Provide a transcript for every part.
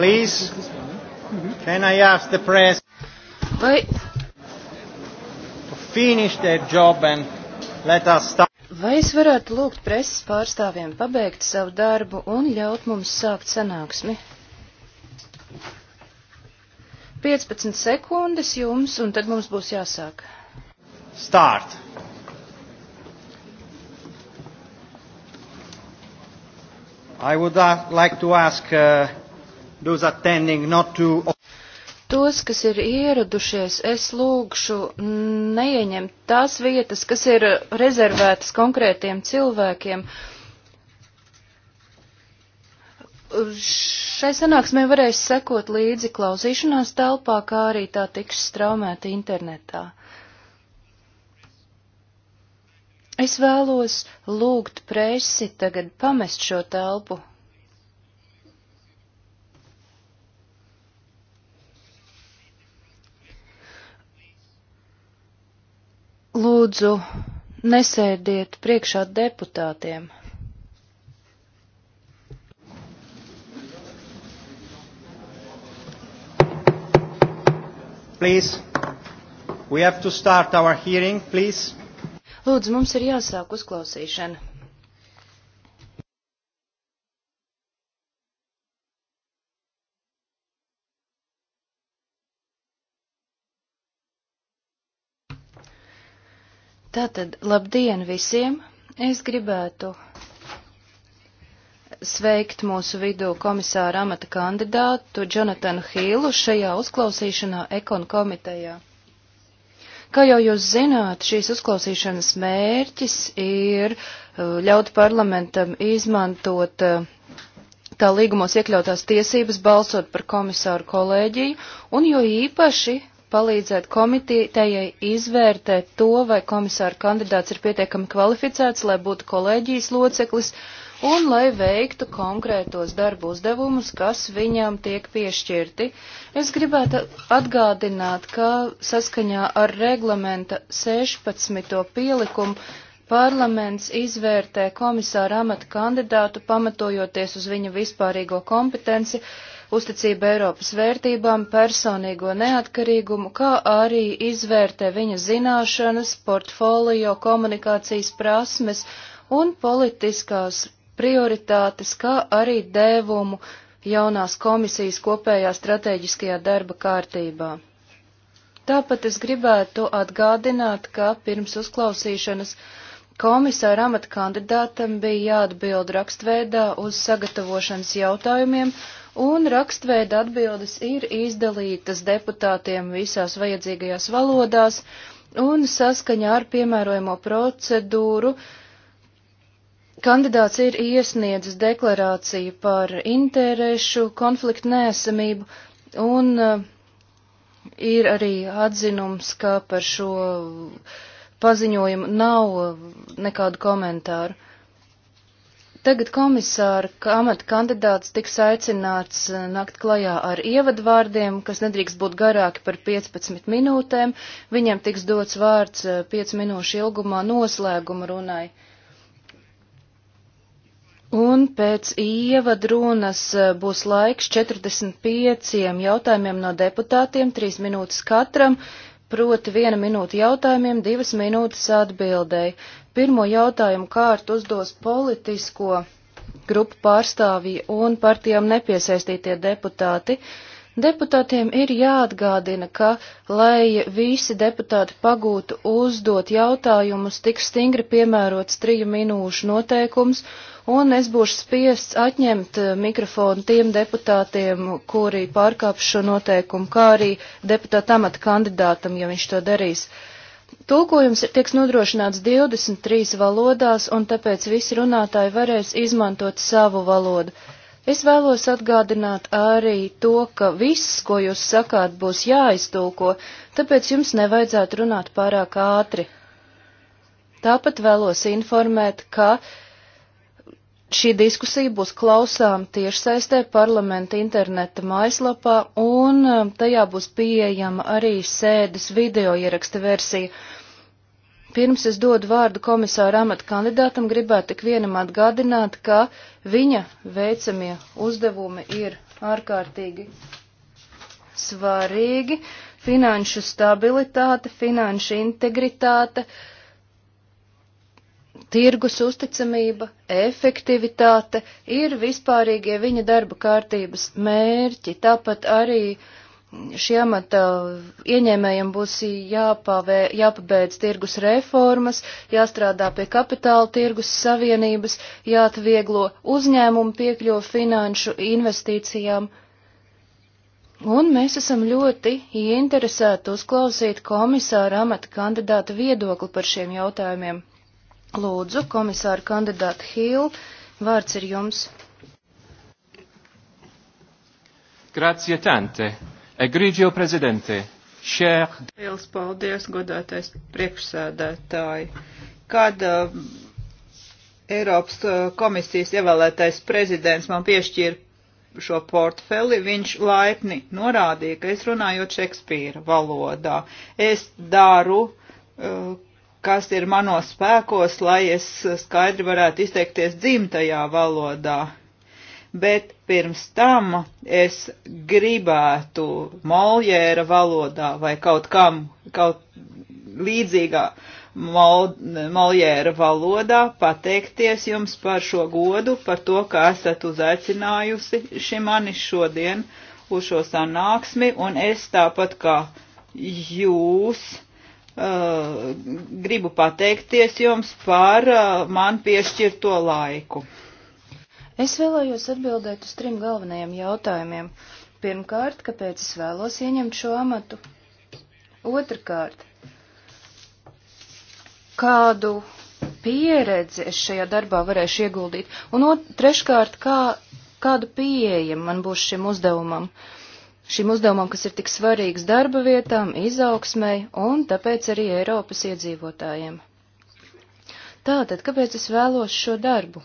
Please, can I ask the press Vai... to finish their job and let us start? Vai es varētu lūgt preses pārstāvjiem pabeigt savu darbu un ļaut mums sākt sanāksmi? 15 sekundes jums, un tad mums būs jāsāk. Start! I would uh, like to ask uh, those attending not to. Tos, kas ir ieradušies, es lūgšu neieņemt tās vietas, kas ir rezervētas konkrētiem cilvēkiem. Šai sanāksmē varēs sekot līdzi klausīšanās telpā, kā arī tā tiks straumēta internetā. Es vēlos lūgt presi tagad pamest šo telpu Lūdzu, nesēdiet priekšā deputātiem. Please, we have to start our hearing, please. Lūdzu, mums ir jāsāk uzklausīšana. Tātad, labdien visiem! Es gribētu sveikt mūsu vidū komisāra amata kandidātu Jonatanu Hīlu šajā uzklausīšanā Ekon komitejā. Kā jau jūs zināt, šīs uzklausīšanas mērķis ir uh, ļaut parlamentam izmantot uh, tā līgumos iekļautās tiesības balsot par komisāru kolēģiju un jo īpaši palīdzēt komitejai izvērtēt to, vai komisāra kandidāts ir pietiekami kvalificēts, lai būtu kolēģijas loceklis un lai veiktu konkrētos darbu uzdevumus, kas viņam tiek piešķirti. Es gribētu atgādināt, ka saskaņā ar reglamenta 16. pielikumu parlaments izvērtē komisāra amata kandidātu pamatojoties uz viņa vispārīgo kompetenci, uh, uzticību Eiropas vērtībām, personīgo neatkarīgumu, kā arī izvērtē viņa zināšanas, portfolio, komunikācijas prasmes un politiskās prioritātes, kā arī dēvumu jaunās komisijas kopējā strateģiskajā darba kārtībā. Tāpat es gribētu atgādināt, ka pirms uzklausīšanas komisāra amata kandidātam bija jāatbild rakstveidā uz sagatavošanas jautājumiem, un rakstveida atbildes ir izdalītas deputātiem visās vajadzīgajās valodās un saskaņā ar piemērojamo procedūru. Kandidāts ir iesniedzis deklarāciju par interešu, konfliktu nēsamību un uh, ir arī atzinums, ka par šo paziņojumu nav uh, nekādu komentāru. Tagad komisāra amata kandidāts tiks aicināts eh, nakt klajā ar ievadvārdiem, kas nedrīkst būt garāki par 15 minūtēm. Viņam tiks dots vārds 5 eh, minūšu ilgumā noslēguma runai. Un pēc ievadrunas eh, būs laiks 45 jautājumiem no deputātiem, 3 minūtes katram, proti 1 minūte jautājumiem, 2 minūtes atbildēji. Pirmo jautājumu kārtu uzdos politisko grupu pārstāvji un partijām nepiesaistītie deputāti. Deputātiem ir jāatgādina, ka, lai visi deputāti pagūtu uzdot jautājumus, tik stingri piemērots triju minūšu noteikums, un es būšu spiests atņemt mikrofonu tiem deputātiem, kuri pārkāpš šo noteikumu, kā arī deputāta amata kandidātam, ja viņš to darīs. Uh, Tulkojums tiks nodrošināts 23 valodās, un tāpēc visi runātāji varēs izmantot savu valodu. Es vēlos atgādināt arī to, ka viss, ko jūs sakāt, būs jāiztulko, tāpēc jums nevajadzētu runāt pārāk ātri. Tāpat vēlos informēt, ka Šī diskusija būs klausām tiešsaistē parlamenta interneta mājaslapā, un um, tajā būs pieejama arī sēdes video ieraksta versija. Pirms es dodu vārdu komisāra amata kandidātam, gribētu tik vienam atgādināt, ka viņa veicamie uzdevumi ir ārkārtīgi svarīgi - finanšu stabilitāte, finanšu integritāte, uh, tirgus uzticamība, efektivitāte ir vispārīgie viņa darba kārtības mērķi. Tāpat arī šī amata ieņēmējiem būs jāpavē, jāpabeidz tirgus reformas, jāstrādā pie kapitāla tirgus savienības, jāatvieglo uzņēmumu piekļuvu finanšu investīcijām. Un mēs esam ļoti ieinteresēti uzklausīt komisāra amata kandidāta viedokli par šiem jautājumiem. Lūdzu, komisāra kandidāta Hīl, vārds ir jums. Grazie tante, egrigio prezidente, šēr. Liels paldies, godātais priekšsēdētāji. Kad uh, Eiropas eh, komisijas ievēlētais prezidents man piešķīra šo portfeli, viņš laipni norādīja, ka es runājot Šekspīra valodā. Es daru uh, kas ir manos spēkos, lai es skaidri varētu izteikties dzimtajā valodā. Bet pirms tam es gribētu moljēra valodā vai kaut kam, kaut līdzīgā mol, moljēra valodā pateikties jums par šo godu, par to, ka esat uzaicinājusi šim mani šodien uz šo sanāksmi, un es tāpat kā jūs uh, gribu pateikties jums par uh, man piešķirto laiku. Es vēlējos atbildēt uz trim galvenajiem jautājumiem. Pirmkārt, kāpēc es vēlos ieņemt šo amatu? Otrakārt, kādu pieredzi es šajā darbā varēšu ieguldīt? Un ot, treškārt, kā, kādu pieeja man būs šim uzdevumam? Uh, šim uzdevumam, kas ir tik svarīgs darba vietām, izaugsmai un tāpēc arī Eiropas iedzīvotājiem. Tātad, kāpēc es vēlos šo darbu?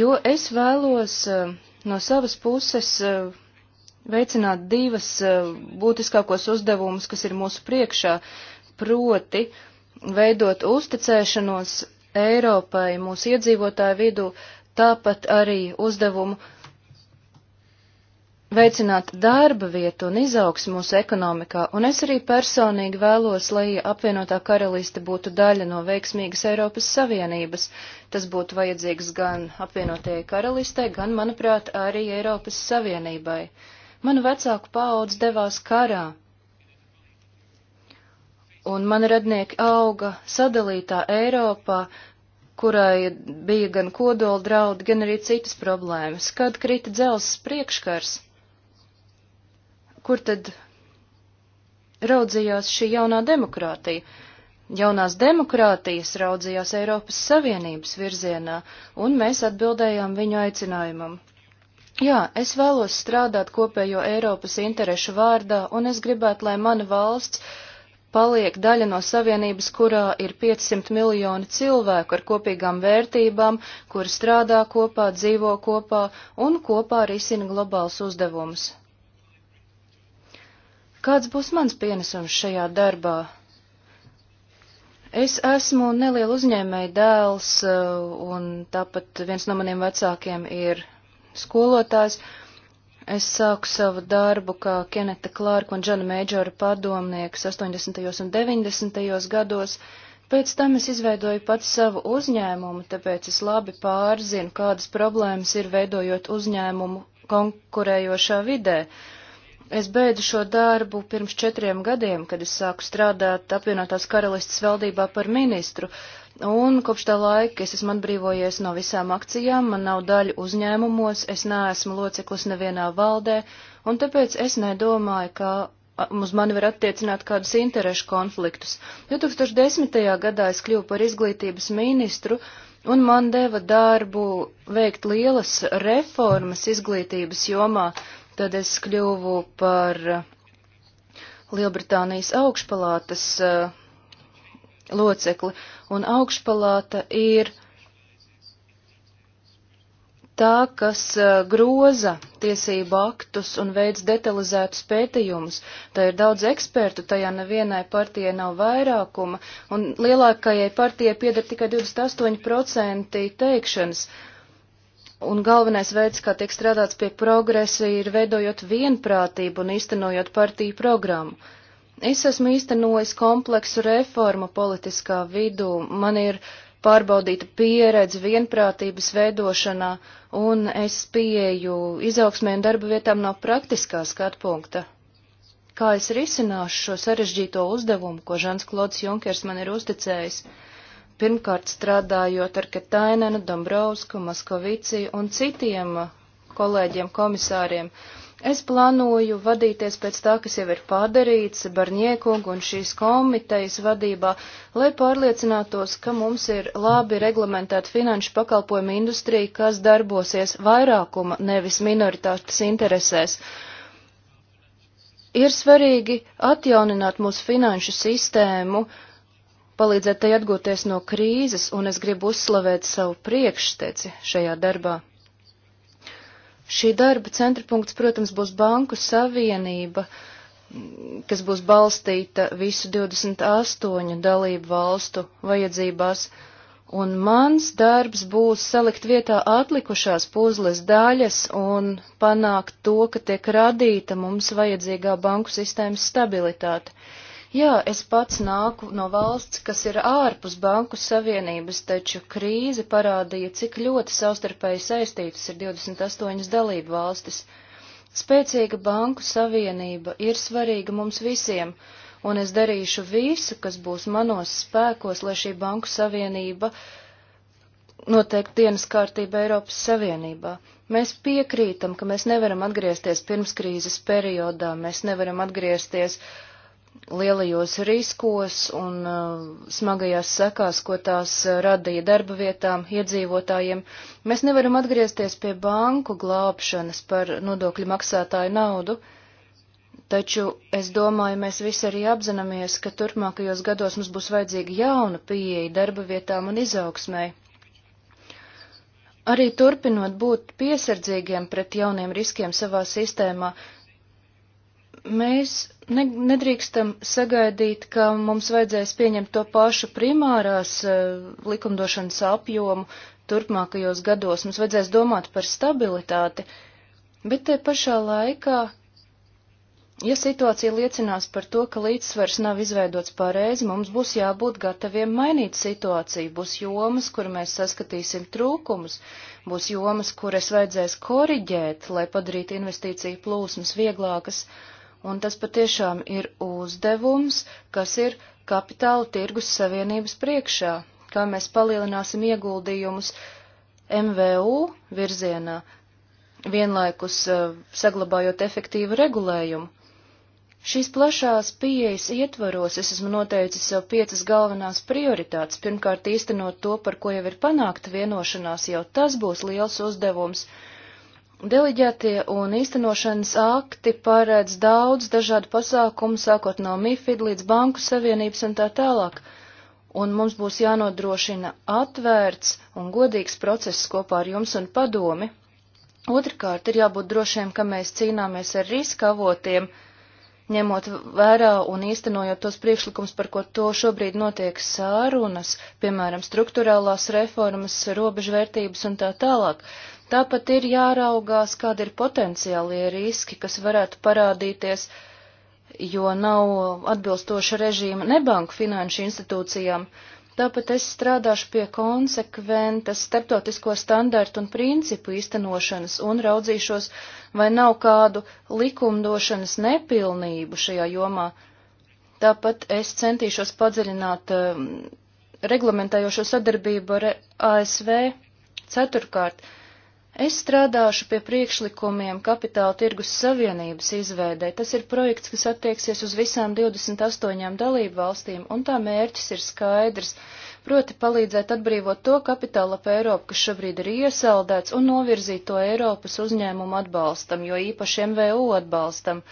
Jo es vēlos eh, no savas puses eh, veicināt divas eh, būtiskākos uzdevumus, kas ir mūsu priekšā, proti veidot uzticēšanos Eiropai mūsu iedzīvotāju vidū, tāpat arī uzdevumu veicināt darba vietu un izaugs mūsu ekonomikā, un es arī personīgi vēlos, lai apvienotā karaliste būtu daļa no veiksmīgas Eiropas Savienības. Tas būtu vajadzīgs gan apvienotajai karalistei, gan, manuprāt, arī Eiropas Savienībai. Mana vecāku paudze devās karā, un mani radnieki auga sadalītā Eiropā, kurai bija gan kodola draudi, gan arī citas problēmas, kad krita dzelzs priekškars kur tad raudzījās šī jaunā demokrātija. Jaunās demokrātijas raudzījās Eiropas Savienības virzienā, un mēs atbildējām viņu aicinājumam. Jā, es vēlos strādāt kopējo Eiropas interešu vārdā, un es gribētu, lai mana valsts paliek daļa no savienības, kurā ir 500 miljoni cilvēku ar kopīgām vērtībām, kuri strādā kopā, dzīvo kopā un kopā risina globāls uzdevumus. Kāds būs mans pienesums šajā darbā? Es esmu neliela uzņēmēja dēls, uh, un tāpat viens no maniem vecākiem ir skolotājs. Es sāku savu darbu kā Keneta Klārka un Džana Mēģora padomnieks 80. un 90. gados. Pēc tam es izveidoju pats savu uzņēmumu, tāpēc es labi pārzinu, kādas problēmas ir veidojot uzņēmumu konkurējošā vidē. Uh, Es beidzu šo darbu pirms četriem gadiem, kad es sāku strādāt apvienotās karalistas valdībā par ministru, un kopš tā laika es esmu atbrīvojies no visām akcijām, man nav daļu uzņēmumos, es neesmu loceklis nevienā valdē, un tāpēc es nedomāju, ka uz mani var attiecināt kādus interešu konfliktus. 2010. gadā es kļuvu par izglītības ministru, un man deva darbu veikt lielas reformas izglītības jomā, Tad es kļuvu par Lielbritānijas augšpalātas eh, locekli, un augšpalāta ir tā, kas eh, groza tiesību aktus un veids detalizētus pētījumus. Tā ir daudz ekspertu, tajā nevienai partijai nav vairākuma, un lielākajai partijai pieder tikai 28% teikšanas. Uh, Un galvenais veids, kā tiek strādāts pie progresa, ir veidojot vienprātību un īstenojot partiju programmu. Es esmu īstenojis kompleksu reformu politiskā vidū, man ir pārbaudīta pieredze vienprātības veidošanā, un es pieeju izaugsmē un darba vietām no praktiskā skatpunkta. Kā es risināšu šo sarežģīto uzdevumu, ko Žans Klods Junkers man ir uzticējis? pirmkārt strādājot ar Ketainenu, Dombrovsku, Maskovici un citiem uh, kolēģiem komisāriem. Es plānoju vadīties pēc tā, kas jau ir padarīts Barņiekungu un šīs komitejas vadībā, lai pārliecinātos, ka mums ir labi reglamentēta finanšu pakalpojuma industrija, kas darbosies vairākuma, nevis minoritātes interesēs. Ir svarīgi atjaunināt mūsu finanšu sistēmu, uh, palīdzēt tai atgūties no krīzes, un es gribu uzslavēt savu priekšteci šajā darbā. Šī darba centrpunkts, protams, būs Banku Savienība, kas būs balstīta visu 28 dalību valstu vajadzībās, un mans darbs būs salikt vietā atlikušās puzles daļas un panākt to, ka tiek radīta mums vajadzīgā banku sistēmas stabilitāte. Jā, es pats nāku no valsts, kas ir ārpus banku savienības, taču krīze parādīja, cik ļoti savstarpēji saistītas ir 28 dalību valstis. Spēcīga banku savienība ir svarīga mums visiem, un es darīšu visu, kas būs manos spēkos, lai šī banku savienība noteikti dienas kārtība Eiropas Savienībā. Mēs piekrītam, ka mēs nevaram atgriezties pirms krīzes periodā, mēs nevaram atgriezties lielajos riskos un uh, smagajās sekās, ko tās uh, radīja darba vietām, iedzīvotājiem. Mēs nevaram atgriezties pie banku glābšanas par nodokļu maksātāju naudu, taču es domāju, mēs visi arī apzināmies, ka turpmākajos gados mums būs vajadzīga jauna pieeja darba vietām un izaugsmai. Arī turpinot būt piesardzīgiem pret jauniem riskiem savā sistēmā, mēs ne, nedrīkstam sagaidīt, ka mums vajadzēs pieņemt to pašu primārās uh, likumdošanas apjomu turpmākajos gados. Mums vajadzēs domāt par stabilitāti, bet te pašā laikā, ja situācija liecinās par to, ka līdzsvars nav izveidots pareizi, mums būs jābūt gataviem mainīt situāciju. Būs jomas, kur mēs saskatīsim trūkumus, būs jomas, kuras vajadzēs koriģēt, lai padarītu investīciju plūsmas vieglākas. Uh, un tas patiešām ir uzdevums, kas ir kapitāla tirgus savienības priekšā, kā mēs palielināsim ieguldījumus MVU virzienā, vienlaikus uh, saglabājot efektīvu regulējumu. Šīs plašās pieejas ietvaros es esmu noteicis sev piecas galvenās prioritātes. Pirmkārt, īstenot to, par ko jau ir panākta vienošanās, jau tas būs liels uzdevums. Uh, Deleģētie un īstenošanas akti paredz daudz dažādu pasākumu, sākot no MIFID līdz Banku Savienības un tā tālāk, un mums būs jānodrošina atvērts un godīgs process kopā ar jums un padomi. Otrakārt, ir jābūt drošiem, ka mēs cīnāmies ar riska avotiem, ņemot vērā un īstenojot tos priekšlikums, par ko to šobrīd notiek sārunas, piemēram, struktūrālās reformas, robežvērtības un tā tālāk. Tāpat ir jāraugās, kādi ir potenciālie riski, kas varētu parādīties, jo nav atbilstoša režīma nebanku finanšu institūcijām. Tāpat es strādāšu pie konsekventas starptautisko standartu un principu īstenošanas un raudzīšos, vai nav kādu likumdošanas nepilnību šajā jomā. Tāpat es centīšos padziļināt um, reglamentējošo sadarbību ar ASV. Ceturkārt, uh, Es strādāšu pie priekšlikumiem Kapitāla tirgus savienības izveidē. Tas ir projekts, kas attieksies uz visām 28 dalību valstīm, un tā mērķis ir skaidrs proti palīdzēt atbrīvot to kapitālu ap Eiropu, kas šobrīd ir iesaldēts, un novirzīt to Eiropas uzņēmumu atbalstam, jo īpaši MVU atbalstam.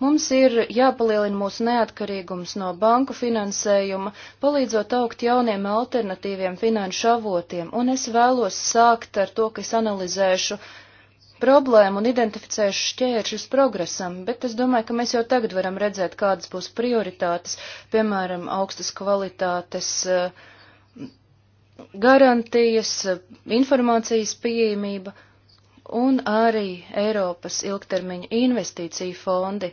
Mums ir jāpalielina mūsu neatkarīgums no banku finansējuma, palīdzot augt jauniem alternatīviem finanšu avotiem, un es vēlos sākt ar to, ka es analizēšu problēmu un identificēšu šķēršļus progresam, bet es domāju, ka mēs jau tagad varam redzēt, kādas būs prioritātes, piemēram, augstas kvalitātes eh, garantijas, eh, informācijas pieejamība un arī Eiropas ilgtermiņa investīciju fondi.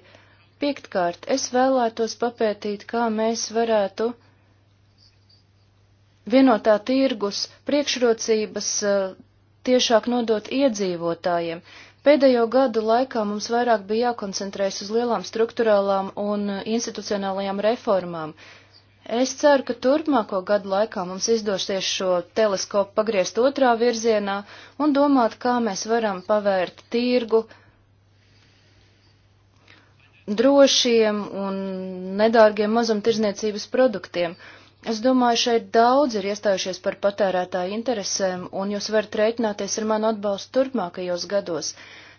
Piektkārt, es vēlētos papētīt, kā mēs varētu vienotā tirgus priekšrocības eh, tiešāk nodot iedzīvotājiem. Pēdējo gadu laikā mums vairāk bija jākoncentrējas uz lielām struktūrālām un institucionālajām reformām. Es ceru, ka turpmāko gadu laikā mums izdosies šo teleskopu pagriezt otrā virzienā un domāt, kā mēs varam pavērt tirgu, uh, drošiem un nedārgiem mazumtirdzniecības produktiem. Es domāju, šeit daudz ir iestājušies par patērētāju interesēm, un jūs varat rēķināties ar manu atbalstu turpmākajos gados.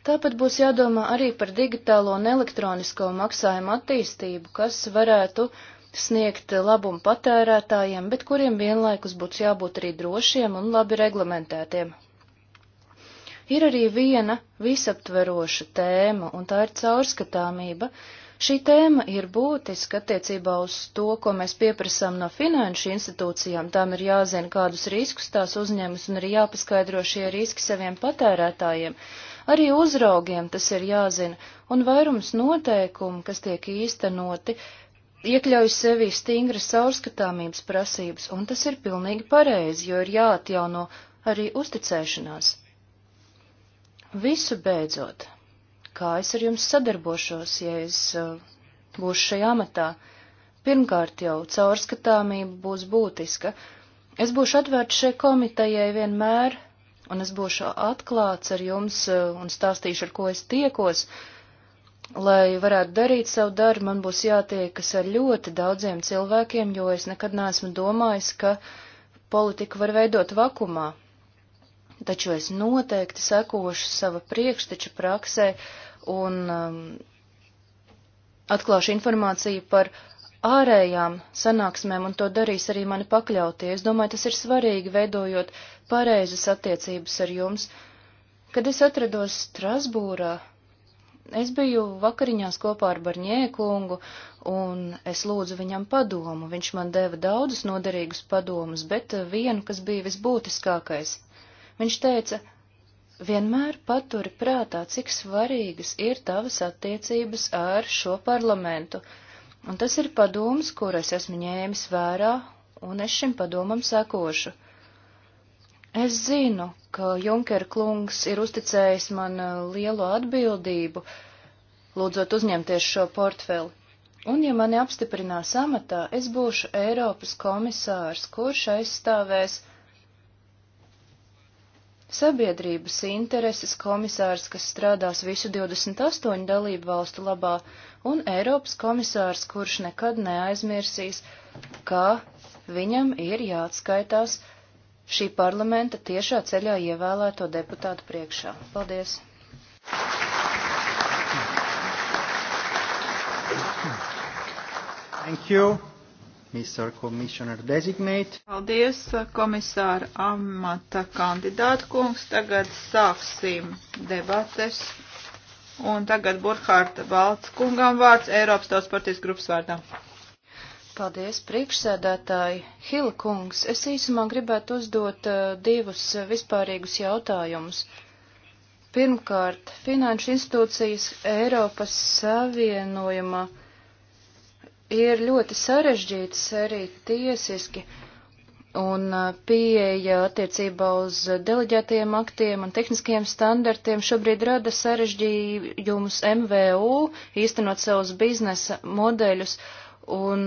Tāpat būs jādomā arī par digitālo un elektronisko maksājumu attīstību, kas varētu sniegt labumu patērētājiem, bet kuriem vienlaikus būtu jābūt arī drošiem un labi reglamentētiem. Ir arī viena visaptveroša tēma, un tā ir caurskatāmība. Šī tēma ir būtiska attiecībā uz to, ko mēs pieprasām no finanšu institūcijām. Tām ir jāzina, kādus riskus tās uzņemas, un ir jāpaskaidro šie riski saviem patērētājiem. Arī uzraugiem tas ir jāzina, un vairums noteikumu, kas tiek īstenoti, iekļauj sevī stingras caurskatāmības prasības, un tas ir pilnīgi pareizi, jo ir jāatjauno arī uzticēšanās. Visu beidzot, kā es ar jums sadarbošos, ja es uh, būšu šajā amatā, pirmkārt jau caurskatāmība būs būtiska. Es būšu atvērts šai komitejai vienmēr, un es būšu atklāts ar jums uh, un stāstīšu, ar ko es tiekos. Lai varētu darīt savu darbu, man būs jātiekas ar ļoti daudziem cilvēkiem, jo es nekad neesmu domājis, ka politiku var veidot vakumā taču es noteikti sekošu sava priekšteča praksē un um, atklāšu informāciju par ārējām sanāksmēm, un to darīs arī mani pakļautie. Es domāju, tas ir svarīgi, veidojot pareizas attiecības ar jums. Kad es atrados Strasbūrā, es biju vakariņās kopā ar Barņēkungu, un es lūdzu viņam padomu. Viņš man deva daudzus noderīgus padomus, bet vienu, kas bija visbūtiskākais Viņš teica, vienmēr paturi prātā, cik svarīgas ir tavas attiecības ar šo parlamentu. Un tas ir padoms, kur es esmu ņēmis vērā, un es šim padomam sekošu. Es zinu, ka Junker kungs ir uzticējis man uh, lielu atbildību, lūdzot uzņemties šo portfeli. Un, ja mani apstiprinās amatā, es būšu Eiropas komisārs, kurš aizstāvēs sabiedrības intereses komisārs, kas strādās visu 28 dalību valstu labā, un Eiropas komisārs, kurš nekad neaizmirsīs, ka viņam ir jāatskaitās šī parlamenta tiešā ceļā ievēlēto deputātu priekšā. Paldies! Thank you. Mr. Commissioner Designate. Paldies, uh, komisāra amata kandidāta kungs. Tagad sāksim debates. Un tagad Burkhārta Valts kungam vārds Eiropas tautas partijas grupas vārdā. Paldies, priekšsēdētāji. Hila kungs, es īsumā gribētu uzdot uh, divus vispārīgus jautājumus. Pirmkārt, finanšu institūcijas Eiropas Savienojuma uh, ir ļoti sarežģītas arī tiesiski, un pieeja attiecībā uz deleģētajiem aktiem un tehniskajiem standartiem šobrīd rada sarežģījumus MVU, īstenot savus biznesa modeļus, un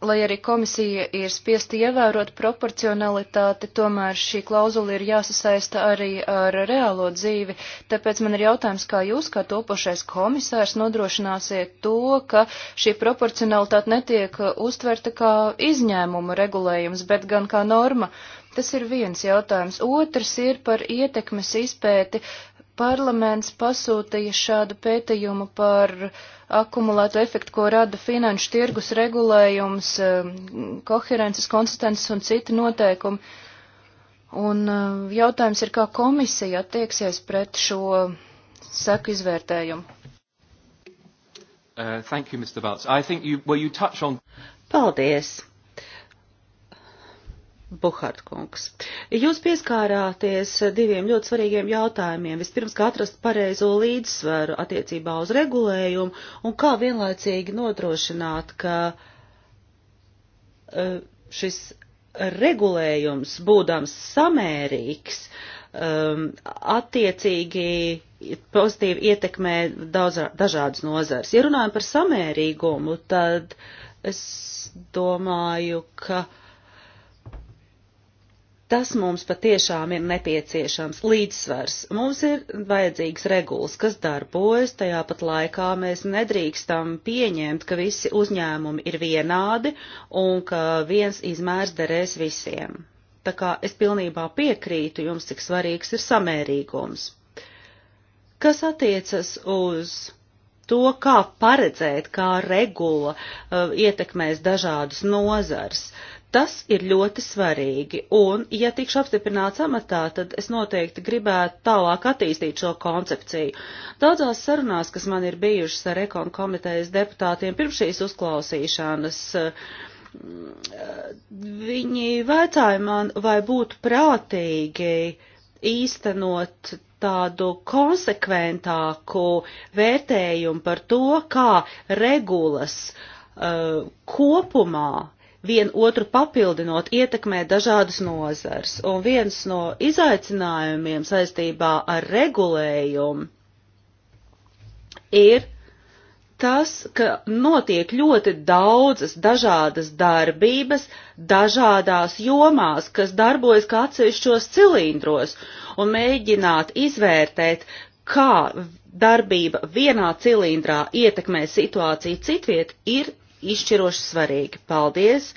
Lai arī komisija ir spiesta ievērot proporcionalitāti, tomēr šī klauzula ir jāsasaista arī ar reālo dzīvi, tāpēc man ir jautājums, kā jūs, kā topošais komisārs, nodrošināsiet to, ka šī proporcionalitāte netiek uztverta kā izņēmuma regulējums, bet gan kā norma. Tas ir viens jautājums. Otrs ir par ietekmes izpēti Parlaments pasūtīja šādu pētījumu par akumulēto efektu, ko rada finanšu tirgus regulējums, um, koherences, konsistences un citi noteikumi. Un uh, jautājums ir, kā komisija attieksies pret šo seku izvērtējumu. Uh, thank you, Mr. Valts. I think you, well, you touch on. Paldies. Buhart kungs. Jūs pieskārāties diviem ļoti svarīgiem jautājumiem. Vispirms, kā atrast pareizo līdzsvaru attiecībā uz regulējumu un kā vienlaicīgi nodrošināt, ka eh, šis regulējums, būdams samērīgs, ehm, attiecīgi pozitīvi ietekmē daudz, dažādas nozars. Ja runājam par samērīgumu, tad es domāju, ka uh, Tas mums patiešām ir nepieciešams līdzsvars. Mums ir vajadzīgs regulas, kas darbojas, tajā pat laikā mēs nedrīkstam pieņemt, ka visi uzņēmumi ir vienādi un ka viens izmērs derēs visiem. Tā kā es pilnībā piekrītu jums, cik svarīgs ir samērīgums. Kas attiecas uz to, kā paredzēt, kā regula uh, ietekmēs dažādas nozars. Tas ir ļoti svarīgi, un, ja tikšu apstiprināts amatā, tad es noteikti gribētu tālāk attīstīt šo koncepciju. Daudzās sarunās, kas man ir bijušas ar ekonu komitejas deputātiem pirms šīs uzklausīšanas, uh, viņi vēcāja man, vai būtu prātīgi īstenot tādu konsekventāku vērtējumu par to, kā regulas uh, kopumā vien otru papildinot ietekmē dažādas nozars. Un viens no izaicinājumiem saistībā ar regulējumu ir tas, ka notiek ļoti daudzas dažādas darbības dažādās jomās, kas darbojas kā atsevišķos cilindros, un mēģināt izvērtēt, kā darbība vienā cilindrā ietekmē situāciju citviet, ir izšķiroši svarīgi. Paldies!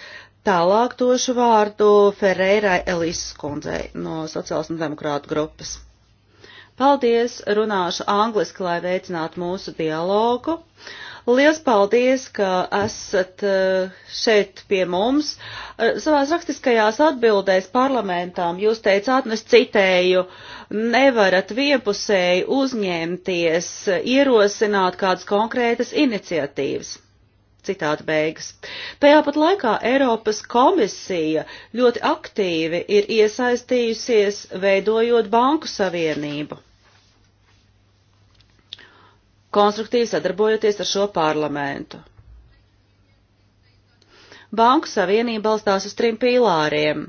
Tālāk došu vārdu Ferreirai Elīsas kundzei no Sociālas un Demokrātu grupas. Paldies, runāšu angliski, lai veicinātu mūsu dialogu. Liels paldies, ka esat eh, šeit pie mums. Eh, savās rakstiskajās atbildēs parlamentām jūs teicāt, un es citēju, nevarat vienpusēji uzņemties, ierosināt kādas konkrētas iniciatīvas. Citāta beigas. Tajā pat laikā Eiropas komisija ļoti aktīvi ir iesaistījusies veidojot banku savienību, konstruktīvi sadarbojoties ar šo parlamentu. Banku savienība balstās uz trim pīlāriem.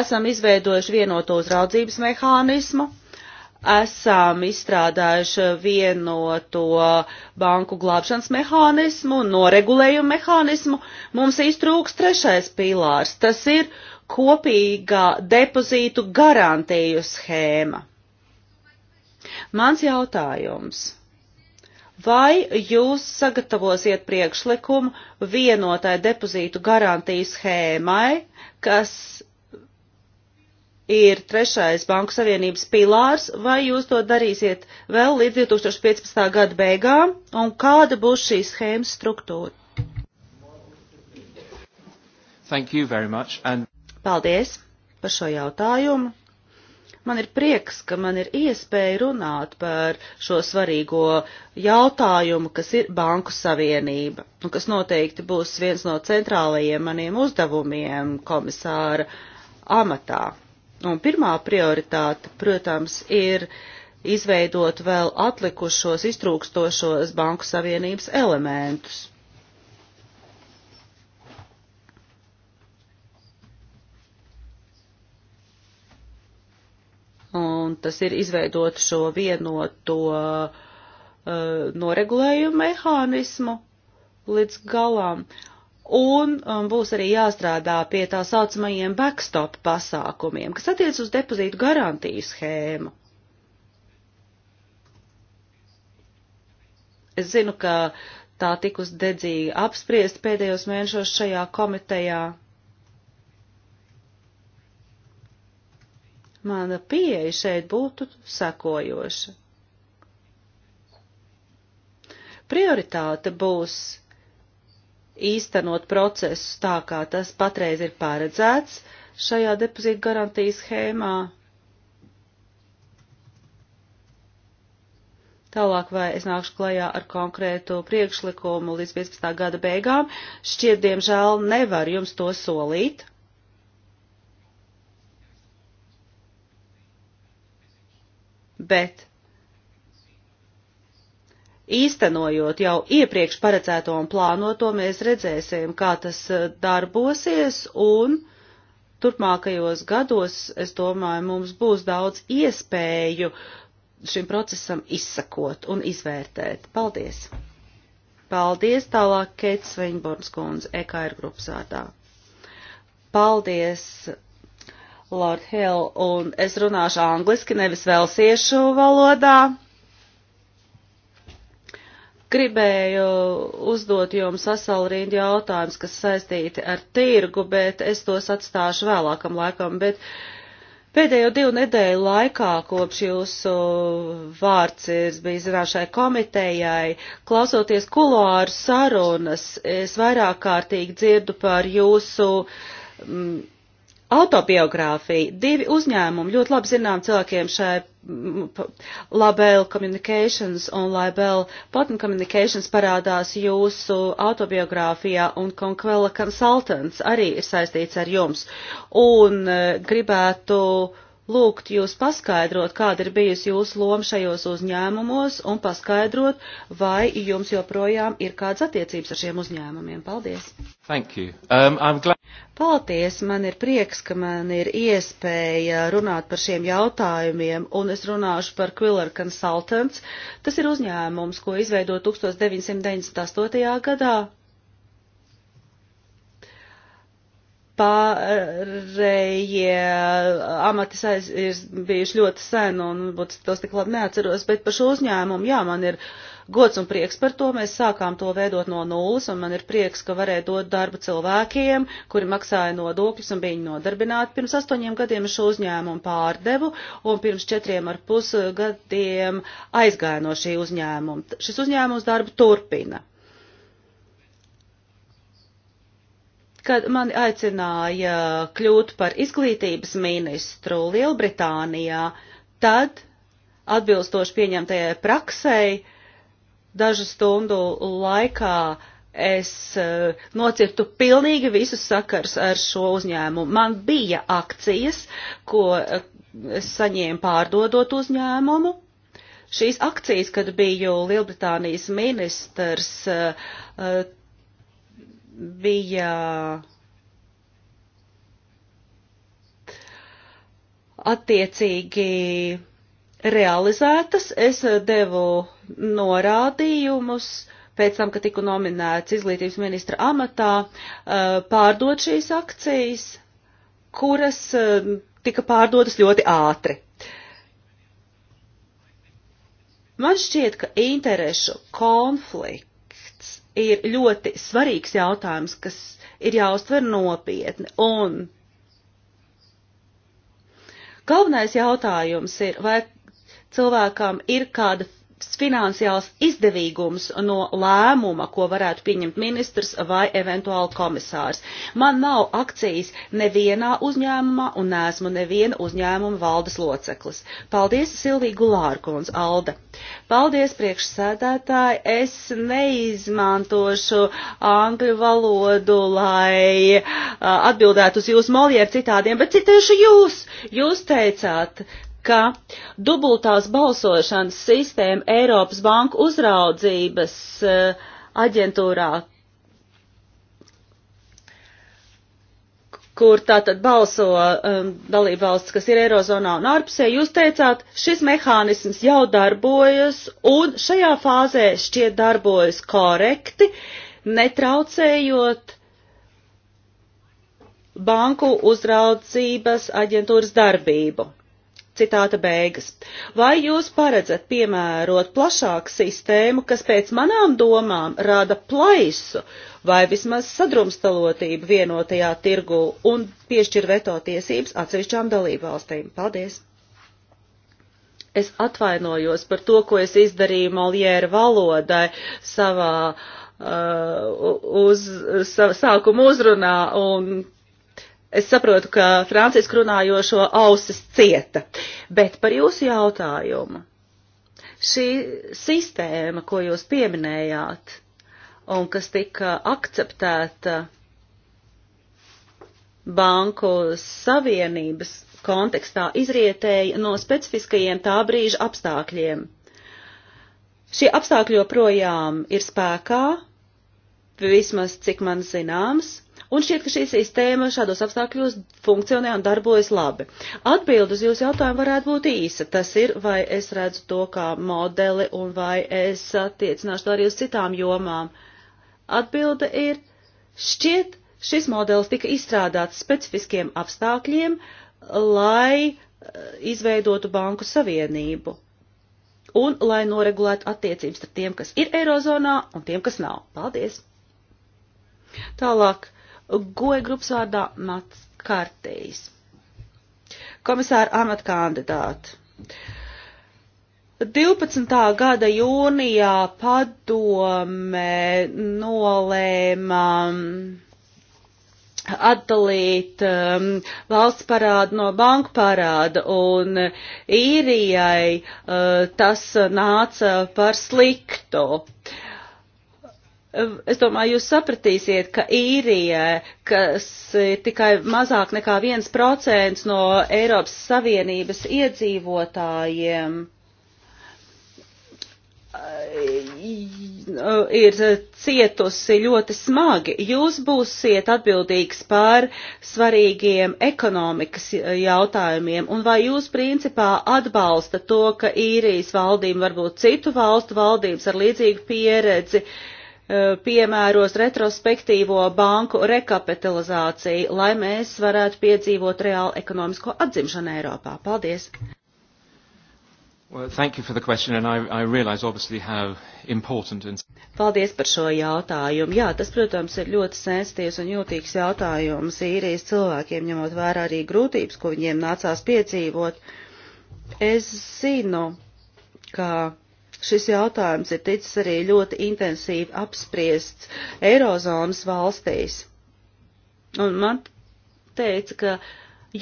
Esam izveidojuši vienoto uzraudzības mehānismu, esam izstrādājuši vienoto banku glābšanas mehānismu, noregulējumu mehānismu. Mums iztrūks trešais pilārs, tas ir kopīgā depozītu garantēju schēma. Mans jautājums. Vai jūs sagatavosiet priekšlikumu vienotai depozītu garantiju schēmai, kas ir trešais Banku Savienības pilārs, vai jūs to darīsiet vēl līdz 2015. gada beigām, un kāda būs šī schēmas struktūra? Thank you very much. And... Paldies par šo jautājumu. Man ir prieks, ka man ir iespēja runāt par šo svarīgo jautājumu, kas ir Banku Savienība, un kas noteikti būs viens no centrālajiem maniem uzdevumiem komisāra amatā. Un pirmā prioritāte, protams, ir izveidot vēl atlikušos iztrūkstošos banku savienības elementus. Un tas ir izveidot šo vienoto uh, noregulējumu mehānismu līdz galam. Uh, un um, būs arī jāstrādā pie tā saucamajiem backstop pasākumiem, kas attiec uz depozītu garantiju schēmu. Es zinu, ka tā tikus dedzīgi apspriest pēdējos mēnešos šajā komitejā. Mana pieeja šeit būtu sekojoša. Prioritāte būs īstenot procesus tā, kā tas patreiz ir paredzēts šajā depozīta garantijas schēmā. Tālāk vai es nākšu klajā ar konkrētu priekšlikumu līdz 15. gada beigām, šķiet, diemžēl nevar jums to solīt. Bet īstenojot jau iepriekš paredzēto un plānoto, mēs redzēsim, kā tas e, darbosies un turpmākajos gados, es domāju, mums būs daudz iespēju šim procesam izsakot un izvērtēt. Paldies! Paldies tālāk Keita Sveinborns kundze, EKR grupas vārdā. Paldies, Lord Hill, un es runāšu angliski, nevis velsiešu valodā gribēju uzdot jums veselu rindu jautājumus, kas saistīti ar tirgu, bet es tos atstāšu vēlākam laikam. Bet pēdējo divu nedēļu laikā, kopš jūsu vārds ir bijis zināšai komitejai, klausoties kuloāru sarunas, es vairāk kārtīgi dzirdu par jūsu. Mm, autobiogrāfija. Divi uzņēmumi ļoti labi zinām cilvēkiem šai Label Communications un Label Patent Communications parādās jūsu autobiogrāfijā un Conquella Consultants arī ir saistīts ar jums. Un eh, gribētu uh, lūgt jūs paskaidrot, kāda ir bijusi jūsu loma šajos uzņēmumos un paskaidrot, vai jums joprojām ir kādas attiecības ar šiem uzņēmumiem. Paldies! Thank you. Um, I'm glad... Paldies! Man ir prieks, ka man ir iespēja runāt par šiem jautājumiem, un es runāšu par Quiller Consultants. Tas ir uzņēmums, ko izveido 1998. gadā pārējie amati aiz, ir bijuši ļoti sen un būt tos tik labi neatceros, bet par šo uzņēmumu, jā, man ir gods un prieks par to. Mēs sākām to veidot no nulles un man ir prieks, ka varēja dot darbu cilvēkiem, kuri maksāja nodokļus un bija viņi nodarbināti. Pirms astoņiem gadiem šo uzņēmumu pārdevu un pirms četriem ar pus gadiem aizgāja no šī uzņēmuma. Šis uzņēmums darbu turpina. kad mani aicināja kļūt par izglītības ministru Lielbritānijā, tad, atbilstoši pieņemtajai praksei, dažu stundu laikā es e, nocirtu pilnīgi visus sakars ar šo uzņēmumu. Man bija akcijas, ko e, es saņēmu pārdodot uzņēmumu. Šīs akcijas, kad biju Lielbritānijas ministrs, e, bija attiecīgi realizētas. Es devu norādījumus pēc tam, kad tiku nominēts izglītības ministra amatā, eh, pārdot šīs akcijas, kuras eh, tika pārdotas ļoti ātri. Man šķiet, ka interešu konflikts ir ļoti svarīgs jautājums, kas ir jāuztver nopietni. Un galvenais jautājums ir, vai cilvēkam ir kāda finansiāls izdevīgums no lēmuma, ko varētu pieņemt ministrs vai eventuāli komisārs. Man nav akcijas nevienā uzņēmumā un neesmu neviena uzņēmuma valdes loceklis. Paldies, Silvija Gulārkons, Alda. Paldies, priekšsēdētāji. Es neizmantošu angļu valodu, lai uh, atbildētu uz jūsu molieru citādiem, bet citēšu jūs. Jūs teicāt, ka dubultās balsošanas sistēma Eiropas Banku uzraudzības eh, aģentūrā, kur tātad balso um, dalībvalsts, kas ir Eirozonā un ārpusē, jūs teicāt, šis mehānisms jau darbojas un šajā fāzē šķiet darbojas korekti, netraucējot banku uzraudzības aģentūras darbību. Citāta beigas. Vai jūs paredzat piemērot plašāku sistēmu, kas pēc manām domām rada plaisu vai vismaz sadrumstalotību vienotajā tirgu un piešķir veto tiesības atsevišķām dalībvalstīm? Paldies! Es atvainojos par to, ko es izdarīju Moliēra valodai savā uh, uz, sa, sākuma uzrunā un Es saprotu, ka Francisku runājošo ausis cieta, bet par jūsu jautājumu. Šī sistēma, ko jūs pieminējāt, un kas tika akceptēta banku savienības kontekstā, izrietēja no specifiskajiem tā brīža apstākļiem. Šie apstākļi joprojām ir spēkā, vismaz cik man zināms, Un šķiet, ka šī sistēma šādos apstākļos funkcionē un darbojas labi. Atbild uz jūsu jautājumu varētu būt īsa. Tas ir, vai es redzu to kā modeli un vai es attiecināšu to arī uz citām jomām. Atbilde ir, šķiet, šis modelis tika izstrādāts specifiskiem apstākļiem, lai eh, izveidotu banku savienību un lai noregulētu attiecības ar tiem, kas ir Eirozonā un tiem, kas nav. Paldies! Tālāk Goja grupas vārdā Mats Kārtējs. Komisāra amata kandidāti. 12. gada jūnijā padome nolēma um, atdalīt um, valsts parādu no banku parāda, un īrijai uh, tas nāca par sliktu. Uh, Es domāju, jūs sapratīsiet, ka īrija, kas ir tikai mazāk nekā 1% no Eiropas Savienības iedzīvotājiem, e, ir cietusi ļoti smagi. Jūs būsiet atbildīgs par svarīgiem ekonomikas jautājumiem, un vai jūs principā atbalsta to, ka īrijas valdība, varbūt citu valstu valdības ar līdzīgu pieredzi, uh, Eh, piemēros retrospektīvo banku rekapitalizāciju, lai mēs varētu piedzīvot reālu ekonomisko atzimšanu Eiropā. Paldies! Well, thank you for the question, and I, I realize obviously how important and... Paldies par šo jautājumu. Jā, tas, protams, ir ļoti sensties un jūtīgs jautājums īrijas cilvēkiem, ņemot vērā arī grūtības, ko viņiem nācās piedzīvot. Es zinu, ka Šis jautājums ir ticis arī ļoti intensīvi apspriests Eirozonas valstīs. Un man teica, ka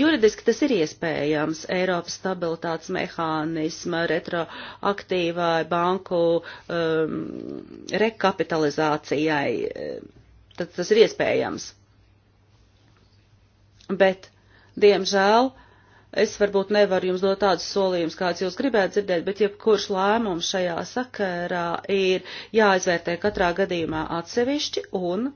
juridiski tas ir iespējams Eiropas stabilitātes mehānisma retroaktīvai banku um, rekapitalizācijai. Eh, tad tas ir iespējams. Bet, diemžēl, uh, Es varbūt nevaru jums dot tādus solījumus, kāds jūs gribētu dzirdēt, bet jebkurš lēmums šajā sakarā ir jāizvērtē katrā gadījumā atsevišķi un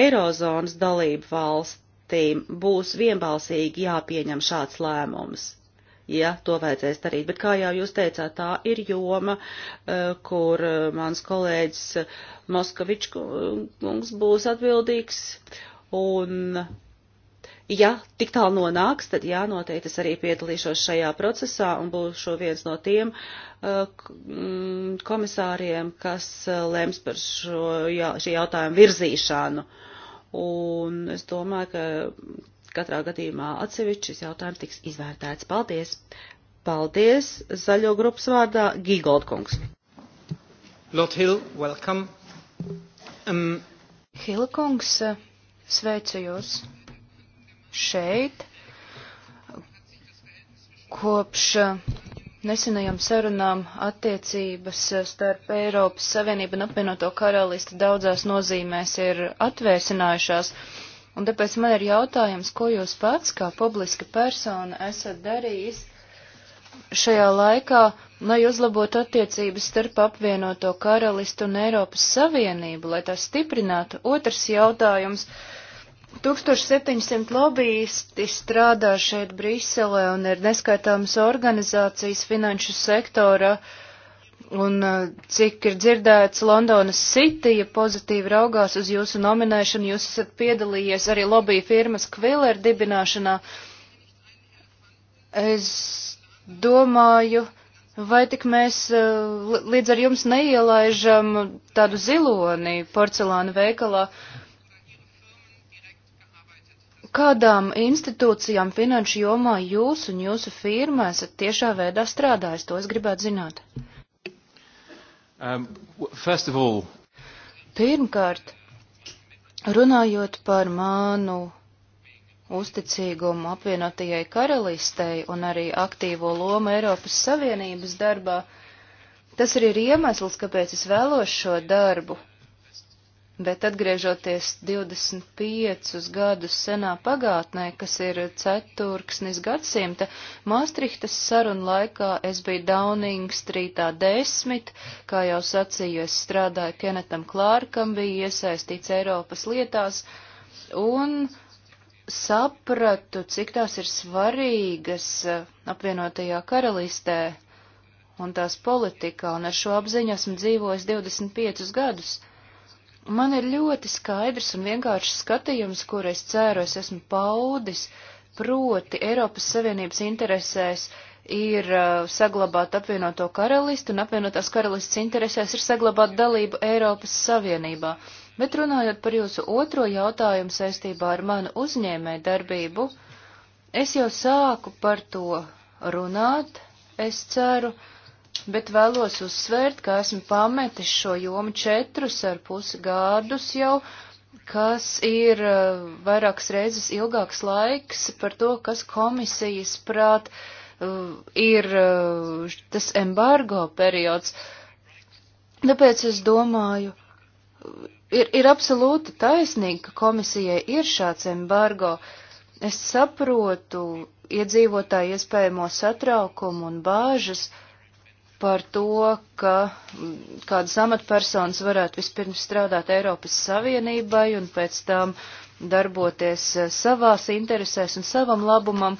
Eirozonas dalību valstīm būs vienbalsīgi jāpieņem šāds lēmums ja to vajadzēs darīt. Bet, kā jau jūs teicāt, tā ir joma, eh, kur eh, mans kolēģis Moskavičs kungs būs atbildīgs, un ja tik tālu nonāks, tad jā, noteikti es arī piedalīšos šajā procesā un būšu viens no tiem uh, mm, komisāriem, kas uh, lems par šo, jā, šī jautājuma virzīšanu. Un es domāju, ka katrā gadījumā atsevišķi šis jautājums tiks izvērtēts. Paldies! Paldies! Zaļo grupas vārdā Gigoldkungs. Lord Hill, welcome. Um, Hill kungs, sveicu jūs šeit kopš nesenajām sarunām attiecības starp Eiropas Savienību un apvienoto karalisti daudzās nozīmēs ir atvērsinājušās. Un tāpēc man ir jautājums, ko jūs pats, kā publiska persona, esat darījis šajā laikā, lai uzlabotu attiecības starp apvienoto karalistu un Eiropas Savienību, lai tās stiprinātu. Otrs jautājums. Uh, 1700 lobbyisti strādā šeit Briselē un ir neskaitāmas organizācijas finanšu sektora. Un uh, cik ir dzirdēts, Londonas City, ja pozitīvi raugās uz jūsu nominēšanu, jūs esat piedalījies arī lobby firmas Quiller dibināšanā. Es domāju, vai tik mēs uh, līdz ar jums neielaižam tādu ziloni porcelāna veikalā. Uh, kādām institūcijām finanšu jomā jūs un jūsu firma esat tiešā veidā strādājis? To es gribētu zināt. Um, all... Pirmkārt, runājot par manu uzticīgumu apvienotajai karalistei un arī aktīvo lomu Eiropas Savienības darbā, tas arī ir iemesls, kāpēc es vēlos šo darbu Bet atgriežoties 25 gadus senā pagātnē, kas ir ceturksnis gadsimta, Māstrihtas sarunu laikā es biju Downing strītā desmit, kā jau sacīju, es strādāju Kenetam Klārkam, biju iesaistīts Eiropas lietās, un sapratu, cik tās ir svarīgas apvienotajā karalistē un tās politikā, un ar šo apziņu esmu dzīvojis 25 gadus. Man ir ļoti skaidrs un vienkāršs skatījums, kur es ceru, es esmu paudis, proti Eiropas Savienības interesēs ir uh, saglabāt apvienoto karalistu un apvienotās karalistas interesēs ir saglabāt dalību Eiropas Savienībā. Bet runājot par jūsu otro jautājumu saistībā ar manu uzņēmē darbību, es jau sāku par to runāt, es ceru, uh, bet vēlos uzsvērt, ka esmu pametis šo jomu četrus ar pusi gādus jau, kas ir uh, vairākas reizes ilgāks laiks par to, kas komisijas prāt uh, ir uh, tas embargo periods. Tāpēc es domāju, ir, ir absolūti taisnīgi, ka komisijai ir šāds embargo. Es saprotu iedzīvotāju iespējamo satraukumu un bāžas, uh, par to, ka mm, kādas amatpersonas varētu vispirms strādāt Eiropas Savienībai un pēc tam darboties eh, savās interesēs un savam labumam.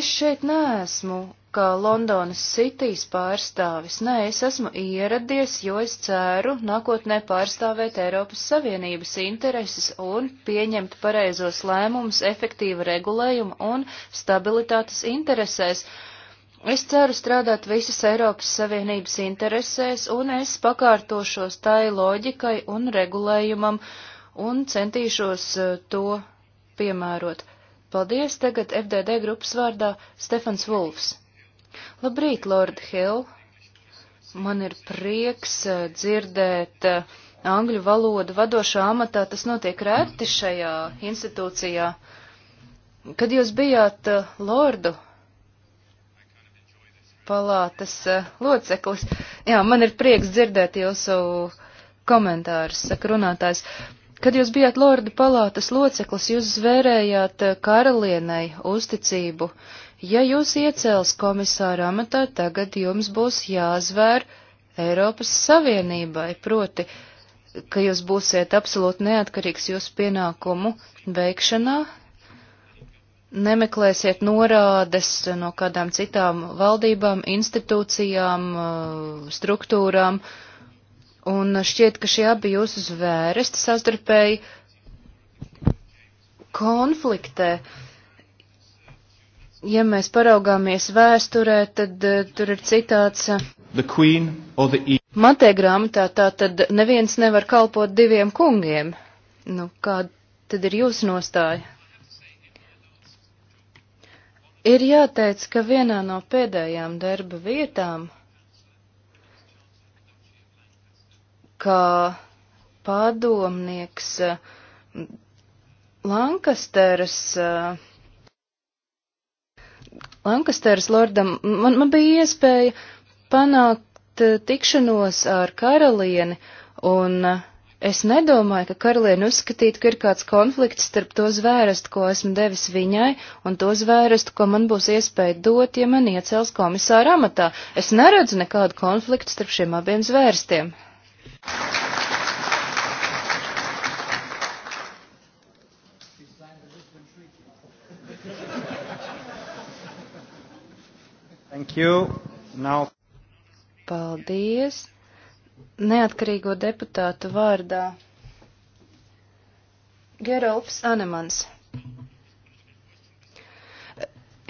Es šeit neesmu kā Londonas Citīs pārstāvis, nē, es esmu ieradies, jo es ceru nākotnē pārstāvēt Eiropas Savienības intereses un pieņemt pareizos lēmumus efektīva regulējuma un stabilitātes interesēs. Uh, Es ceru strādāt visas Eiropas Savienības interesēs, un es pakārtošos tai loģikai un regulējumam, un centīšos eh, to piemērot. Paldies tagad FDD grupas vārdā Stefans Vulfs. Labrīt, Lord Hill! Man ir prieks eh, dzirdēt eh, angļu valodu vadošā amatā, tas notiek rēti šajā institūcijā. Kad jūs bijāt lordu, palātas eh, loceklis. Jā, man ir prieks dzirdēt jūsu komentārus, saka runātājs. Kad jūs bijāt lordu palātas loceklis, jūs zvērējāt eh, karalienei uzticību. Ja jūs iecels komisāra amatā, tagad jums būs jāzvēr Eiropas Savienībai, proti, ka jūs būsiet absolūti neatkarīgs jūsu pienākumu veikšanā, nemeklēsiet norādes no kādām citām valdībām, institūcijām, eh, struktūrām, un šķiet, ka šie abi jūsu zvēresti sastarpēji konfliktē. Ja mēs paraugāmies vēsturē, tad eh, tur ir citāts. Eh, e- Matē grāmatā tā tad neviens nevar kalpot diviem kungiem. Nu, kāda tad ir jūsu nostāja? Ir jāteic, ka vienā no pēdējām darba vietām, kā padomnieks eh, Lankasteras, eh, Lankasteras lordam, man, man bija iespēja panākt eh, tikšanos ar karalieni, un uh, Es nedomāju, ka karalieni uzskatītu, ka ir kāds konflikts starp to zvērestu, ko esmu devis viņai, un to zvērestu, ko man būs iespēja dot, ja man iecels komisāra amatā. Es neredzu nekādu konfliktu starp šiem abiem zvērstiem. Thank you. Now. Paldies neatkarīgo deputātu vārdā Gerolfs Anemans.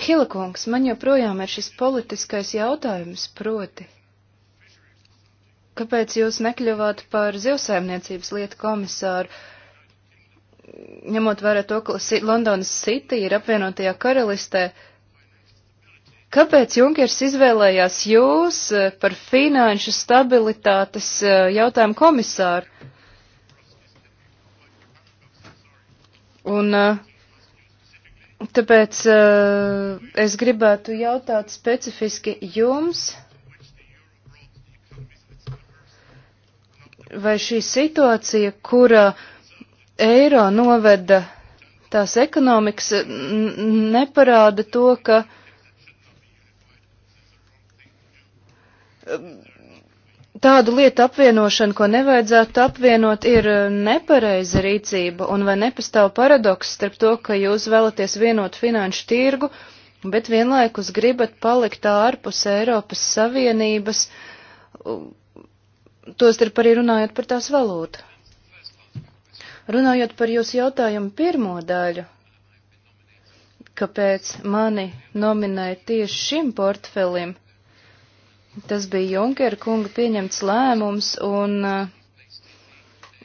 Hilakungs, man joprojām ir šis politiskais jautājums proti. Kāpēc jūs nekļuvāt par zivsaimniecības lietu komisāru, ņemot vērā to, ka Londonas City ir apvienotajā karalistē? Uh, Kāpēc Junkers izvēlējās jūs eh, par finanšu stabilitātes eh, jautājumu komisāru? Un eh, tāpēc es gribētu jautāt specifiski jums. vai šī situācija, kura eiro noveda tās ekonomikas, neparāda to, ka Tādu lietu apvienošanu, ko nevajadzētu apvienot, ir eh, nepareiza rīcība, un vai nepastāv paradoks starp to, ka jūs vēlaties vienot finanšu tirgu, bet vienlaikus gribat palikt ārpus Eiropas Savienības, tostarp arī runājot par tās valūtu. Runājot par jūsu jautājumu pirmo daļu, kāpēc mani nominēja tieši šim portfelim? Tas bija Junkera kunga pieņemts lēmums, un uh,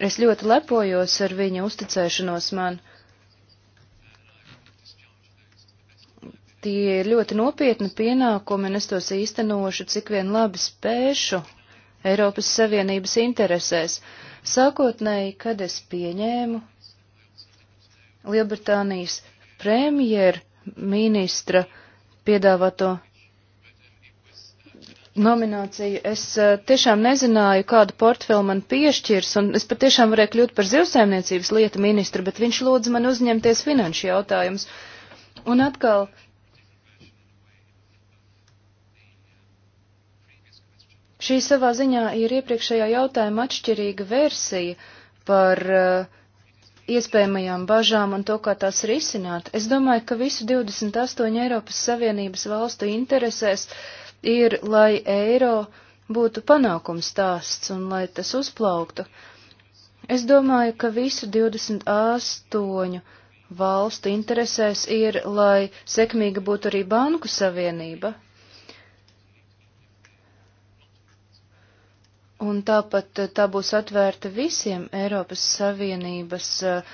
es ļoti lepojos ar viņa uzticēšanos man. Tie ir ļoti nopietni pienākumi, un es tos īstenošu, cik vien labi spēšu Eiropas Savienības interesēs. Sākotnēji, kad es pieņēmu Lielbritānijas premjerministra piedāvāto nomināciju. Es eh, tiešām nezināju, kādu portfeli man piešķirs, un es patiešām varēju kļūt par zivsēmniecības lietu ministru, bet viņš lūdza man uzņemties finanšu jautājumus. Un atkal. Šī savā ziņā ir iepriekšējā jautājuma atšķirīga versija par uh, iespējamajām bažām un to, kā tās risināt. Es domāju, ka visu 28 Eiropas Savienības valstu interesēs uh, ir, lai eiro būtu panākums stāsts un lai tas uzplauktu. Es domāju, ka visu 28 valstu interesēs ir, lai sekmīga būtu arī banku savienība. Un tāpat eh, tā būs atvērta visiem Eiropas Savienības eh,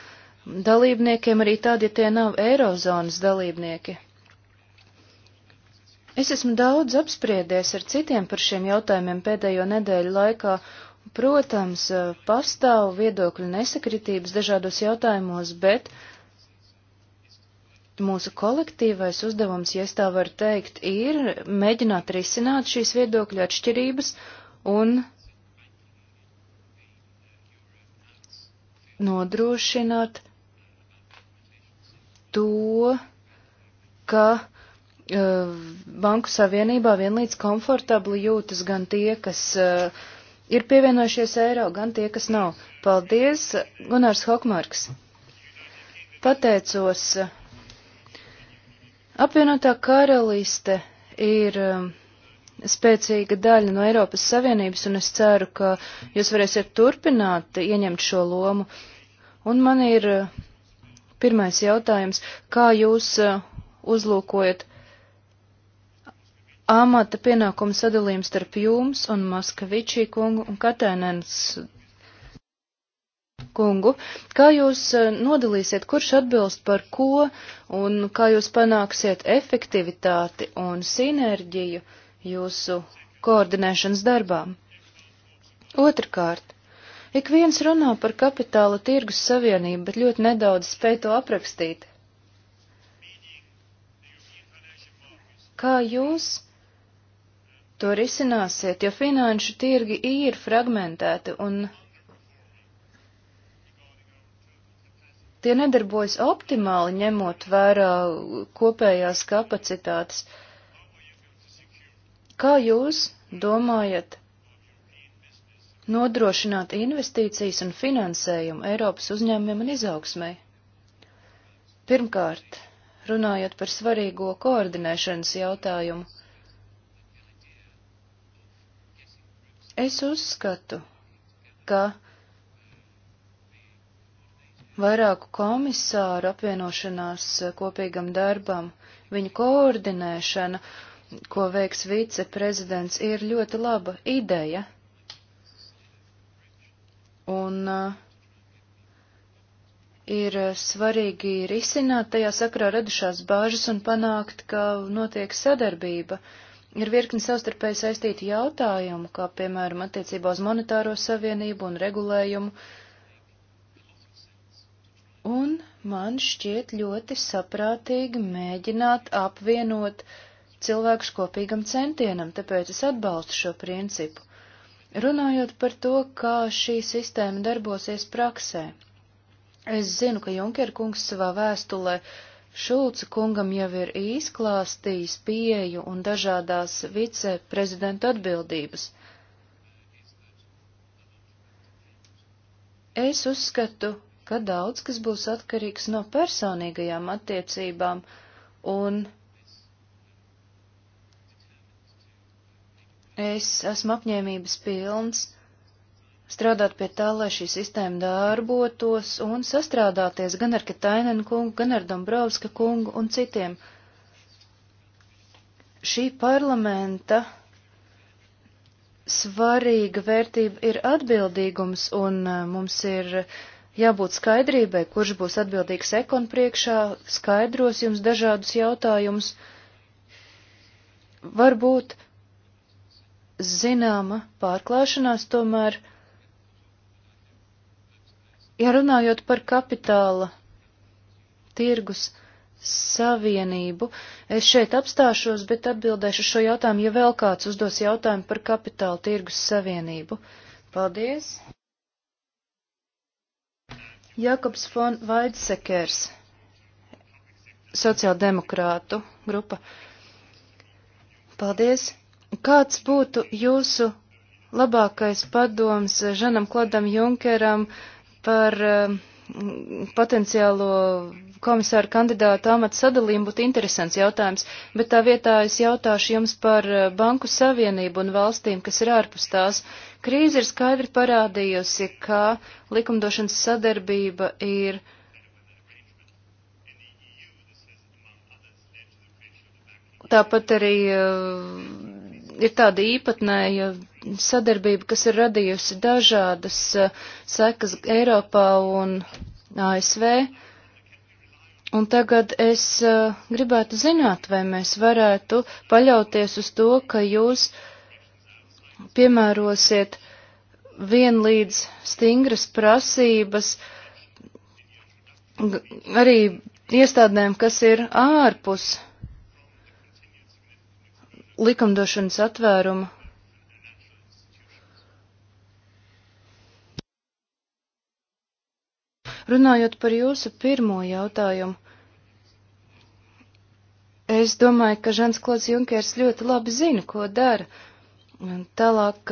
dalībniekiem, arī tādi, ja tie nav Eirozonas dalībnieki. Es esmu daudz apspriedies ar citiem par šiem jautājumiem pēdējo nedēļu laikā. Protams, eh, pastāv viedokļu nesakritības dažādos jautājumos, bet mūsu kolektīvais uzdevums, ja tā var teikt, ir mēģināt risināt šīs viedokļu atšķirības un nodrošināt to, ka Eh, Banku savienībā vienlīdz komfortabli jūtas gan tie, kas eh, ir pievienojušies eiro, gan tie, kas nav. Paldies, Gunārs Hokmarks. Pateicos. Apvienotā karaliste ir eh, spēcīga daļa no Eiropas Savienības, un es ceru, ka jūs varēsiet turpināt ieņemt šo lomu. Un man ir pirmais jautājums, kā jūs uzlūkojat amata pienākumu sadalījums starp jums un Maskavičī kungu un Katēnens kungu. Kā jūs e, nodalīsiet, kurš atbilst par ko un kā jūs panāksiet efektivitāti un sinerģiju jūsu koordinēšanas darbām? Otrkārt, ik viens runā par kapitāla tirgus savienību, bet ļoti nedaudz spēj to aprakstīt. Kā jūs to risināsiet, jo finanšu tirgi ir fragmentēti un tie nedarbojas optimāli, ņemot vērā kopējās kapacitātes. Kā jūs domājat nodrošināt investīcijas un finansējumu Eiropas uzņēmumiem un izaugsmai? Pirmkārt, runājot par svarīgo koordinēšanas jautājumu. Es uzskatu, ka vairāku komisāru apvienošanās kopīgam darbam, viņa koordinēšana, ko veiks viceprezidents, ir ļoti laba ideja. Un uh, ir svarīgi risināt tajā sakrā radušās bāžas un panākt, ka notiek sadarbība. Uh, Ir virkni savstarpēji saistīti jautājumi, kā piemēram attiecībā uz monetāro savienību un regulējumu. Un man šķiet ļoti saprātīgi mēģināt apvienot cilvēkus kopīgam centienam, tāpēc es atbalstu šo principu. Runājot par to, kā šī sistēma darbosies praksē, es zinu, ka Junker kungs savā vēstulē uh, Šulca kungam jau ir izklāstījis pieeju un dažādās viceprezidentu atbildības. Es uzskatu, ka daudz kas būs atkarīgs no personīgajām attiecībām un es esmu apņēmības pilns strādāt pie tā, lai šī sistēma darbotos un sastrādāties gan ar Kitainen kungu, gan ar Dombrovska kungu un citiem. Šī parlamenta svarīga vērtība ir atbildīgums, un eh, mums ir jābūt skaidrībai, kurš būs atbildīgs ekon priekšā, skaidros jums dažādus jautājumus. Varbūt zināma pārklāšanās tomēr. Ja runājot par kapitāla tirgus savienību, es šeit apstāšos, bet atbildēšu šo jautājumu, ja vēl kāds uzdos jautājumu par kapitāla tirgus savienību. Paldies! Jakobs von Vaidsekers, sociāldemokrātu grupa. Paldies! Kāds būtu jūsu labākais padoms Žanam Kladam Junkeram? par eh, potenciālo komisāru kandidātu amatu sadalījumu būtu interesants jautājums, bet tā vietā es jautāšu jums par eh, Banku Savienību un valstīm, kas ir ārpus tās. Krīze ir skaidri parādījusi, ka likumdošanas sadarbība ir tāpat arī eh, ir tāda īpatnēja sadarbība, kas ir radījusi dažādas sekas Eiropā un ASV. Un tagad es gribētu zināt, vai mēs varētu paļauties uz to, ka jūs piemērosiet vienlīdz stingras prasības arī iestādēm, kas ir ārpus likumdošanas atvērumu. Runājot par jūsu pirmo jautājumu, es domāju, ka Žans Klods Junkers ļoti labi zina, ko dara. Un tālāk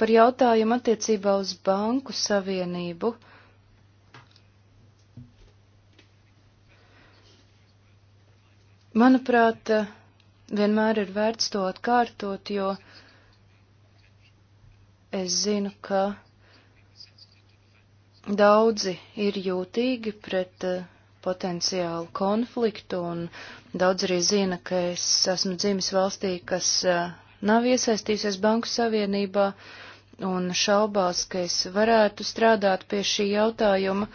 par jautājumu attiecībā uz banku savienību. Manuprāt, uh, vienmēr ir vērts to atkārtot, jo es zinu, ka daudzi ir jūtīgi pret uh, potenciālu konfliktu, un daudz arī zina, ka es esmu dzimis valstī, kas uh, nav iesaistījusies Banku Savienībā, un šaubās, ka es varētu strādāt pie šī jautājuma,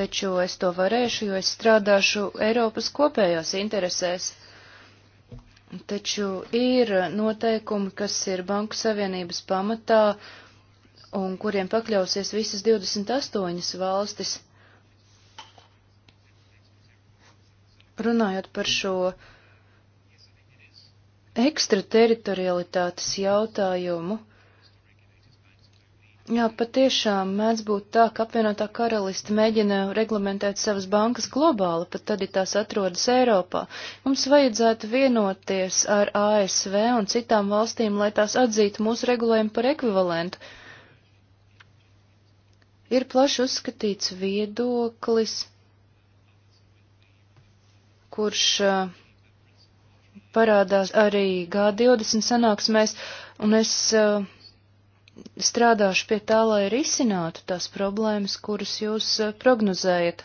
taču es to varēšu, jo es strādāšu Eiropas kopējās interesēs. Taču ir noteikumi, kas ir Banku Savienības pamatā un kuriem pakļausies visas 28 valstis. Runājot par šo ekstrateritorialitātes jautājumu, Jā, patiešām mēdz būt tā, ka apvienotā karaliste mēģina reglamentēt savas bankas globāli, pat tad, ja tās atrodas Eiropā. Mums vajadzētu vienoties ar ASV un citām valstīm, lai tās atzītu mūsu regulējumu par ekvivalentu. Ir plaši uzskatīts viedoklis, kurš uh, parādās arī G20 sanāksmēs, un es uh, strādāšu pie tā, lai risinātu tās problēmas, kuras jūs eh, prognozējat.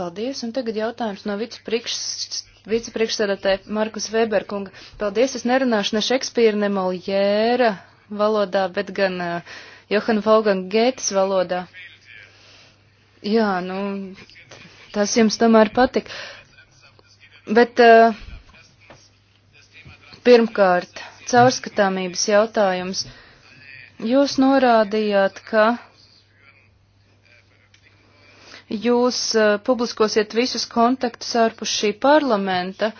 Paldies, un tagad jautājums no vicepriekšsēdētāja Markus Weberkunga. Paldies, es nerunāšu ne Šekspīra, ne Maljēra valodā, bet gan uh, Johana Volgan Gētas valodā. Jā, nu, tas jums tomēr patika. Bet uh, pirmkārt caurskatāmības jautājums. Jūs norādījāt, ka jūs uh, publiskosiet visus kontaktus ārpus šī parlamenta.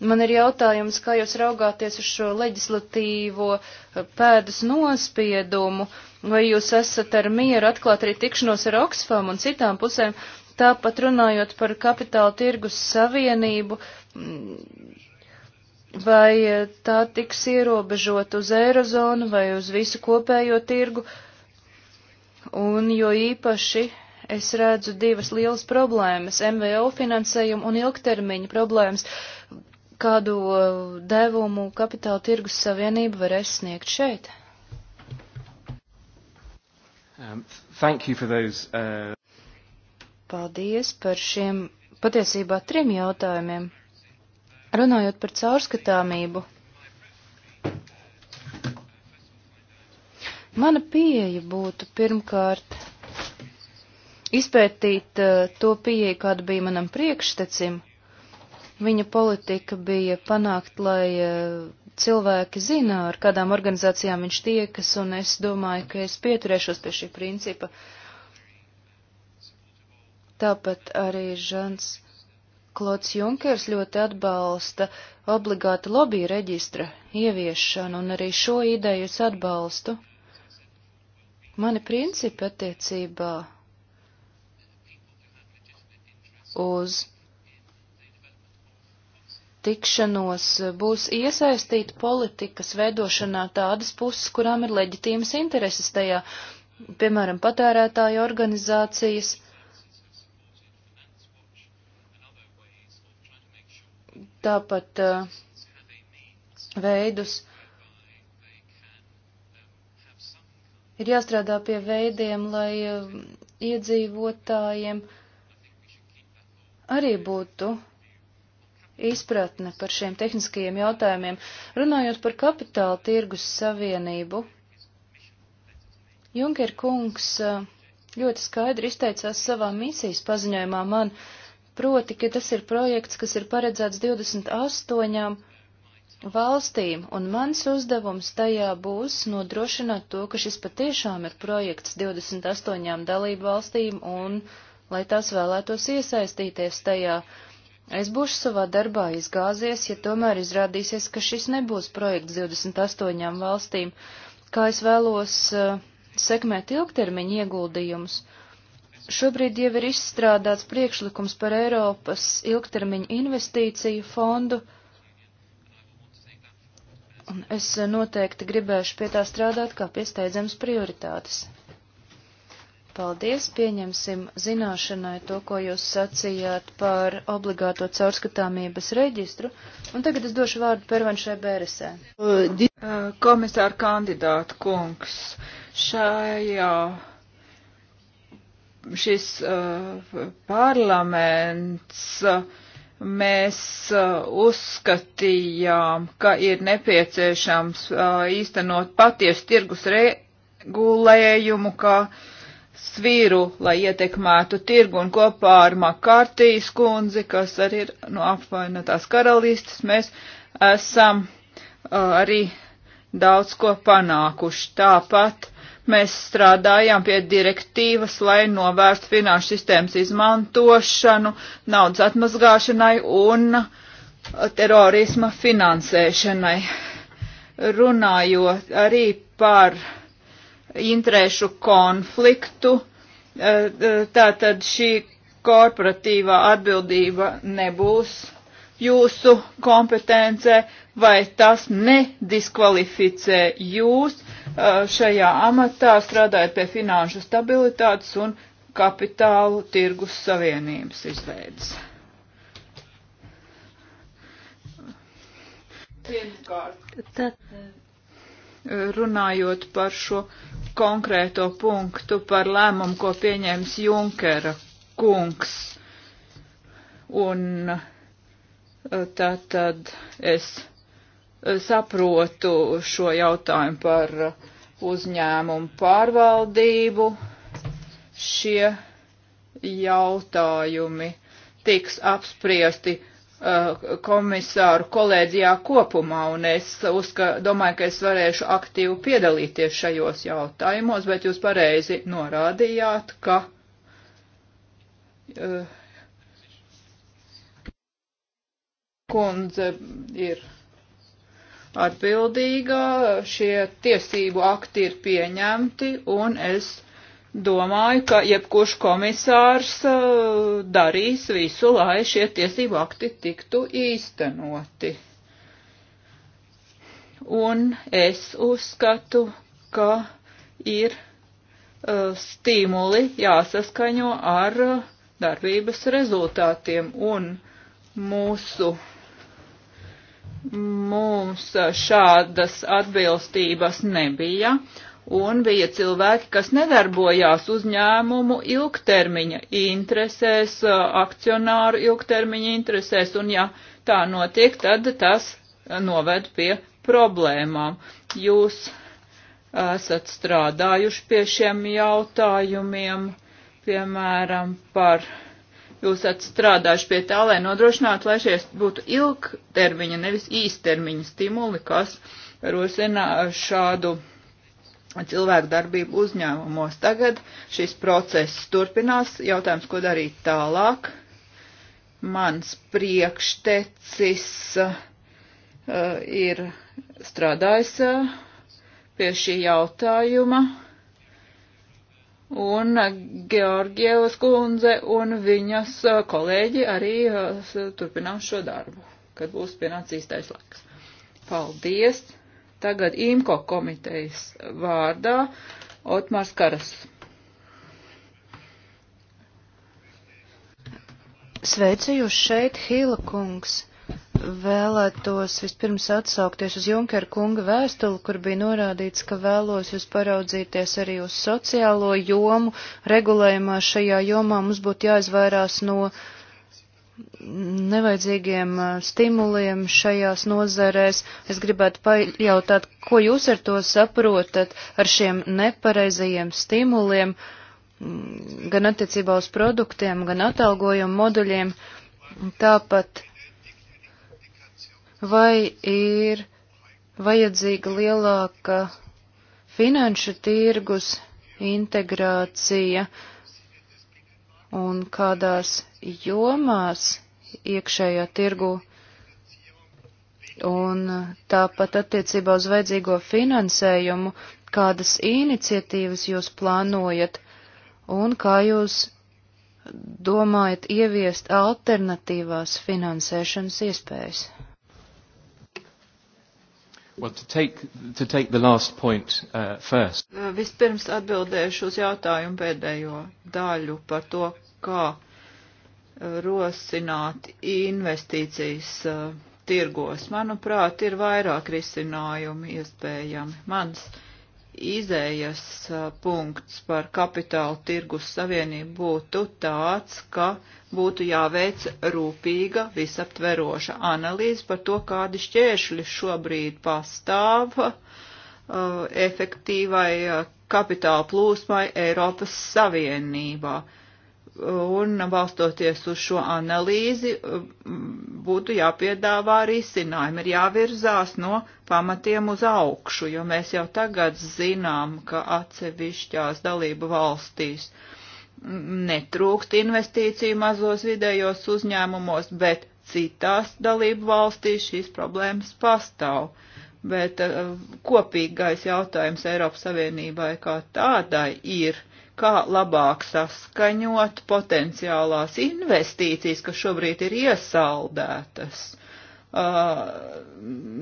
Man ir jautājums, kā jūs raugāties uz šo leģislatīvo eh, pēdas nospiedumu, vai jūs esat ar mieru atklāt arī tikšanos ar Oxfam un citām pusēm, tāpat runājot par kapitāla tirgus savienību, vai e, tā tiks ierobežot uz eirozonu vai uz visu kopējo tirgu, un jo īpaši es redzu divas lielas problēmas - MVO finansējumu un ilgtermiņa problēmas, kādu e, devumu kapitāla tirgus savienība varēs sniegt šeit. Um, thank you for those. Uh... Paldies par šiem patiesībā trim jautājumiem. Runājot par caurskatāmību, mana pieeja būtu pirmkārt izpētīt uh, to pieeju, kāda bija manam priekštecim. Viņa politika bija panākt, lai uh, cilvēki zina, ar kādām organizācijām viņš tiekas, un es domāju, ka es pieturēšos pie šī principa. Tāpat arī Žants Klods Junkers ļoti atbalsta obligāta lobby reģistra ieviešanu, un arī šo ideju es atbalstu. Mani principi attiecībā uz tikšanos būs iesaistīta politikas veidošanā tādas puses, kurām ir leģitīmas intereses tajā, piemēram, patērētāju organizācijas tāpat uh, veidus. Ir jāstrādā pie veidiem, lai uh, iedzīvotājiem arī būtu izpratne par šiem tehniskajiem jautājumiem. Runājot par kapitāla tirgus savienību, Junker kungs ļoti skaidri izteicās savā misijas paziņojumā man, uh, Proti, ka tas ir projekts, kas ir paredzēts 28 valstīm, un mans uzdevums tajā būs nodrošināt to, ka šis patiešām ir projekts 28 dalību valstīm, un lai tās vēlētos iesaistīties tajā. Es būšu savā darbā izgāzies, ja tomēr izrādīsies, ka šis nebūs projekts 28 valstīm, kā es vēlos uh, sekmēt ilgtermiņa ieguldījumus. Uh, Šobrīd jau ir izstrādāts priekšlikums par Eiropas ilgtermiņu investīciju fondu, un es noteikti gribēšu pie tā strādāt kā pie steidzamas prioritātes. Paldies, pieņemsim zināšanai to, ko jūs sacījāt par obligāto caurskatāmības reģistru, un tagad es došu vārdu pervenšai Bēresē. Komisāra kandidāta kungs, šajā šis uh, parlaments uh, mēs uh, uzskatījām, ka ir nepieciešams uh, īstenot patiesu tirgus regulējumu, kā svīru, lai ietekmētu tirgu un kopā ar Makārtīs kundzi, kas arī ir no nu, apvainotās karalistes, mēs esam uh, arī daudz ko panākuši. Tāpat Mēs strādājām pie direktīvas, lai novērstu finanšu sistēmas izmantošanu, naudas atmazgāšanai un terorisma finansēšanai. Runājot arī par interešu konfliktu, tātad šī korporatīvā atbildība nebūs jūsu kompetencē, vai tas nediskvalificē jūs Eh, šajā amatā, strādājot pie finanšu stabilitātes un kapitālu tirgus savienības izveidas. Tad, runājot par šo konkrēto punktu, par lēmumu, ko pieņēmis Junkera kungs. Un eh, tātad es saprotu šo jautājumu par uzņēmumu pārvaldību. Šie jautājumi tiks apspriesti uh, komisāru kolēģijā kopumā, un es uzska, domāju, ka es varēšu aktīvi piedalīties šajos jautājumos, bet jūs pareizi norādījāt, ka uh, kundze ir atbildīga. Šie tiesību akti ir pieņemti un es domāju, ka jebkurš komisārs eh, darīs visu, lai šie tiesību akti tiktu īstenoti. Un es uzskatu, ka ir eh, stimuli jāsaskaņo ar eh, darbības rezultātiem un mūsu mums šādas atbilstības nebija, un bija cilvēki, kas nedarbojās uzņēmumu ilgtermiņa interesēs, akcionāru ilgtermiņa interesēs, un ja tā notiek, tad tas noved pie problēmām. Jūs esat strādājuši pie šiem jautājumiem, piemēram, par jūs esat strādājuši pie tā, lai nodrošinātu, lai šie būtu ilgtermiņa, nevis īstermiņa stimuli, kas rosina šādu cilvēku darbību uzņēmumos. Tagad šis process turpinās, jautājums, ko darīt tālāk. Mans priekštecis uh, ir strādājis uh, pie šī jautājuma Un Georgievas kundze un viņas uh, kolēģi arī uh, turpinās šo darbu, kad būs pienācis īstais laiks. Paldies! Tagad IMKO komitejas vārdā Otmārs Karas. Sveicu jūs šeit, Hīla kungs. Vēlētos vispirms atsaukties uz Junkera kunga vēstuli, kur bija norādīts, ka vēlos jūs paraudzīties arī uz sociālo jomu. Regulējumā šajā jomā mums būtu jāizvairās no nevajadzīgiem uh, stimuliem šajās nozarēs. Es gribētu pajautāt, ko jūs ar to saprotat, ar šiem nepareizajiem stimuliem, mm, gan attiecībā uz produktiem, gan atalgojumu moduļiem. Tāpat vai ir vajadzīga lielāka finanšu tirgus integrācija un kādās jomās iekšējā tirgu un tāpat attiecībā uz vajadzīgo finansējumu, kādas iniciatīvas jūs plānojat un kā jūs domājat ieviest alternatīvās finansēšanas iespējas? Well, to take, to take the last point, uh, first. Uh, vispirms atbildēšu uz jautājumu pēdējo daļu par to, kā uh, rosināt investīcijas uh, tirgos. Manuprāt, ir vairāk risinājumi iespējami. Mans uh, izējas punkts par kapitāla tirgus savienību būtu tāds, ka būtu jāveic rūpīga, visaptveroša analīze par to, kādi šķēršļi šobrīd pastāv uh, efektīvai kapitāla plūsmai Eiropas Savienībā. Uh, un balstoties uz šo analīzi būtu jāpiedāvā risinājumi, ir jāvirzās no pamatiem uz augšu, jo mēs jau tagad zinām, ka atsevišķās dalību valstīs netrūkst investīciju mazos vidējos uzņēmumos, bet citās dalību valstīs šīs problēmas pastāv. Bet eh, kopīgais jautājums Eiropas Savienībai kā tādai ir kā labāk saskaņot potenciālās investīcijas, kas šobrīd ir iesaldētas uh,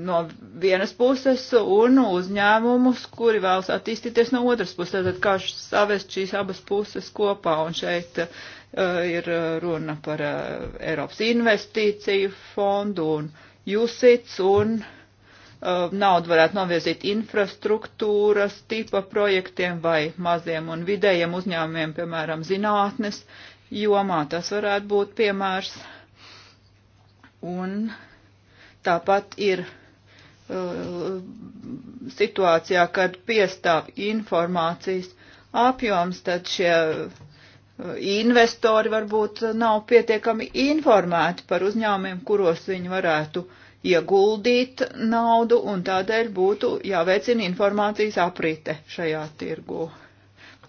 no vienas puses un uzņēmumus, kuri vēlas attīstīties no otras puses. Tad kā savest šīs abas puses kopā un šeit uh, ir uh, runa par uh, Eiropas investīciju fondu un jūsits un uh, Uh, naudu varētu novirzīt infrastruktūras tipa projektiem vai maziem un vidējiem uzņēmumiem, piemēram, zinātnes jomā. Tas varētu būt piemērs. Un tāpat ir uh, situācijā, kad piestāv informācijas apjoms, tad šie uh, investori varbūt nav pietiekami informēti par uzņēmumiem, kuros viņi varētu uh, ieguldīt naudu un tādēļ būtu jāveicina informācijas aprite šajā tirgu.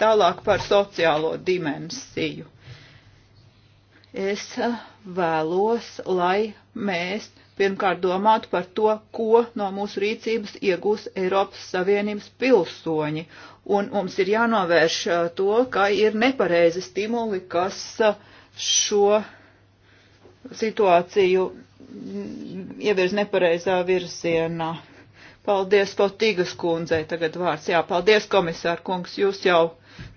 Tālāk par sociālo dimensiju. Es eh, vēlos, lai mēs pirmkārt domātu par to, ko no mūsu rīcības iegūs Eiropas Savienības pilsoņi, un mums ir jānovērš eh, to, ka ir nepareizi stimuli, kas eh, šo uh, situāciju ievirz nepareizā virzienā. Paldies, Potīgas kundzei, tagad vārds. Jā, paldies, komisār kungs, jūs jau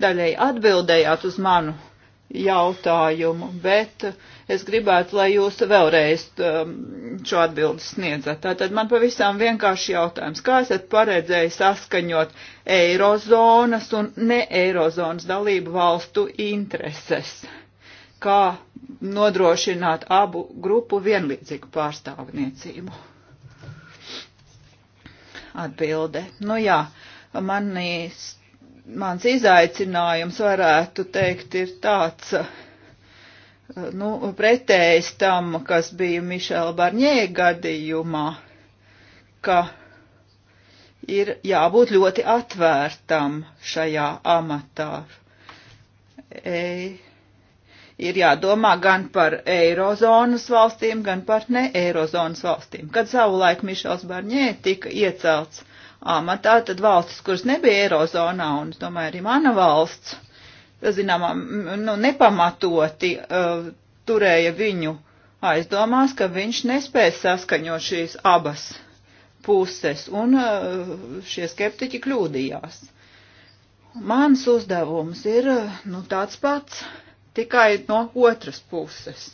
daļai atbildējāt uz manu jautājumu, bet es gribētu, lai jūs vēlreiz um, šo atbildi sniedzat. Tātad man pavisam vienkārši jautājums, kā esat paredzējis saskaņot eirozonas un ne eirozonas dalību valstu intereses? Uh, kā nodrošināt abu grupu vienlīdzīgu pārstāvniecību. Atbilde. Nu jā, manis, mans izaicinājums varētu teikt ir tāds, nu, pretējs tam, kas bija Mišela Barņē gadījumā, ka ir jābūt ļoti atvērtam šajā amatā. Ei, ir jādomā gan par eirozonas valstīm, gan par ne eirozonas valstīm. Kad savulaik Mišels Barņē tika iecelts amatā, tad valstis, kuras nebija eirozonā, un es domāju, arī mana valsts, zināmā, nu, nepamatoti uh, turēja viņu aizdomās, ka viņš nespēs saskaņot šīs abas puses, un uh, šie skeptiķi kļūdījās. Mans uzdevums ir, uh, nu, tāds pats tikai no otras puses.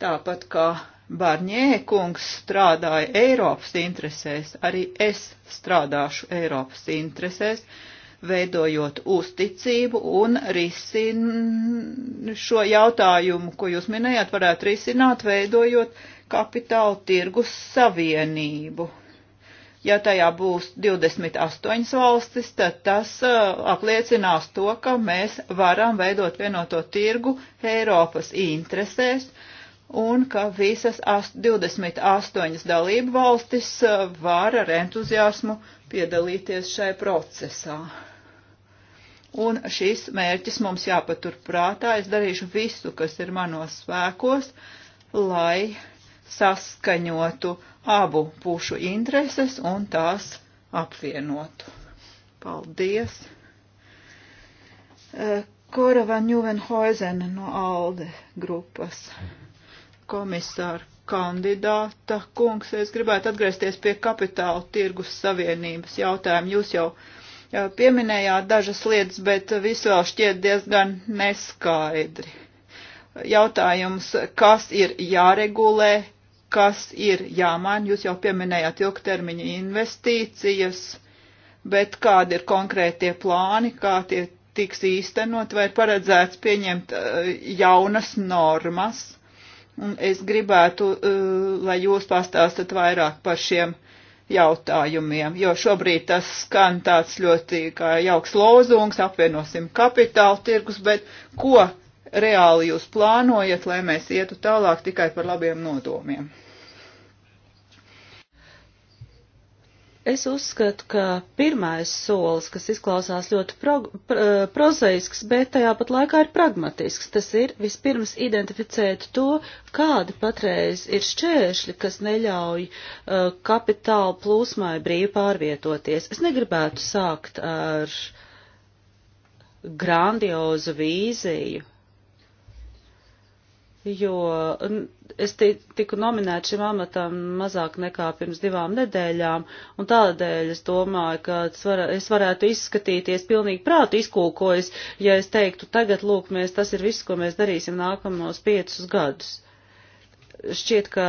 Tāpat kā Barņē kungs strādāja Eiropas interesēs, arī es strādāšu Eiropas interesēs, veidojot uzticību un risin šo jautājumu, ko jūs minējāt, varētu risināt, veidojot kapitāla tirgus savienību. Ja tajā būs 28 valstis, tad tas uh, apliecinās to, ka mēs varam veidot vienoto tirgu Eiropas interesēs un ka visas 28 dalību valstis uh, var ar entuziasmu piedalīties šai procesā. Un šis mērķis mums jāpatur prātā. Es darīšu visu, kas ir manos spēkos, lai saskaņotu abu pušu intereses un tās apvienotu. Paldies! Eh, Kora van Juvenhoizen no ALDE grupas komisāra kandidāta kungs. Es gribētu atgriezties pie kapitāla tirgus savienības jautājumu. Jūs jau eh, pieminējāt dažas lietas, bet viss vēl šķiet diezgan neskaidri. Jautājums, kas ir jāregulē, kas ir jāmaina. Jūs jau pieminējāt ilgtermiņa investīcijas, bet kādi ir konkrētie plāni, kā tie tiks īstenot, vai ir paredzēts pieņemt eh, jaunas normas. Un es gribētu, eh, lai jūs pastāstat vairāk par šiem jautājumiem, jo šobrīd tas skan tāds ļoti kā jauks lozungs, apvienosim kapitāla tirgus, bet ko reāli jūs plānojat, lai mēs ietu tālāk tikai par labiem nodomiem? Es uzskatu, ka pirmais solis, kas izklausās ļoti pro, pro, eh, prozaisks, bet tajā pat laikā ir pragmatisks, tas ir vispirms identificēt to, kādi patreiz ir šķēršļi, kas neļauj uh, kapitāla plūsmai brīvi pārvietoties. Es negribētu sākt ar grandiozu vīziju, jo es tiku nominēta šim amatam mazāk nekā pirms divām nedēļām, un tādēļ es domāju, ka es varētu izskatīties pilnīgi prātu izkūkojas, ja es teiktu, tagad, lūk, mēs, tas ir viss, ko mēs darīsim nākamos piecus gadus. Šķiet, ka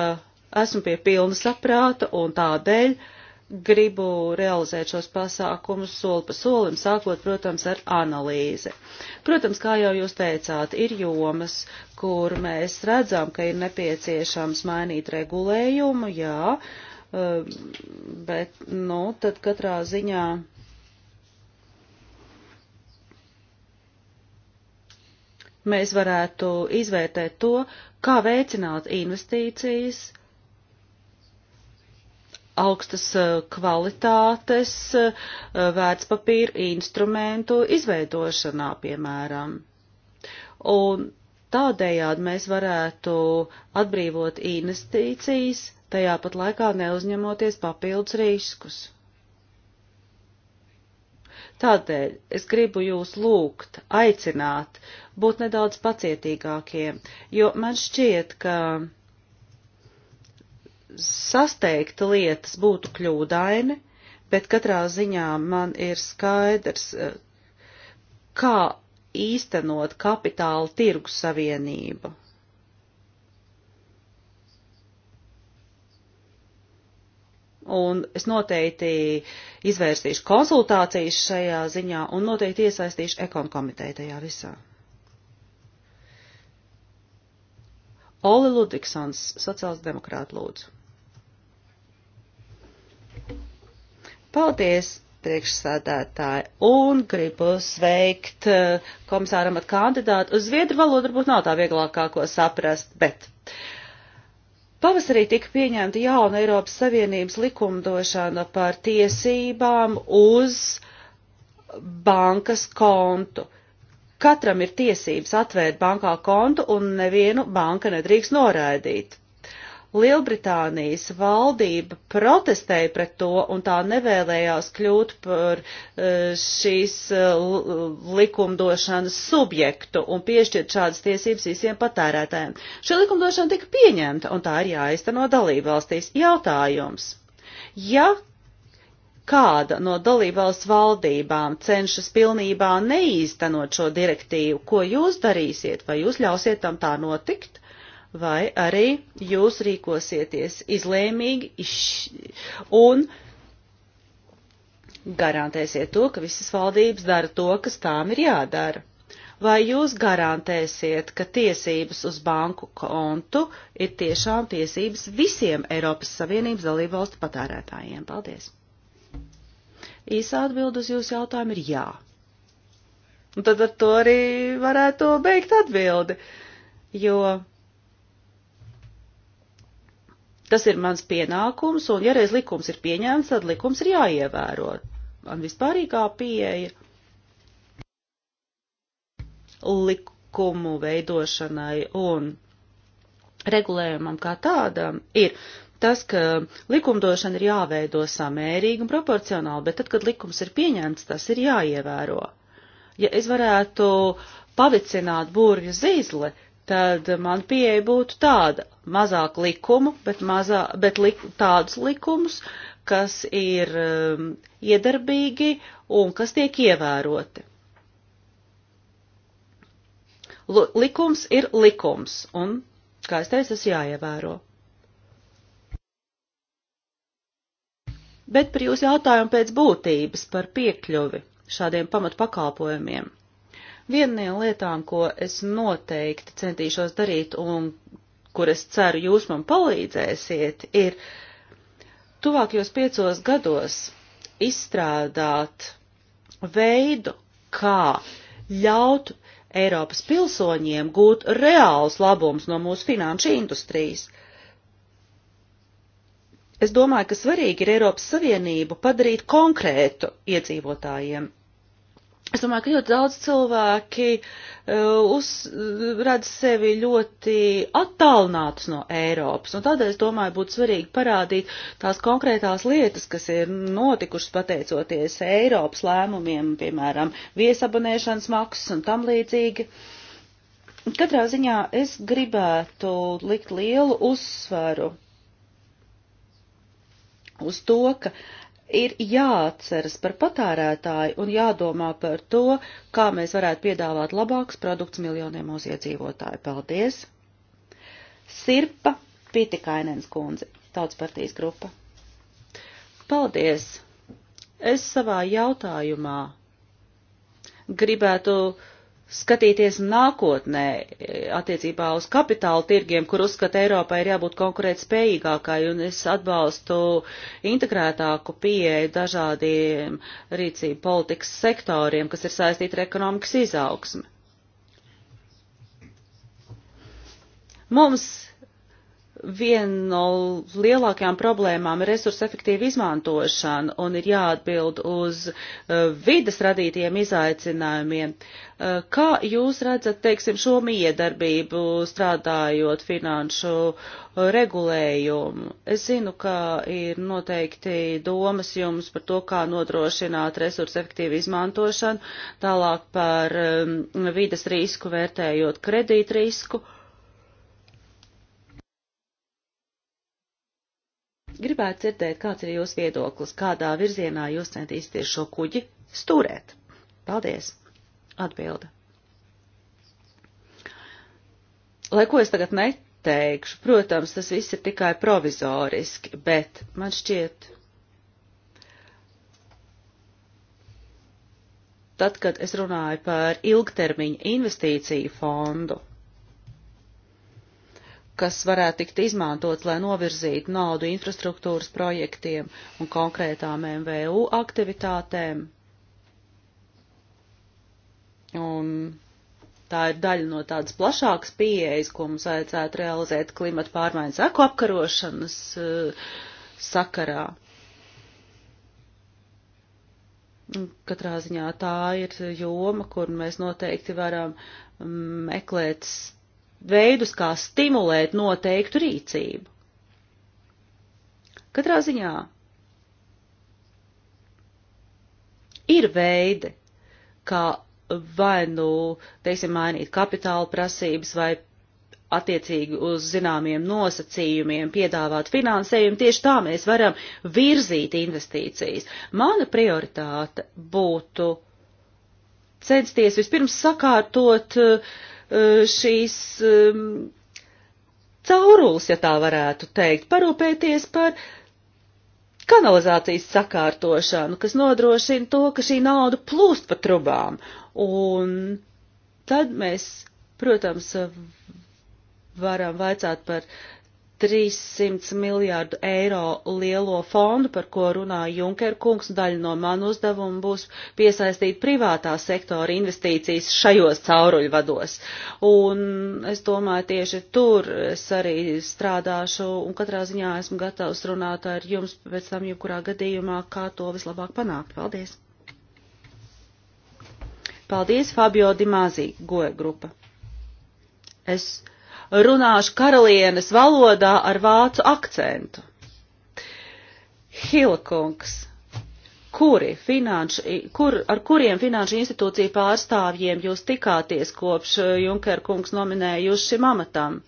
esmu pie pilna saprāta, un tādēļ uh, gribu realizēt šos pasākumus soli pa solim, sākot, protams, ar analīzi. Protams, kā jau jūs teicāt, ir jomas, kur mēs redzam, ka ir nepieciešams mainīt regulējumu, jā, um, bet, nu, tad katrā ziņā. Mēs varētu izvērtēt to, kā veicināt investīcijas, uh, augstas eh, kvalitātes eh, vērtspapīra instrumentu izveidošanā, piemēram. Un tādējādi mēs varētu atbrīvot investīcijas, tajā pat laikā neuzņemoties papildus riskus. Tādēļ es gribu jūs lūgt, aicināt, būt nedaudz pacietīgākiem, jo man šķiet, ka sasteigt lietas būtu kļūdaini, bet katrā ziņā man ir skaidrs, eh, kā īstenot kapitāla tirgu savienību. Un es noteikti izvērsīšu konsultācijas šajā ziņā un noteikti iesaistīšu ekonu komiteju tajā visā. Oli Ludvigsons, sociāls demokrāta lūdzu. Paldies, priekšsādātāji, un gribu sveikt eh, komisāram at kandidātu. Uz viedru valodu varbūt nav tā vieglākā, ko saprast, bet. Pavasarī tika pieņemta jauna Eiropas Savienības likumdošana par tiesībām uz bankas kontu. Katram ir tiesības atvērt bankā kontu un nevienu banka nedrīkst noraidīt. Lielbritānijas valdība protestēja pret to un tā nevēlējās kļūt par eh, šīs eh, likumdošanas subjektu un piešķirt šādas tiesības visiem patērētājiem. Šī likumdošana tika pieņemta un tā ir jāizteno dalībvalstīs. Jautājums. Ja kāda no dalībvalsts valdībām cenšas pilnībā neīstenot šo direktīvu, ko jūs darīsiet, vai jūs ļausiet tam tā notikt? vai arī jūs rīkosieties izlēmīgi izš... un garantēsiet to, ka visas valdības dara to, kas tām ir jādara. Vai jūs garantēsiet, ka tiesības uz banku kontu ir tiešām tiesības visiem Eiropas Savienības dalību valstu patērētājiem? Paldies! Īsā atbild uz jūsu jautājumu ir jā. Un tad ar to arī varētu beigt atbildi, jo Tas ir mans pienākums, un ja reiz likums ir pieņēmts, tad likums ir jāievēro. Man vispārīgā pieeja likumu veidošanai un regulējumam kā tādam ir tas, ka likumdošana ir jāveido samērīgi un proporcionāli, bet tad, kad likums ir pieņemts, tas ir jāievēro. Ja es varētu pavicināt burvju zīzli, tad man pieeja būtu tāda - mazāk likumu, bet, mazā, bet lik, tādus likumus, kas ir um, iedarbīgi un kas tiek ievēroti. L likums ir likums, un, kā es teicu, tas jāievēro. Bet par jūsu jautājumu pēc būtības par piekļuvi šādiem pamatpakalpojumiem. Viena no lietām, ko es noteikti centīšos darīt un kur es ceru jūs man palīdzēsiet, ir tuvākajos piecos gados izstrādāt veidu, kā ļaut Eiropas pilsoņiem gūt reāls labums no mūsu finanšu industrijas. Es domāju, ka svarīgi ir Eiropas Savienību padarīt konkrētu iedzīvotājiem Es domāju, ka ļoti daudz cilvēki uh, uz, eh, redz sevi ļoti attālinātus no Eiropas, un tādēļ es domāju, būtu svarīgi parādīt tās konkrētās lietas, kas ir notikušas pateicoties Eiropas lēmumiem, piemēram, viesabonēšanas maksas un tam līdzīgi. Katrā ziņā es gribētu likt lielu uzsvaru uz to, ka ir jāatceras par patērētāju un jādomā par to, kā mēs varētu piedāvāt labāks produkts miljoniem mūsu iedzīvotāju. Paldies! Sirpa Pitikainens kundze, Tautas partijas grupa. Paldies! Es savā jautājumā gribētu uh, skatīties nākotnē e, attiecībā uz kapitāla tirgiem, kur uzskata Eiropai ir jābūt konkurēt spējīgākai, un es atbalstu integrētāku pieeju dažādiem rīcību politikas sektoriem, kas ir saistīti ar ekonomikas izaugsmi. Mums viena no lielākajām problēmām ir resursu efektīva izmantošana un ir jāatbild uz uh, vidas radītiem izaicinājumiem. Uh, kā jūs redzat, teiksim, šo miedarbību strādājot finanšu uh, regulējumu? Es zinu, ka ir noteikti domas jums par to, kā nodrošināt resursu efektīvu izmantošanu, tālāk par um, vidas risku vērtējot kredīt risku. Uh, Gribētu dzirdēt, kāds ir jūsu viedoklis, kādā virzienā jūs centīsieties šo kuģi stūrēt. Paldies! Atbilde. Lai ko es tagad neteikšu, protams, tas viss ir tikai provizoriski, bet man šķiet, tad, kad es runāju par ilgtermiņa investīciju fondu, kas varētu tikt izmantots, lai novirzītu naudu infrastruktūras projektiem un konkrētām MVU aktivitātēm. Un tā ir daļa no tādas plašākas pieejas, ko mums vajadzētu realizēt klimata pārmaiņas eku apkarošanas uh, sakarā. Katrā ziņā tā ir joma, kur mēs noteikti varam mm, meklēt veidus, kā stimulēt noteiktu rīcību. Katrā ziņā ir veidi, kā vai nu, teiksim, mainīt kapitāla prasības vai attiecīgi uz zināmiem nosacījumiem piedāvāt finansējumu. Tieši tā mēs varam virzīt investīcijas. Mana prioritāte būtu censties vispirms sakārtot uh, Eh, šīs caurules, ja tā varētu teikt, parūpēties par kanalizācijas sakārtošanu, kas nodrošina to, ka šī nauda plūst pa trubām. Un tad mēs, protams, varam vaicāt par uh, 300 miljārdu eiro lielo fondu, par ko runāja Junker kungs, daļa no manu uzdevumu būs piesaistīt privātā sektora investīcijas šajos cauruļvados. Un es domāju, tieši tur es arī strādāšu un katrā ziņā esmu gatavs runāt ar jums pēc tam jebkurā gadījumā, kā to vislabāk panākt. Paldies! Paldies, Fabio Dimazī, goja grupa. Es runāšu karalienes valodā ar vācu akcentu. Hilkungs, kuri finanšu, kur, ar kuriem finanšu institūciju pārstāvjiem jūs tikāties kopš eh, Junker kungs nominēja jūs šim amatam?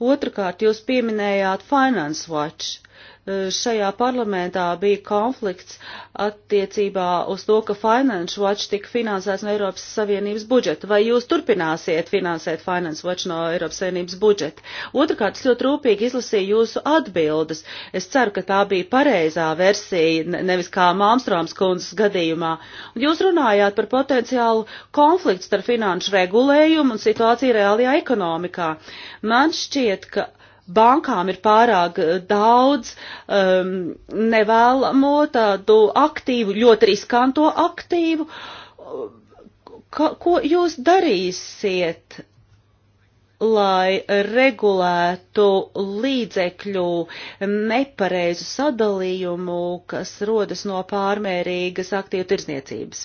Otrakārt, jūs pieminējāt Finance Watch šajā parlamentā bija konflikts attiecībā uz to, ka Finance Watch tika finansēts no Eiropas Savienības budžeta. Vai jūs turpināsiet finansēt Finance Watch no Eiropas Savienības budžeta? Otrakārt, es ļoti rūpīgi izlasīju jūsu atbildes. Es ceru, ka tā bija pareizā versija, nevis kā Māmstroms kundzes gadījumā. Un jūs runājāt par potenciālu konfliktu starp finanšu regulējumu un situāciju reālajā ekonomikā. Man šķiet, ka bankām ir pārāk eh, daudz um, nevēlamo tādu aktīvu, ļoti riskanto aktīvu. Ka, ko jūs darīsiet lai regulētu līdzekļu nepareizu sadalījumu, kas rodas no pārmērīgas aktīvu tirzniecības.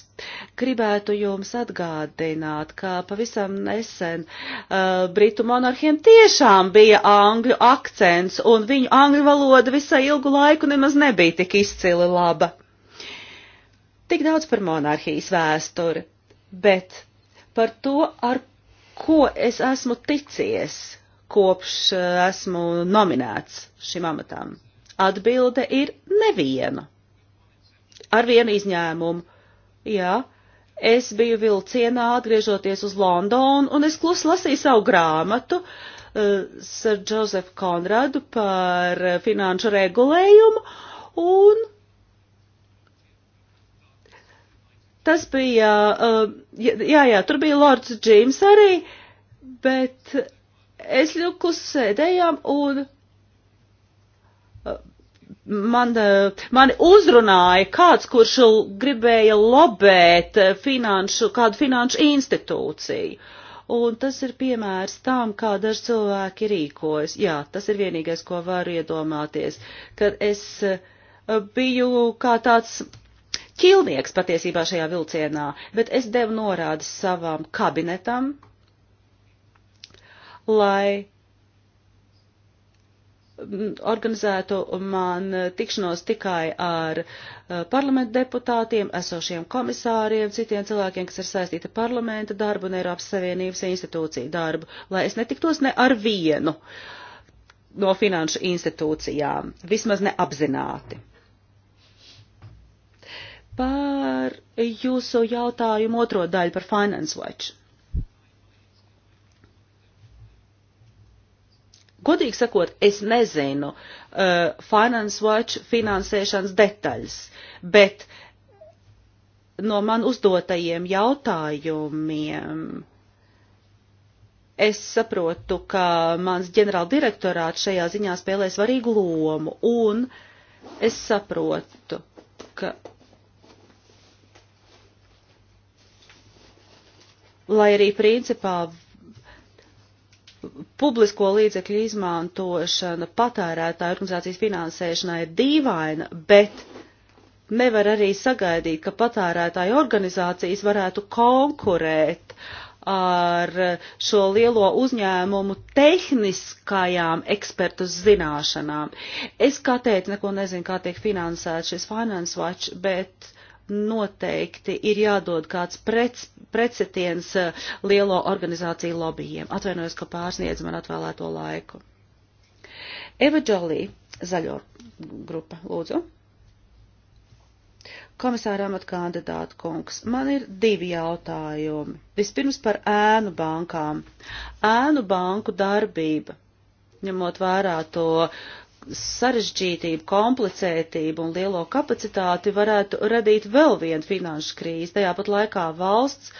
Gribētu jums atgādināt, ka pavisam nesen uh, Britu monarhiem tiešām bija angļu akcents, un viņu angļu valoda visai ilgu laiku nemaz nebija tik izcili laba. Tik daudz par monarhijas vēsturi, bet par to, ar ko es esmu ticies, kopš eh, esmu nominēts šim amatam? Atbilde ir neviena. Ar vienu izņēmumu. Jā, es biju vilcienā atgriežoties uz Londonu, un es klusi lasīju savu grāmatu uh, eh, ar Džozefu Konradu par eh, finanšu regulējumu, un Tas bija, uh, jā, jā, tur bija Lords Džīms arī, bet es ļukus sēdējām un uh, man, uh, mani uzrunāja kāds, kurš gribēja lobēt finanšu, kādu finanšu institūciju. Un tas ir piemērs tām, kā daži cilvēki rīkojas. Jā, tas ir vienīgais, ko varu iedomāties, kad es biju kā tāds ķilnieks patiesībā šajā vilcienā, bet es devu norādes savām kabinetam, lai mm, organizētu man tikšanos tikai ar eh, parlamentu deputātiem, esošiem komisāriem, citiem cilvēkiem, kas ir saistīti ar parlamenta darbu un Eiropas Savienības institūciju darbu, lai es netiktos ne ar vienu no finanšu institūcijām, vismaz neapzināti par jūsu jautājumu otro daļu par Finance Watch. Godīgi sakot, es nezinu uh, Finance Watch finansēšanas detaļas, bet no man uzdotajiem jautājumiem es saprotu, ka mans ģenerāldirektorāts šajā ziņā spēlē svarīgu lomu, un es saprotu, ka lai arī principā publisko līdzekļu izmantošana patērētāju organizācijas finansēšanai ir dīvaina, bet nevar arī sagaidīt, ka patērētāju organizācijas varētu konkurēt ar šo lielo uzņēmumu tehniskajām ekspertu zināšanām. Es kā teicu, neko nezinu, kā tiek finansēts šis Finance Watch, bet noteikti ir jādod kāds prets, pretsetiens eh, lielo organizāciju lobbyiem. Atvainojos, ka pārsniedz man atvēlēto laiku. Eva Džolī, zaļo grupa, lūdzu. Komisāra amata kandidāta kungs, man ir divi jautājumi. Vispirms par ēnu bankām. Ēnu banku darbība, ņemot vērā to sarežģītību, komplicētību un lielo kapacitāti varētu radīt vēl vienu finanšu krīzi. Tajā pat laikā valsts,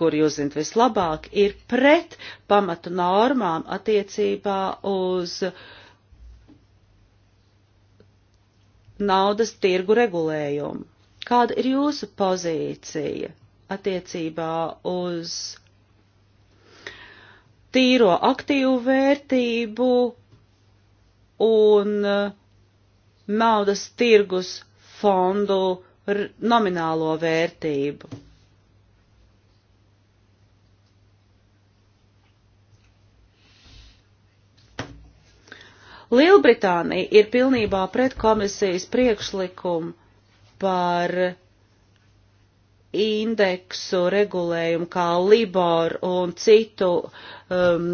kur jūs zinat vislabāk, ir pret pamatu normām attiecībā uz naudas tirgu regulējumu. Kāda ir jūsu pozīcija attiecībā uz tīro aktīvu vērtību, un e, naudas tirgus fondu nominālo vērtību. Lielbritānija ir pilnībā pret komisijas priekšlikumu par indeksu regulējumu kā Libor un citu um,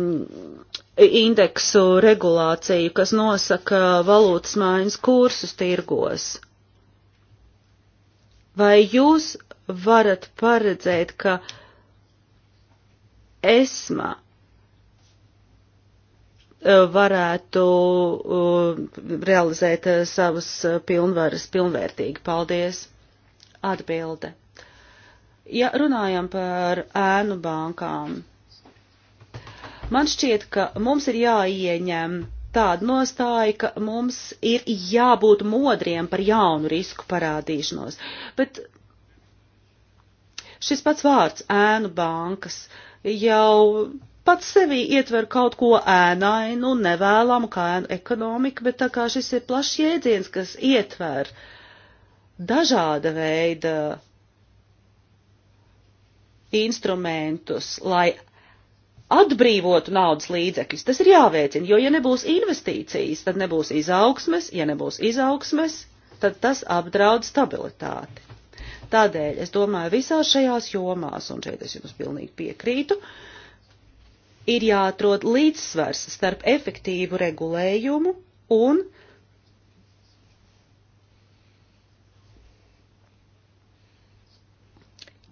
indeksu regulāciju, kas nosaka valūtas mājas kursus tirgos. Vai jūs varat paredzēt, ka esma uh, varētu uh, realizēt uh, savas pilnvaras pilnvērtīgi. Paldies! Atbilde. Ja runājam par ēnu bankām, Man šķiet, ka mums ir jāieņem tāda nostāja, ka mums ir jābūt modriem par jaunu risku parādīšanos. Bet šis pats vārds ēnu bankas jau pats sevī ietver kaut ko ēnainu un nevēlamu kā ēnu ekonomiku, bet tā kā šis ir plašs jēdziens, kas ietver dažāda veida instrumentus, lai atbrīvotu naudas līdzekļus. Tas ir jāveicina, jo ja nebūs investīcijas, tad nebūs izaugsmes, ja nebūs izaugsmes, tad tas apdraud stabilitāti. Tādēļ es domāju, visās šajās jomās, un šeit es jums pilnīgi piekrītu, ir jāatrod līdzsvars starp efektīvu regulējumu un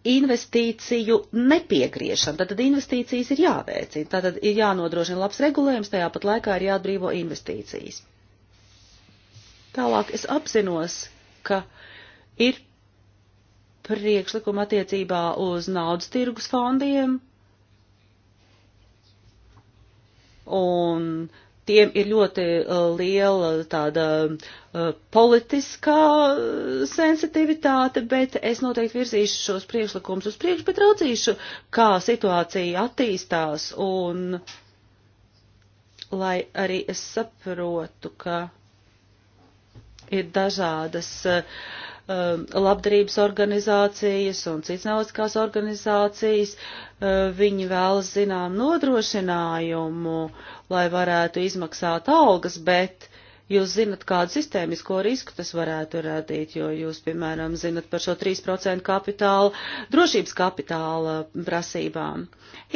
investīciju nepiegriešana. Tātad investīcijas ir jāveicina, tātad ir jānodrošina labs regulējums, tajā pat laikā ir jāatbrīvo investīcijas. Tālāk es apzinos, ka ir priekšlikuma attiecībā uz naudas tirgus fondiem, un uh, tiem ir ļoti uh, liela tāda uh, politiskā sensitivitāte, bet es noteikti virzīšu šos priekšlikumus uz priekšu, bet raudzīšu, kā situācija attīstās un lai arī es saprotu, ka ir dažādas uh, Um, labdarības organizācijas un citas nevalstiskās organizācijas, um, viņi vēlas zinām nodrošinājumu, lai varētu izmaksāt algas, bet jūs zinat, kādu sistēmisko risku tas varētu radīt, jo jūs, piemēram, zinat par šo 3% kapitāla, drošības kapitāla prasībām.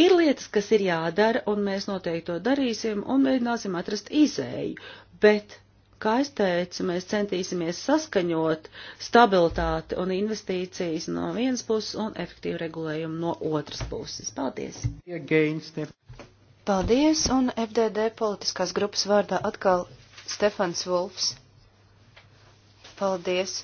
Ir lietas, kas ir jādara, un mēs noteikti to darīsim un mēģināsim atrast izēju, bet Kā es teicu, mēs centīsimies saskaņot stabilitāti un investīcijas no vienas puses un efektīvu regulējumu no otras puses. Paldies! Paldies, un FDD politiskās grupas vārdā atkal Stefans Vulfs. Paldies!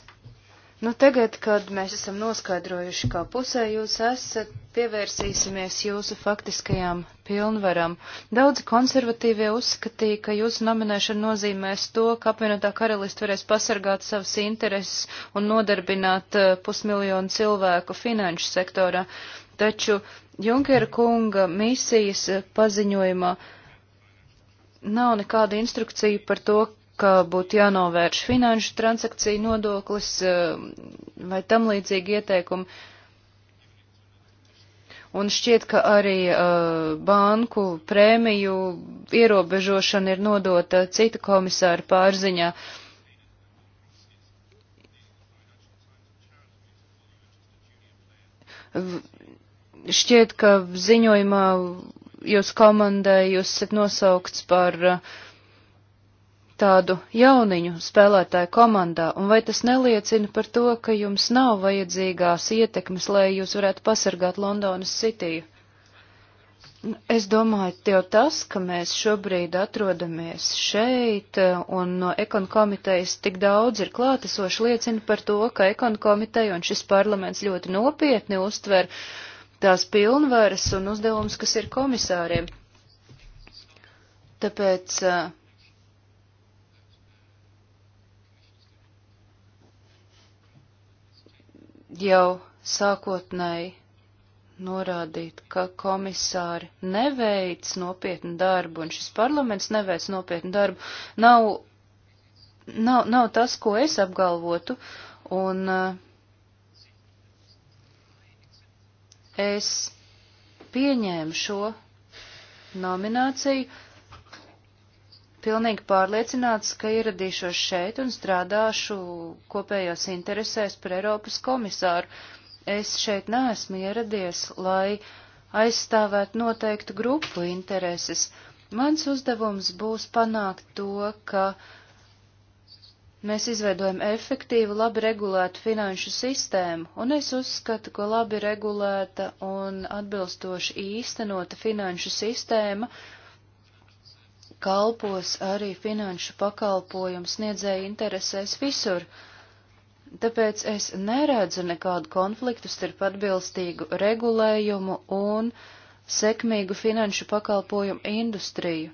Nu, tagad, kad mēs esam noskaidrojuši, kā pusē jūs esat, pievērsīsimies jūsu faktiskajām pilnvaram. Daudzi konservatīvie uzskatīja, ka jūsu nominēšana nozīmēs to, ka apvienotā karalista varēs pasargāt savas intereses un nodarbināt uh, pusmiljonu cilvēku finanšu sektorā. Taču Junkera kunga misijas eh, paziņojumā nav nekādu instrukciju par to, ka būtu jānovērš finanšu transakciju nodoklis eh, vai tam līdzīgi ieteikumi. Un šķiet, ka arī uh, banku prēmiju ierobežošana ir nodota cita komisāra pārziņā. Šķiet, ka ziņojumā jūs komandai, jūs esat nosaukts par uh, tādu jauniņu spēlētāju komandā, un vai tas neliecina par to, ka jums nav vajadzīgās ietekmes, lai jūs varētu pasargāt Londonas Citiju? Es domāju, jau tas, ka mēs šobrīd atrodamies šeit un no ekonu komitejas tik daudz ir klātesoši, liecina par to, ka ekonu komiteja un šis parlaments ļoti nopietni uztver tās pilnvaras un uzdevums, kas ir komisāriem. Tāpēc uh, jau sākotnēji norādīt, ka komisāri neveic nopietnu darbu un šis parlaments neveic nopietnu darbu, nav, nav, nav tas, ko es apgalvotu, un eh, es pieņēmu šo nomināciju, pilnīgi pārliecināts, ka ieradīšos šeit un strādāšu kopējās interesēs par Eiropas komisāru. Es šeit neesmu ieradies, lai aizstāvētu noteiktu grupu intereses. Mans uzdevums būs panākt to, ka mēs izveidojam efektīvu, labi regulētu finanšu sistēmu, un es uzskatu, ka labi regulēta un atbilstoši īstenota finanšu sistēma kalpos arī finanšu pakalpojumu sniedzēju interesēs visur. Tāpēc es neredzu nekādu konfliktu starp atbilstīgu regulējumu un sekmīgu finanšu pakalpojumu industriju.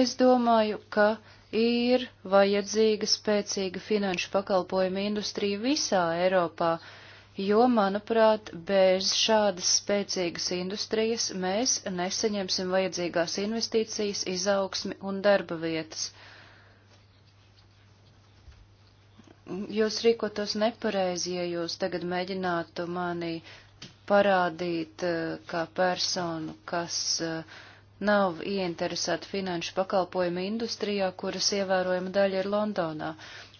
Es domāju, ka ir vajadzīga spēcīga finanšu pakalpojumu industrija visā Eiropā, uh, jo, manuprāt, bez šādas spēcīgas industrijas mēs nesaņemsim vajadzīgās investīcijas, izaugsmi un darba vietas. Jūs rīkotos nepareizi, ja jūs tagad mēģinātu mani parādīt eh, kā personu, kas eh, nav ieinteresēta finanšu pakalpojumu industrijā, kuras ievērojama daļa ir Londonā.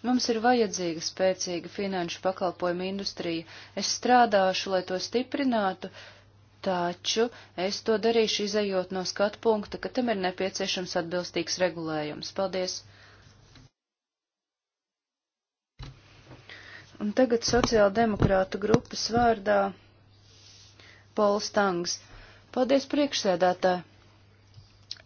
Mums ir vajadzīga spēcīga finanšu pakalpojumu industrija. Es strādāšu, lai to stiprinātu, taču es to darīšu izējot no skatu punkta, ka tam ir nepieciešams atbilstīgs regulējums. Paldies! Un tagad sociāldemokrātu grupas vārdā Pols Tangs. Paldies priekšsēdētāji!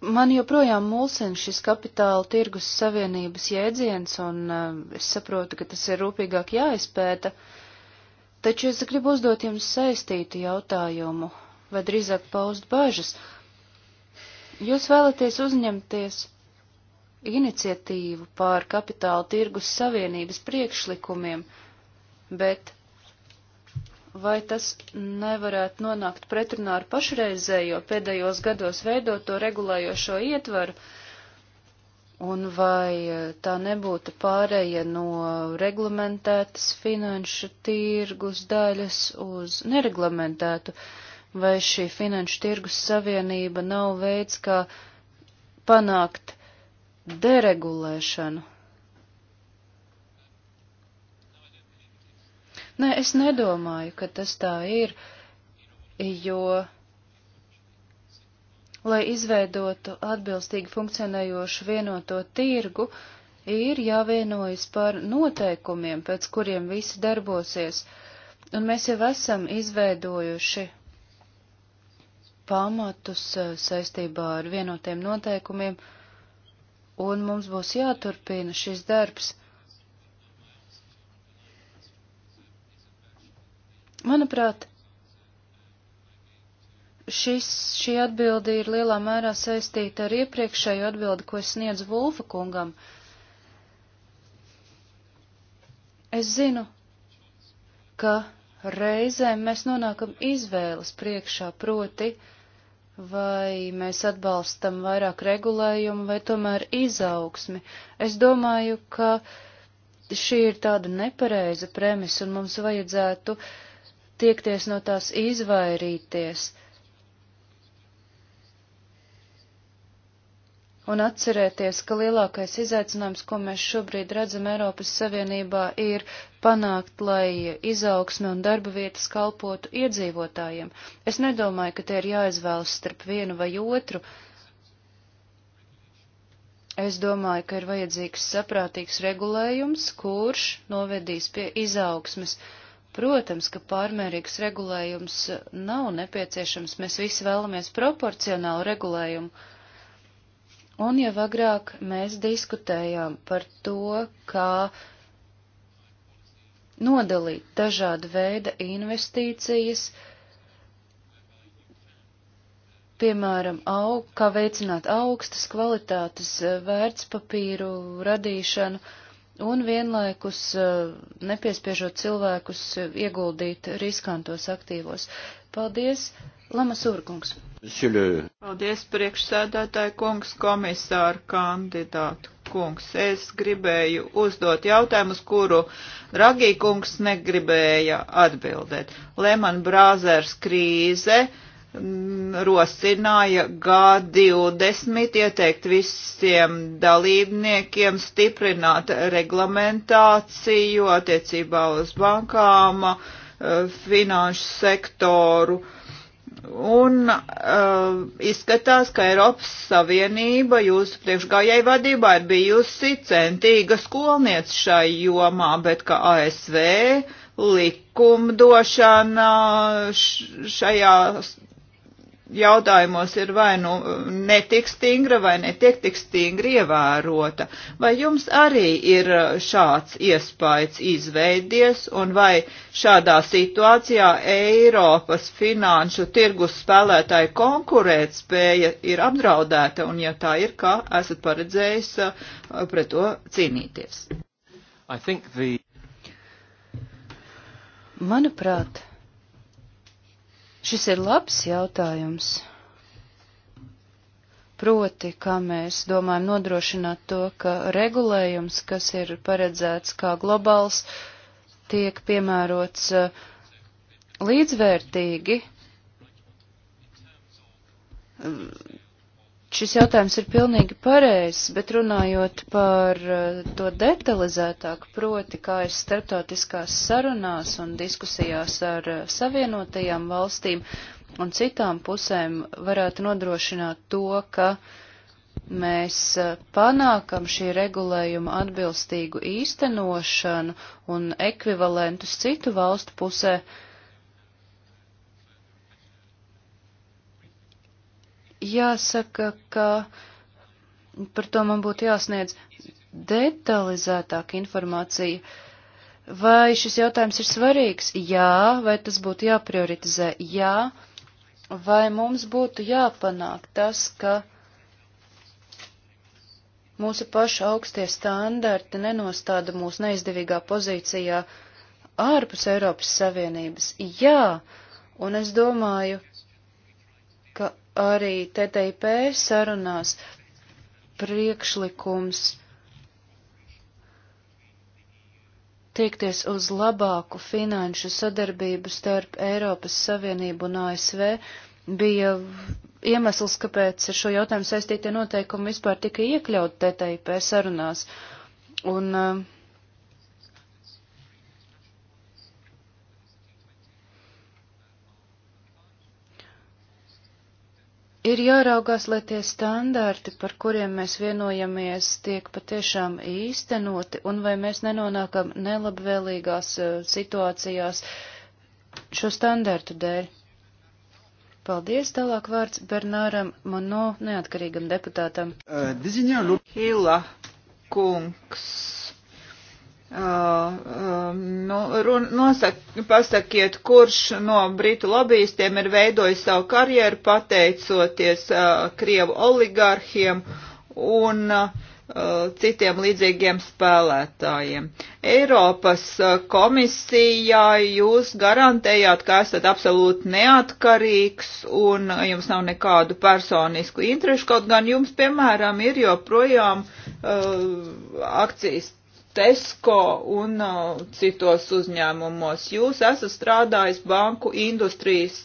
Man joprojām mulsina šis kapitāla tirgus savienības jēdziens, un uh, es saprotu, ka tas ir rūpīgāk jāizpēta, taču es gribu uzdot jums saistītu jautājumu, vai drīzāk paust bažas. Jūs vēlaties uzņemties iniciatīvu pār kapitāla tirgus savienības priekšlikumiem, bet vai tas nevarētu nonākt pretrunā ar pašreizējo pēdējos gados veidoto regulējošo ietvaru, un vai e, tā nebūtu pārēja no reglamentētas finanšu tirgus daļas uz nereglamentētu, vai šī finanšu tirgus savienība nav veids, kā panākt deregulēšanu. Nē, es nedomāju, ka tas tā ir, jo, lai izveidotu atbilstīgi funkcionējošu vienoto tirgu, ir jāvienojas par noteikumiem, pēc kuriem visi darbosies, un mēs jau esam izveidojuši pamatus eh, saistībā ar vienotiem noteikumiem, un mums būs jāturpina šis darbs. Manuprāt, šis, šī atbilde ir lielā mērā saistīta ar iepriekšējo atbildi, ko es sniedzu Vulfa kungam. Es zinu, ka reizēm mēs nonākam izvēles priekšā, proti, vai mēs atbalstam vairāk regulējumu vai tomēr izaugsmi. Es domāju, ka šī ir tāda nepareiza premisa un mums vajadzētu uh, tiekties no tās izvairīties un atcerēties, ka lielākais izaicinājums, ko mēs šobrīd redzam Eiropas Savienībā, ir panākt, lai izaugsme un darba vietas kalpotu iedzīvotājiem. Es nedomāju, ka te ir jāizvēlas starp vienu vai otru. Es domāju, ka ir vajadzīgs saprātīgs regulējums, kurš novedīs pie izaugsmes. Uh, Protams, ka pārmērīgs regulējums nav nepieciešams, mēs visi vēlamies proporcionālu regulējumu. Un jau agrāk mēs diskutējām par to, kā nodalīt dažādu veidu investīcijas, piemēram, aug, kā veicināt augstas kvalitātes eh, vērtspapīru radīšanu un vienlaikus eh, nepiespiežot cilvēkus eh, ieguldīt riskantos aktīvos. Paldies, Lama Surkungs. Paldies, priekšsēdētāji kungs, komisāra kandidātu kungs. Es gribēju uzdot jautājumu, uz kuru Dragī kungs negribēja atbildēt. Lehman Brothers krīze rosināja G20 ieteikt visiem dalībniekiem stiprināt reglamentāciju attiecībā uz bankām, eh, finanšu sektoru. Un uh, izskatās, ka Eiropas Savienība jūsu priekšgājai vadībā ir bijusi centīga skolniec šai jomā, bet ka ASV likumdošana šajā jautājumos ir vai nu netiek stingra vai netiek tik stingri ievērota. Vai jums arī ir uh, šāds iespējas izveidies un vai šādā situācijā Eiropas finanšu tirgus spēlētāju konkurētspēja ir apdraudēta un ja tā ir, kā esat paredzējis uh, pret to cīnīties? The... Manuprāt, Šis ir labs jautājums. Proti, kā mēs domājam nodrošināt to, ka regulējums, kas ir paredzēts kā globāls, tiek piemērots uh, līdzvērtīgi um, Šis jautājums ir pilnīgi pareizs, bet runājot par eh, to detalizētāk, proti, kā ir starptautiskās sarunās un diskusijās ar eh, savienotajām valstīm un citām pusēm varētu nodrošināt to, ka mēs eh, panākam šī regulējuma atbilstīgu īstenošanu un ekvivalentus citu valstu pusē, uh, jāsaka, ka par to man būtu jāsniedz detalizētāka informācija. Vai šis jautājums ir svarīgs? Jā, vai tas būtu jāprioritizē? Jā, vai mums būtu jāpanāk tas, ka mūsu paša augstie standarti nenostāda mūs neizdevīgā pozīcijā ārpus Eiropas Savienības? Jā, un es domāju, arī TTIP sarunās priekšlikums tiekties uz labāku finanšu sadarbību starp Eiropas Savienību un ASV bija iemesls, kāpēc ar šo jautājumu saistītie noteikumi vispār tika iekļaut TTIP sarunās. Un uh, ir jāraugās, lai tie standarti, par kuriem mēs vienojamies, tiek patiešām īstenoti, un vai mēs nenonākam nelabvēlīgās eh, situācijās šo standartu dēļ. Paldies, tālāk vārds Bernāram Mano, neatkarīgam deputātam. Uh, Hila kungs Uh, um, nu, run, nosak, pasakiet, kurš no britu lobbyistiem ir veidojis savu karjeru pateicoties uh, Krievu oligarhiem un uh, citiem līdzīgiem spēlētājiem. Eiropas uh, komisijā jūs garantējāt, ka esat absolūti neatkarīgs un uh, jums nav nekādu personisku interešu, kaut gan jums, piemēram, ir joprojām uh, akcijas Tesco un uh, citos uzņēmumos. Jūs esat strādājis banku industrijas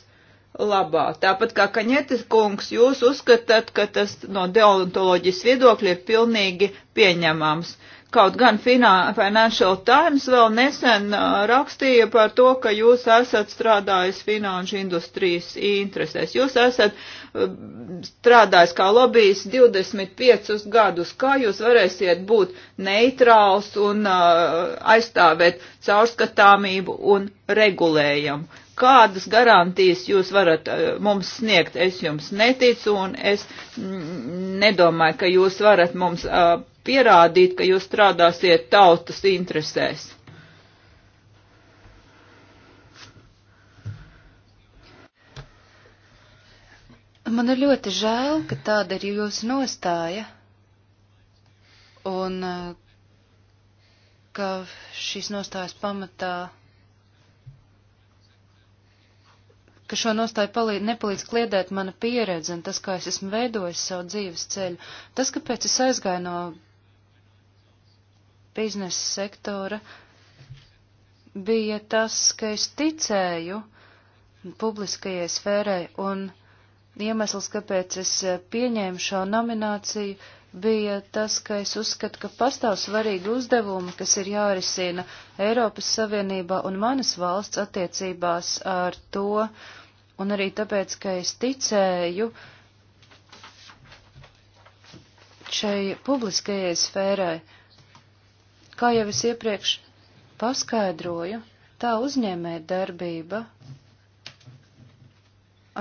labā. Tāpat kā Kaņetis kungs, jūs uzskatāt, ka tas no deontoloģijas viedokļa ir pilnīgi pieņemams. Uh, Kaut gan Financial Times vēl nesen uh, rakstīja par to, ka jūs esat strādājis finanšu industrijas interesēs. Jūs esat uh, strādājis kā lobijs 25 gadus. Kā jūs varēsiet būt neitrāls un uh, aizstāvēt caurskatāmību un regulējumu? kādas garantijas jūs varat mums sniegt. Es jums neticu un es mm, nedomāju, ka jūs varat mums pierādīt, ka jūs strādāsiet tautas interesēs. Man ir ļoti žēl, ka tāda ir jūsu nostāja un eh, ka šīs nostājas pamatā, ka šo nostāju palīd, nepalīdz kliedēt mana pieredze un tas, kā es esmu veidojis savu dzīves ceļu. Tas, kāpēc es aizgāju no biznesa sektora bija tas, ka es ticēju publiskajai sfērai, un iemesls, kāpēc es eh, pieņēmu šo nomināciju, bija tas, ka es uzskatu, ka pastāv svarīgi uzdevumi, kas ir jārisina Eiropas Savienībā un manas valsts attiecībās ar to, un arī tāpēc, ka es ticēju šai publiskajai sfērai. Kā jau es iepriekš paskaidroju, tā uzņēmē darbība,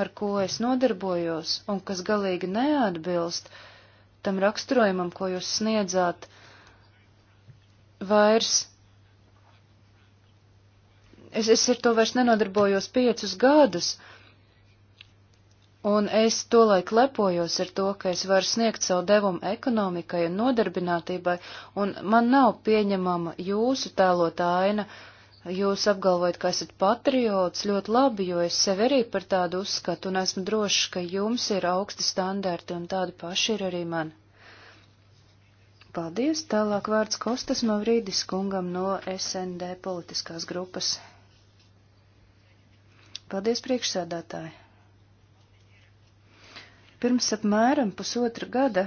ar ko es nodarbojos un kas galīgi neatbilst tam raksturojumam, ko jūs sniedzāt, vairs. Es, es ar to vairs nenodarbojos piecus gadus, uh, Un es tolaik lepojos ar to, ka es varu sniegt savu devumu ekonomikai un nodarbinātībai, un man nav pieņemama jūsu tēlotā aina. Jūs apgalvojat, ka esat patriots ļoti labi, jo es sevi arī par tādu uzskatu, un esmu drošs, ka jums ir augsti standarti, un tādi paši ir arī man. Paldies, tālāk vārds Kostas Mavrīdis kungam no SND politiskās grupas. Paldies, priekšsēdētāji! Pirms apmēram pusotra gada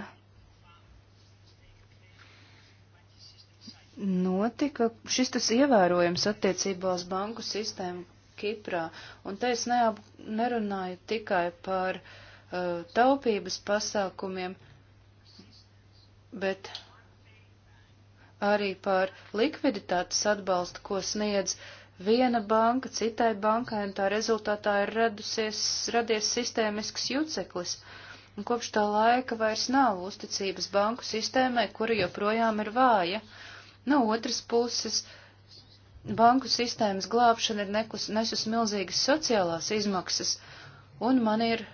notika šis tas ievērojums attiecībā uz banku sistēmu Kiprā, un te es neap, nerunāju tikai par uh, taupības pasākumiem, bet arī par likviditātes atbalstu, ko sniedz viena banka citai bankai, un tā rezultātā ir radusies, radies sistēmisks juceklis. Uh, un kopš tā laika vairs nav uzticības banku sistēmai, kura joprojām ir vāja. No otras puses, banku sistēmas glābšana ir nekus, nesus milzīgas sociālās izmaksas, un man ir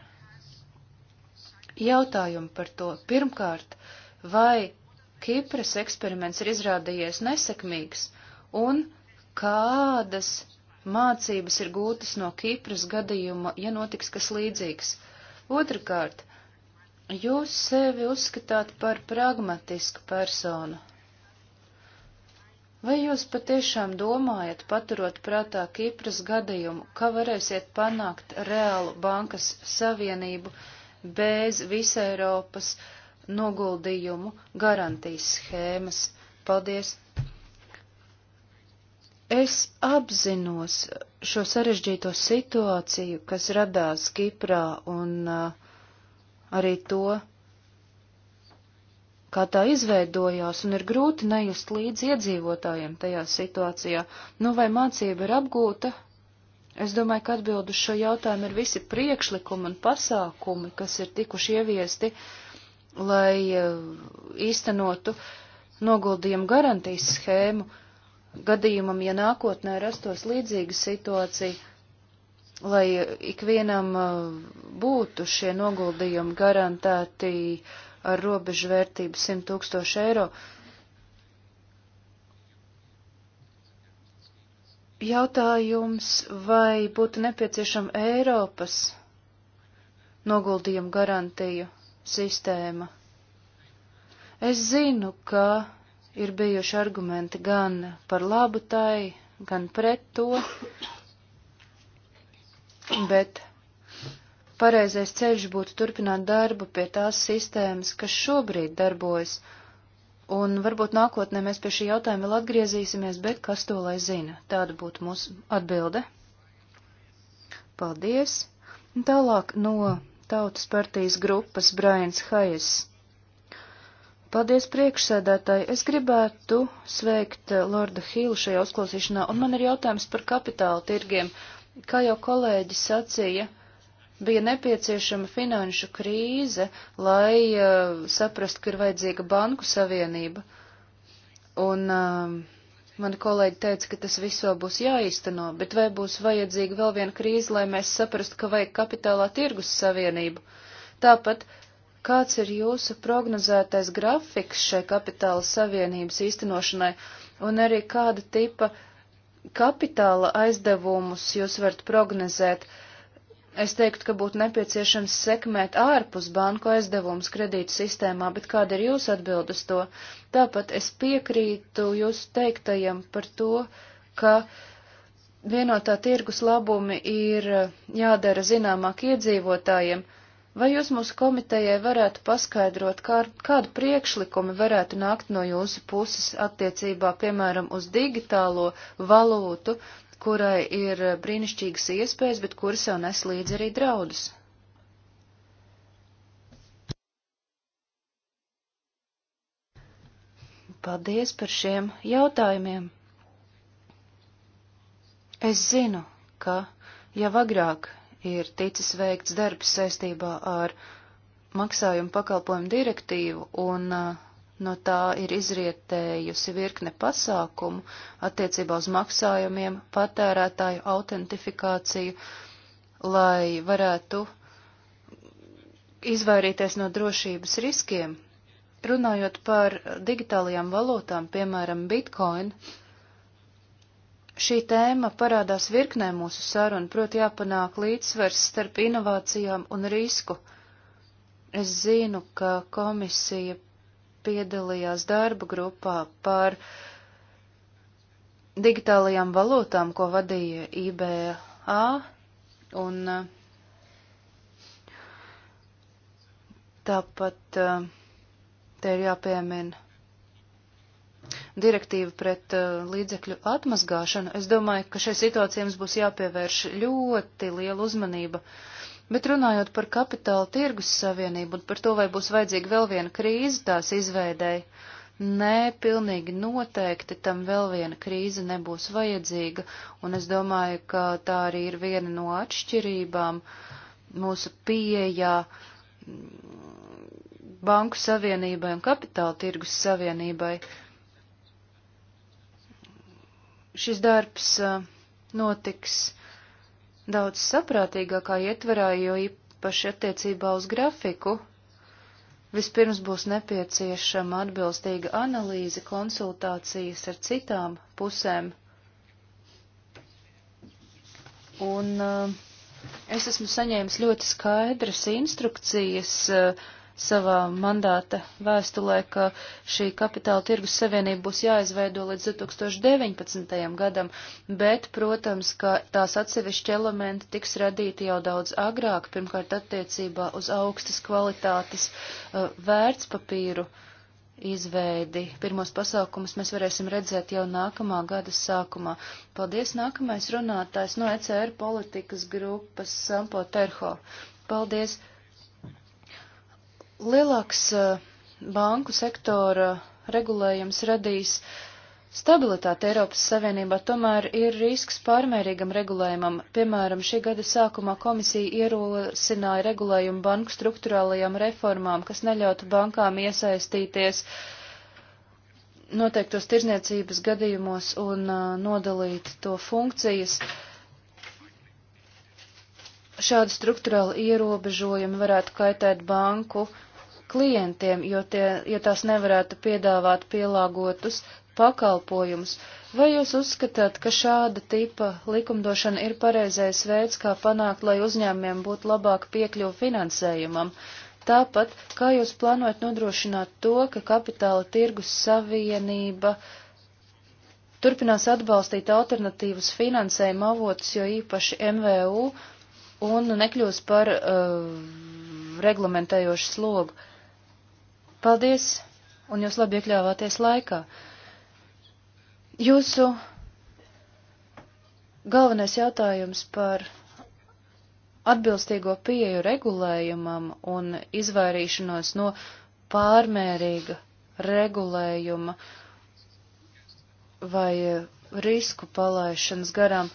jautājumi par to. Pirmkārt, vai Kipras eksperiments ir izrādījies nesekmīgs, un kādas mācības ir gūtas no Kipras gadījuma, ja notiks kas līdzīgs? Otrakārt, Jūs sevi uzskatāt par pragmatisku personu. Vai jūs patiešām domājat, paturot prātā Kīpras gadījumu, ka varēsiet panākt reālu bankas savienību bez visa Eiropas noguldījumu garantijas schēmas? Paldies! Es apzinos šo sarežģīto situāciju, kas radās Kiprā un uh, arī to, kā tā izveidojās, un ir grūti nejust līdz iedzīvotājiem tajā situācijā. Nu, vai mācība ir apgūta? Es domāju, ka atbildu šo jautājumu ir visi priekšlikumi un pasākumi, kas ir tikuši ieviesti, lai eh, īstenotu noguldījumu garantijas schēmu gadījumam, ja nākotnē rastos līdzīga situācija lai ikvienam uh, būtu šie noguldījumi garantēti ar robežu vērtību 100 tūkstoši eiro. Jautājums, vai būtu nepieciešama Eiropas noguldījumu garantiju sistēma? Es zinu, ka ir bijuši argumenti gan par labu tai, gan pret to, bet pareizais ceļš būtu turpināt darbu pie tās sistēmas, kas šobrīd darbojas, un varbūt nākotnē mēs pie šī jautājuma vēl atgriezīsimies, bet kas to lai zina? Tāda būtu mūsu atbilde. Paldies! Tālāk no Tautas partijas grupas Brains Hayes. Paldies priekšsēdētāji. Es gribētu sveikt Lorda Hīlu šajā uzklausīšanā, un man ir jautājums par kapitāla tirgiem Kā jau kolēģi sacīja, bija nepieciešama finanšu krīze, lai uh, saprastu, ka ir vajadzīga banku savienība. Un uh, mani kolēģi teica, ka tas viss vēl būs jāīsteno, bet vai būs vajadzīga vēl viena krīze, lai mēs saprastu, ka vajag kapitālā tirgus savienību? Tāpat, kāds ir jūsu prognozētais grafiks šai kapitāla savienības īstenošanai, un arī kāda tipa uh, kapitāla aizdevumus jūs varat prognozēt. Es teiktu, ka būtu nepieciešams sekmēt ārpus banku aizdevumus kredītu sistēmā, bet kāda ir jūsu atbild uz to? Tāpat es piekrītu jūsu teiktajam par to, ka vienotā tirgus labumi ir jādara zināmāk iedzīvotājiem. Vai jūs mūsu komitejai varētu paskaidrot, kā, kādu priekšlikumi varētu nākt no jūsu puses attiecībā, piemēram, uz digitālo valūtu, kurai ir brīnišķīgas iespējas, bet kura sev nes līdzi arī draudus? Paldies par šiem jautājumiem. Es zinu, ka jau agrāk ir ticis veikts darbs saistībā ar maksājumu pakalpojumu direktīvu, un uh, no tā ir izrietējusi virkne pasākumu attiecībā uz maksājumiem, patērētāju autentifikāciju, lai varētu izvairīties no drošības riskiem. Runājot par digitālajām valūtām, piemēram, bitcoin, uh, Šī tēma parādās virknē mūsu sarunu, proti jāpanāk līdzsvers starp inovācijām un risku. Es zinu, ka komisija piedalījās darba grupā par digitālajām valūtām, ko vadīja IBA, un eh, tāpat eh, te ir jāpiemina direktīva pret uh, līdzekļu atmazgāšanu, es domāju, ka šai situācijai mums būs jāpievērš ļoti liela uzmanība. Bet runājot par kapitāla tirgus savienību un par to, vai būs vajadzīga vēl viena krīze tās izveidēji, nē, pilnīgi noteikti tam vēl viena krīze nebūs vajadzīga, un es domāju, ka tā arī ir viena no atšķirībām mūsu pieejā Banku savienībai un kapitāla tirgus savienībai. Šis darbs notiks daudz saprātīgākā ietvarā, jo īpaši attiecībā uz grafiku Vispirms būs nepieciešama atbilstīga analīze, konsultācijas ar citām pusēm. Un uh, es esmu saņēmis ļoti skaidras instrukcijas uh, savā mandāta vēstulē, ka šī kapitāla tirgus savienība būs jāizveido līdz 2019. gadam, bet, protams, ka tās atsevišķi elementi tiks radīti jau daudz agrāk, pirmkārt attiecībā uz augstas kvalitātes uh, vērtspapīru izveidi. Pirmos pasākumus mēs varēsim redzēt jau nākamā gada sākumā. Paldies, nākamais runātājs no ECR politikas grupas Sampo Terho. Paldies! Lielāks banku sektora regulējums radīs stabilitāti Eiropas Savienībā, tomēr ir risks pārmērīgam regulējumam. Piemēram, šī gada sākumā komisija ierosināja regulējumu banku struktūrālajām reformām, kas neļautu bankām iesaistīties noteiktos tirzniecības gadījumos un nodalīt to funkcijas. Šādi struktūrāli ierobežojumi varētu kaitēt banku uh, klientiem, jo, tie, jo tās nevarētu piedāvāt pielāgotus pakalpojumus. Vai jūs uzskatāt, ka šāda tipa likumdošana ir pareizais veids, kā panākt, lai uzņēmiem būtu labāk piekļuva finansējumam? Tāpat, kā jūs plānojat nodrošināt to, ka kapitāla tirgus savienība turpinās atbalstīt alternatīvas finansējuma avotus, jo īpaši MVU, un nekļūs par uh, reglamentējošu slogu? Paldies, un jūs labi iekļāvāties laikā. Jūsu galvenais jautājums par atbilstīgo pieeju regulējumam un izvairīšanos no pārmērīga regulējuma vai risku palaišanas garām.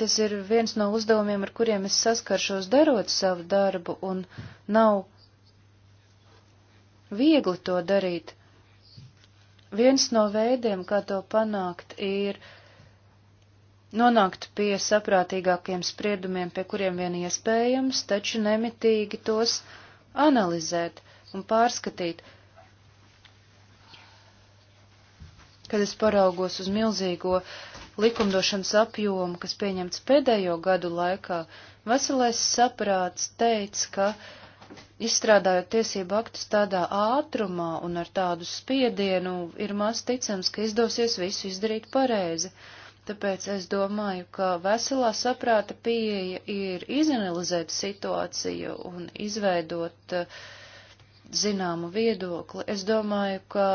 Tas ir viens no uzdevumiem, ar kuriem es saskaršos darot savu darbu, un nav viegli to darīt. Viens no veidiem, kā to panākt, ir nonākt pie saprātīgākiem spriedumiem, pie kuriem vien iespējams, taču nemitīgi tos analizēt un pārskatīt. Kad es paraugos uz milzīgo likumdošanas apjomu, kas pieņemts pēdējo gadu laikā, veselais saprāts teica, ka izstrādājot tiesību aktus tādā ātrumā un ar tādu spiedienu, ir maz ticams, ka izdosies visu izdarīt pareizi. Tāpēc es domāju, ka veselā saprāta pieeja ir izanalizēt situāciju un izveidot eh, zināmu viedokli. Es domāju, ka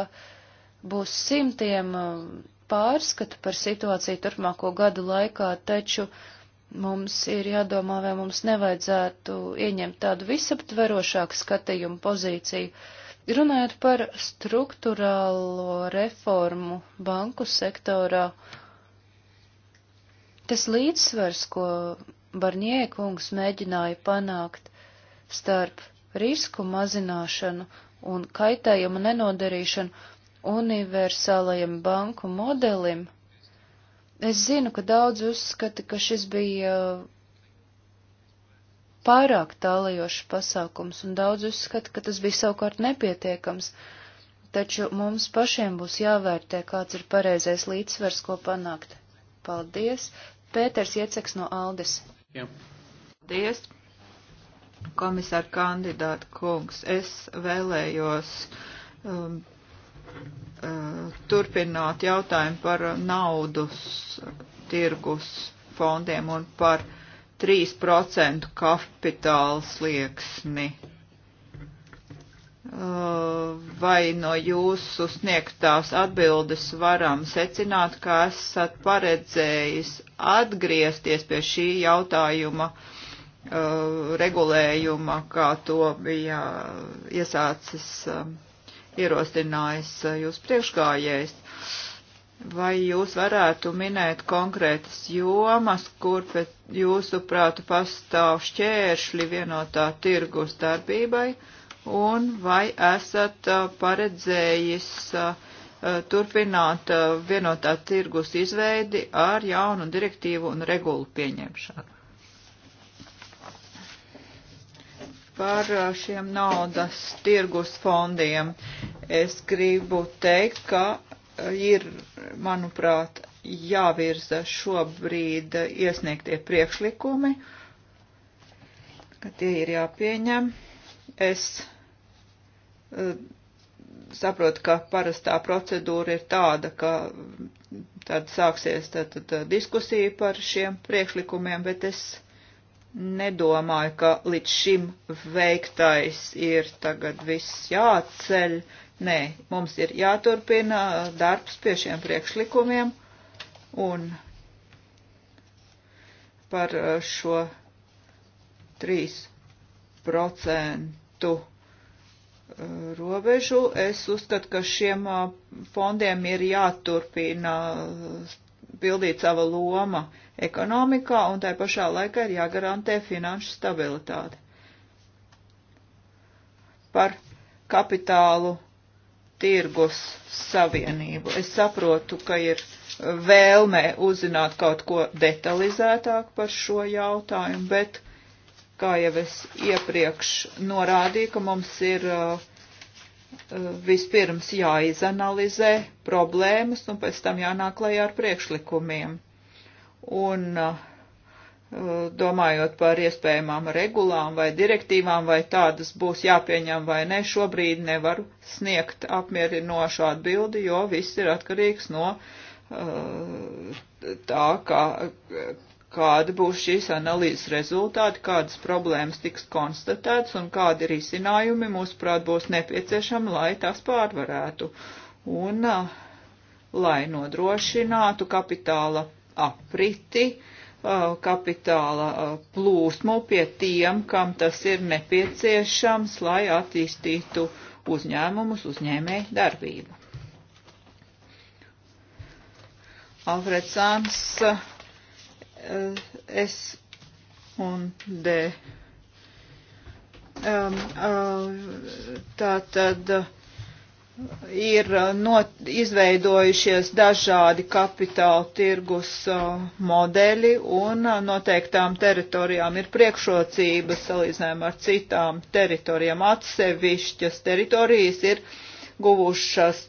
būs simtiem eh, pārskatu par situāciju turpmāko gadu laikā, taču uh, Mums ir jādomā, vai mums nevajadzētu ieņemt tādu visaptverošāku skatījumu pozīciju. Runājot par struktūrālo reformu banku sektorā, tas līdzsvers, ko Barņiekungs mēģināja panākt starp risku mazināšanu un kaitējumu nenodarīšanu universālajam banku modelim, Es zinu, ka daudz uzskata, ka šis bija uh, pārāk tālajošs pasākums, un daudz uzskata, ka tas bija savukārt nepietiekams, taču mums pašiem būs jāvērtē, kāds ir pareizais līdzsvers, ko panākt. Paldies! Pēters Ieceks no Aldes. Jā. Paldies! Komisāra kandidāta kungs, es vēlējos um, turpināt jautājumu par naudus tirgus fondiem un par 3% kapitāla slieksni. Vai no jūsu sniegtās atbildes varam secināt, ka esat paredzējis atgriezties pie šī jautājuma regulējuma, kā to bija iesācis ierosinājis eh, jūs priekšgājējs. Vai jūs varētu minēt konkrētas jomas, kur pēc jūsu prātu pastāv šķēršļi vienotā tirgus darbībai, un vai esat eh, paredzējis eh, turpināt vienotā tirgus izveidi ar jaunu direktīvu un regulu pieņemšanu? par šiem naudas tirgus fondiem. Es gribu teikt, ka ir, manuprāt, jāvirza šobrīd iesniegtie priekšlikumi, ka tie ir jāpieņem. Es saprotu, ka parastā procedūra ir tāda, ka tad sāksies tad, tad diskusija par šiem priekšlikumiem, bet es nedomāju, ka līdz šim veiktais ir tagad viss jāceļ. Nē, mums ir jāturpina darbs pie šiem priekšlikumiem un par uh, šo 3% uh, robežu. Es uzskatu, ka šiem uh, fondiem ir jāturpina pildīt sava loma ekonomikā un tai pašā laikā ir jāgarantē finanšu stabilitāte. Par kapitālu tirgus savienību. Es saprotu, ka ir vēlme uzzināt kaut ko detalizētāk par šo jautājumu, bet, kā jau es iepriekš norādīju, ka mums ir uh, vispirms jāizanalizē problēmas un pēc tam jānāk lajā ar priekšlikumiem. Un uh, domājot par iespējamām regulām vai direktīvām, vai tādas būs jāpieņem vai ne, šobrīd nevaru sniegt apmierinošu atbildi, jo viss ir atkarīgs no uh, tā, kā, kāda būs šīs analīzes rezultāti, kādas problēmas tiks konstatētas un kādi risinājumi mūsuprāt būs nepieciešami, lai tās pārvarētu un lai nodrošinātu kapitāla apriti, kapitāla plūsmu pie tiem, kam tas ir nepieciešams, lai attīstītu uzņēmumus, uzņēmēju darbību. Alfreds Sāns Eh, S un D. Eh, tā tad eh, ir not, izveidojušies dažādi kapitāla tirgus modeļi un noteiktām teritorijām ir priekšrocības salīdzinājumā ar citām teritorijām. Atsevišķas teritorijas ir guvušas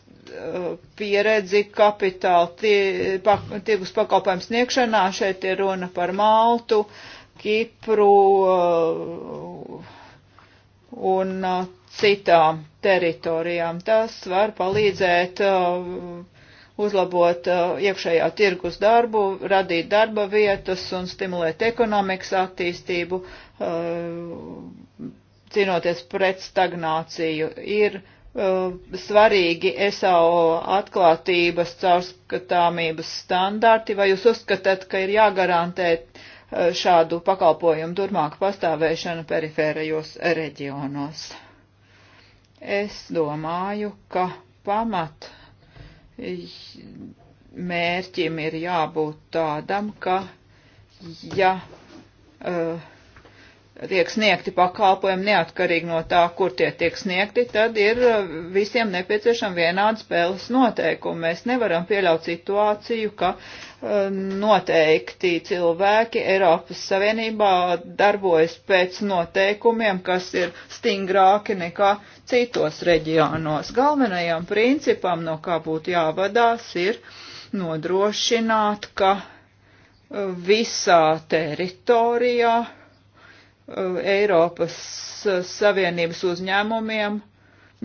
pieredzi kapitāla tie, pa, tirgus pakalpojumu sniegšanā. Šeit ir runa par Maltu, Kipru uh, un uh, citām teritorijām. Tas var palīdzēt uh, uzlabot iekšējā tirgus darbu, radīt darba vietas un stimulēt ekonomikas attīstību, cīnoties pret stagnāciju. Ir Eh, svarīgi SAO atklātības, caurskatāmības standarti, vai jūs uzskatāt, ka ir jāgarantē eh, šādu pakalpojumu turmāku pastāvēšanu perifērajos reģionos? Es domāju, ka pamat mērķim ir jābūt tādam, ka ja uh, tiek sniegti pakalpojumi neatkarīgi no tā, kur tie tiek sniegti, tad ir uh, visiem nepieciešama vienāda spēles noteikuma. Mēs nevaram pieļaut situāciju, ka uh, noteikti cilvēki Eiropas Savienībā darbojas pēc noteikumiem, kas ir stingrāki nekā citos reģionos. Galvenajam principam, no kā būtu jāvadās, ir nodrošināt, ka uh, visā teritorijā Eiropas eh, Savienības uzņēmumiem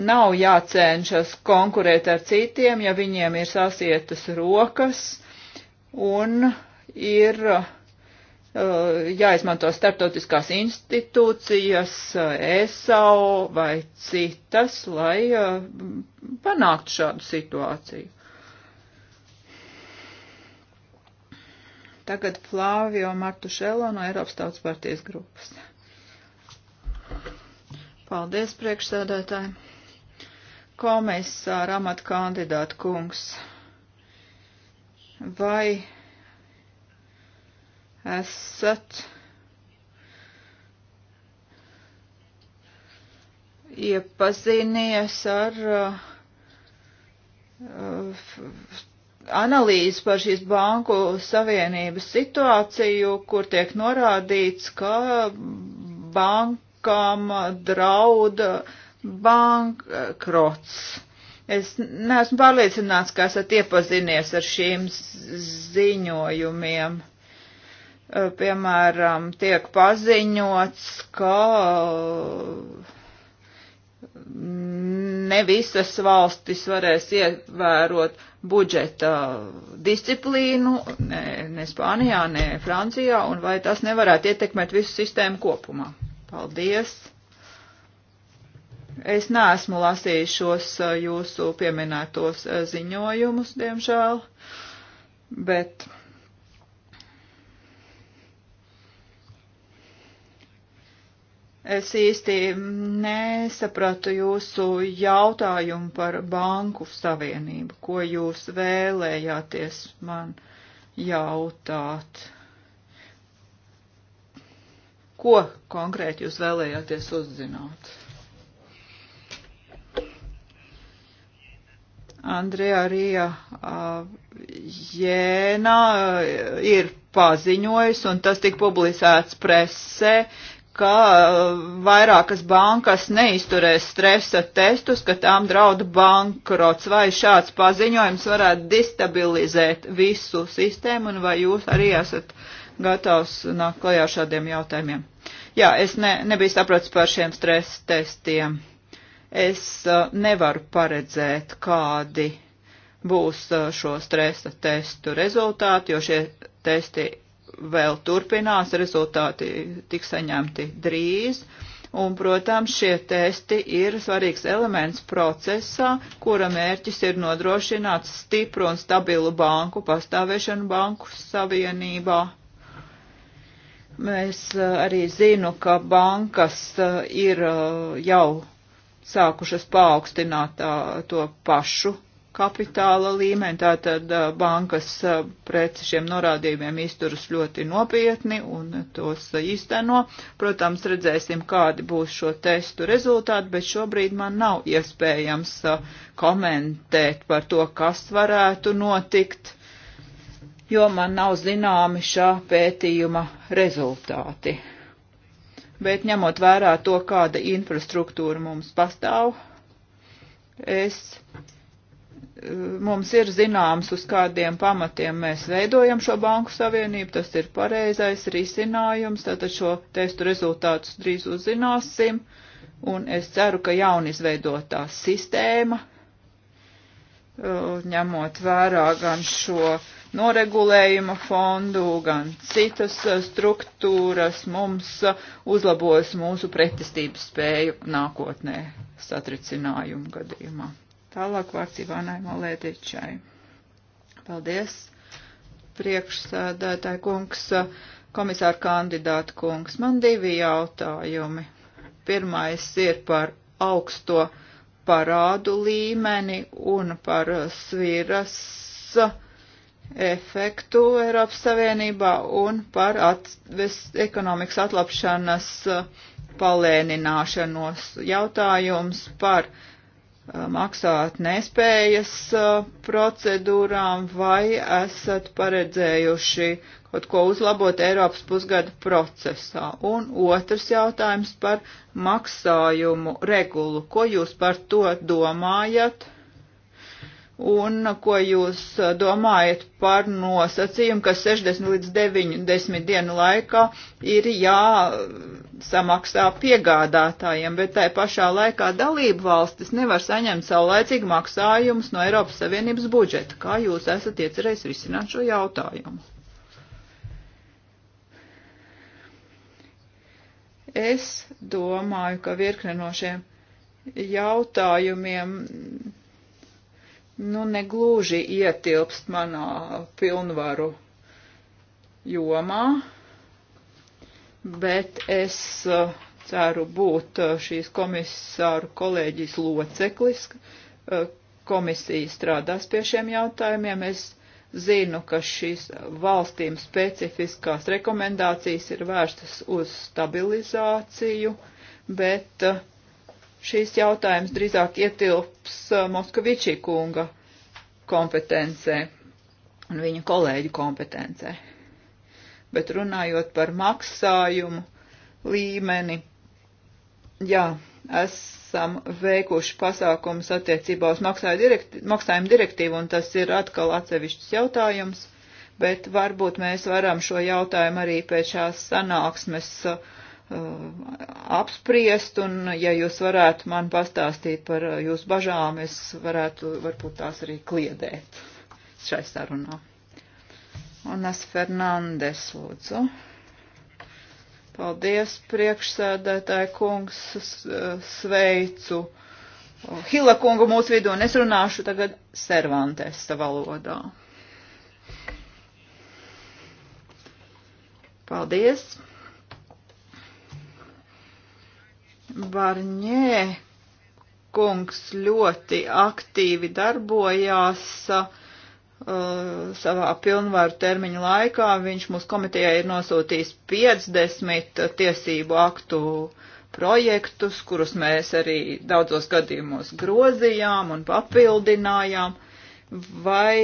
nav jācenšas konkurēt ar citiem, ja viņiem ir sasietas rokas un ir eh, jāizmanto starptautiskās institūcijas, ESAO eh, e vai citas, lai panāktu šādu situāciju. Tagad Flāvio Martušelo no Eiropas Tautas partijas grupas. Paldies, priekšsēdētāji. Komisāra amata kandidāta kungs. Vai esat iepazinies ar uh, analīzi par šīs banku savienības situāciju, kur tiek norādīts, ka banka kam drauda bankrots. Es neesmu pārliecināts, ka esat iepazinies ar šīm ziņojumiem. E, piemēram, tiek paziņots, ka mm, ne visas valstis varēs ievērot budžeta disciplīnu, ne, ne Spānijā, ne Francijā, un vai tas nevarētu ietekmēt visu sistēmu kopumā. Paldies! Es neesmu lasījis šos jūsu pieminētos ziņojumus, diemžēl, bet. Es īsti nesapratu jūsu jautājumu par banku savienību, ko jūs vēlējāties man jautāt. Ko konkrēti jūs vēlējāties uzzināt? Andrejā Rija Jēna ir paziņojis, un tas tika publicēts presē, ka vairākas bankas neizturēs stresa testus, ka tām draud bankrots. Vai šāds paziņojums varētu destabilizēt visu sistēmu, un vai jūs arī esat uh, gatavs nākt klajā šādiem jautājumiem. Jā, es ne, nebiju sapratis par šiem stresa testiem. Es uh, nevaru paredzēt, kādi būs uh, šo stresa testu rezultāti, jo šie testi vēl turpinās, rezultāti tiks saņemti drīz. Un, protams, šie testi ir svarīgs elements procesā, kura mērķis ir nodrošināt stipru un stabilu banku pastāvēšanu banku savienībā. Mēs eh, arī zinu, ka bankas eh, ir eh, jau sākušas paaugstināt to pašu kapitāla līmeni, tātad bankas pret šiem norādījumiem izturas ļoti nopietni un tos īsteno. Protams, redzēsim, kādi būs šo testu rezultāti, bet šobrīd man nav iespējams komentēt par to, kas varētu notikt jo man nav zināmi šā pētījuma rezultāti. Bet ņemot vērā to, kāda infrastruktūra mums pastāv, es, mums ir zināms, uz kādiem pamatiem mēs veidojam šo banku savienību, tas ir pareizais risinājums, tātad šo testu rezultātus drīz uzzināsim, un es ceru, ka jaunizveidotā sistēma, ņemot vērā gan šo uh, noregulējuma fondu, gan citas uh, struktūras mums uh, uzlabos mūsu pretestības spēju nākotnē satricinājumu gadījumā. Tālāk vārds Ivānai Malētičai. Paldies, priekšsēdētāji kungs, uh, komisāra kandidāta kungs. Man divi jautājumi. Pirmais ir par augsto parādu līmeni un par sviras uh, efektu Eiropas Savienībā un par at ekonomikas atlapšanas uh, palēnināšanos. Jautājums par uh, maksāt nespējas uh, procedūrām vai esat paredzējuši kaut ko uzlabot Eiropas pusgada procesā? Un otrs jautājums par maksājumu regulu. Ko jūs par to domājat? Un ko jūs uh, domājat par nosacījumu, ka 60 līdz 90 dienu laikā ir jāsamaksā piegādātājiem, bet tai pašā laikā dalību valstis nevar saņemt saulēcīgi maksājumus no Eiropas Savienības budžeta. Kā jūs esat iecerējis risināt šo jautājumu? Es domāju, ka virkne no šiem jautājumiem nu, negluži ietilpst manā pilnvaru jomā, bet es eh, ceru būt eh, šīs komisāru kolēģijas loceklis. Eh, komisija strādās pie šiem jautājumiem. Es zinu, ka šīs valstīm specifiskās rekomendācijas ir vērstas uz stabilizāciju, bet uh, šīs jautājums drīzāk ietilps uh, Moskavičī kunga kompetencē un viņa kolēģu kompetencē. Bet runājot par maksājumu līmeni, jā, esam veikuši pasākumus attiecībā uz maksājumu direktīvu, maksājumu direktīvu, un tas ir atkal atsevišķs jautājums, bet varbūt mēs varam šo jautājumu arī pēc šās sanāksmes uh, Uh, apspriest, un ja jūs varētu man pastāstīt par uh, jūsu bažām, es varētu varbūt tās arī kliedēt šai sarunā. Un es Fernandes lūdzu. Paldies, priekšsēdētāji kungs, uh, sveicu. Hila kungu mūsu vidū, un es runāšu tagad Cervantes valodā. Paldies! Barņē kungs ļoti aktīvi darbojās uh, savā pilnvaru termiņa laikā. Viņš mūsu komitejai ir nosūtījis 50 tiesību aktu projektus, kurus mēs arī daudzos gadījumos grozījām un papildinājām. Vai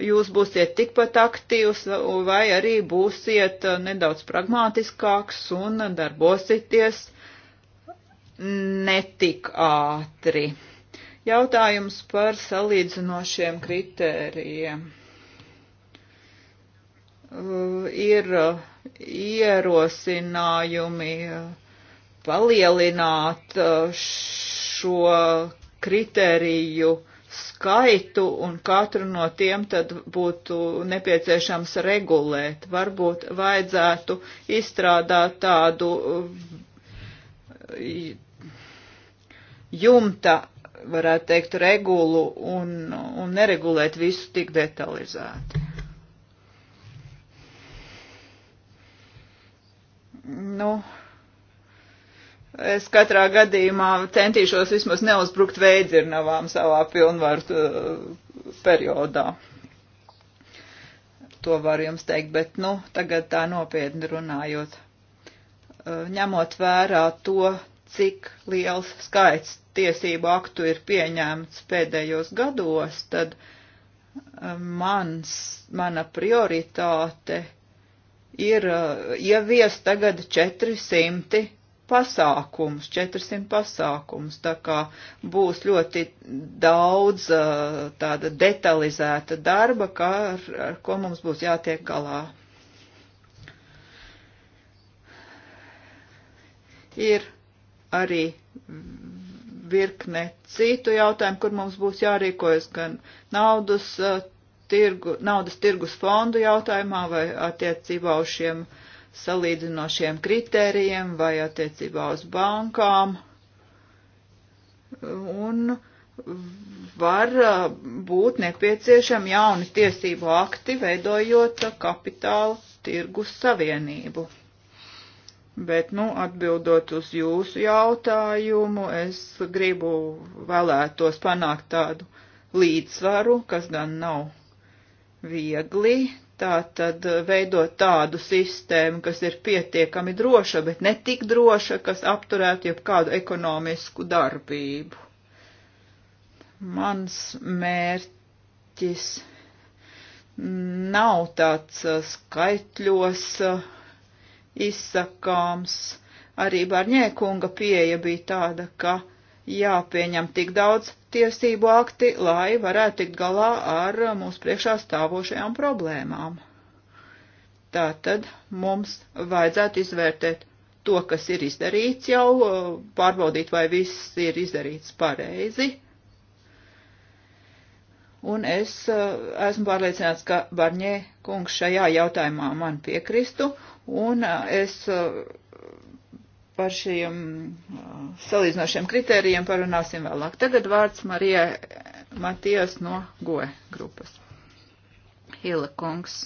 jūs būsiet tikpat aktīvs vai arī būsiet uh, nedaudz pragmātiskāks un darbosieties netik ātri. Jautājums par salīdzinošiem kritērijiem. Uh, ir uh, ierosinājumi palielināt šo kritēriju uh, skaitu un katru no tiem tad būtu nepieciešams regulēt. Varbūt vajadzētu izstrādāt tādu um, jumta, varētu teikt, regulu un, un neregulēt visu tik detalizēti. Nu, Es katrā gadījumā centīšos vismaz neuzbrukt veidzirnavām savā pilnvaru eh, periodā. To var jums teikt, bet nu, tagad tā nopietni runājot. Eh, ņemot vērā to, cik liels skaits tiesību aktu ir pieņēmts pēdējos gados, tad eh, mans, mana prioritāte ir ieviest tagad 400 pasākumus, 400 pasākumus, tā kā būs ļoti daudz tāda detalizēta darba, kā, ar, ar ko mums būs jātiek galā. Ir arī virkne citu jautājumu, kur mums būs jārīkojas gan naudas, tirgu, naudas tirgus fondu jautājumā vai attiecībā uz šiem uh, salīdzinošiem kritērijiem vai attiecībā uz bankām. Un var uh, būt nepieciešami jauni tiesību akti, veidojot uh, kapitāla tirgus savienību. Bet, nu, atbildot uz jūsu jautājumu, es gribu vēlētos panākt tādu līdzsvaru, kas gan nav viegli, Tā tad eh, veidot tādu sistēmu, kas ir pietiekami droša, bet ne tik droša, kas apturētu jebkādu ekonomisku darbību. Mans mērķis nav tāds eh, skaitļos eh, izsakāms. Arī Barņēkunga pieeja bija tāda, ka jāpieņem tik daudz tiesību akti, lai varētu tikt galā ar mūsu priekšā stāvošajām problēmām. Tātad mums vajadzētu izvērtēt to, kas ir izdarīts jau, pārbaudīt, vai viss ir izdarīts pareizi. Un es eh, esmu pārliecināts, ka Barņē kungs šajā jautājumā man piekristu, un eh, es eh, par šiem uh, salīdzinošiem kritērijiem parunāsim vēlāk. Tagad vārds Marijai Matijas no GOE grupas. Hila kungs,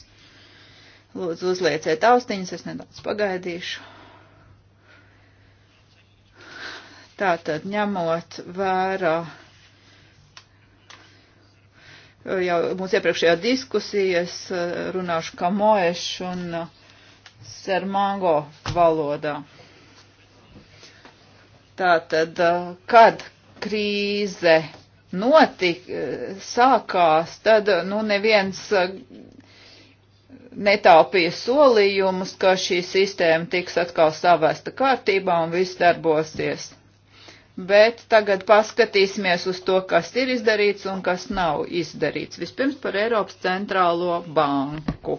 lūdzu uzlieciet austiņas, es nedaudz pagaidīšu. Tātad ņemot vērā uh, jau mūsu iepriekšējā diskusijas, uh, runāšu kamoešu un sermango valodā. Tātad, kad krīze notik, sākās, tad, nu, neviens netaupīja solījumus, ka šī sistēma tiks atkal savesta kārtībā un viss darbosies. Bet tagad paskatīsimies uz to, kas ir izdarīts un kas nav izdarīts. Vispirms par Eiropas centrālo banku.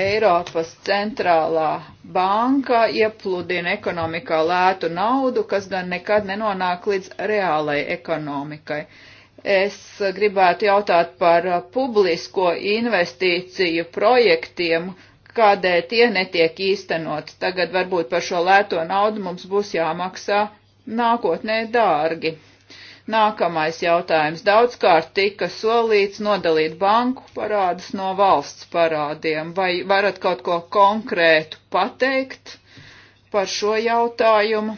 Eiropas centrālā banka iepludina ekonomikā lētu naudu, kas gan nekad nenonāk līdz reālai ekonomikai. Es gribētu jautāt par publisko investīciju projektiem, kādēļ tie netiek īstenot. Tagad varbūt par šo lēto naudu mums būs jāmaksā nākotnē dārgi. Nākamais jautājums. Daudzkārt tika solīts nodalīt banku parādus no valsts parādiem. Vai varat kaut ko konkrētu pateikt par šo jautājumu?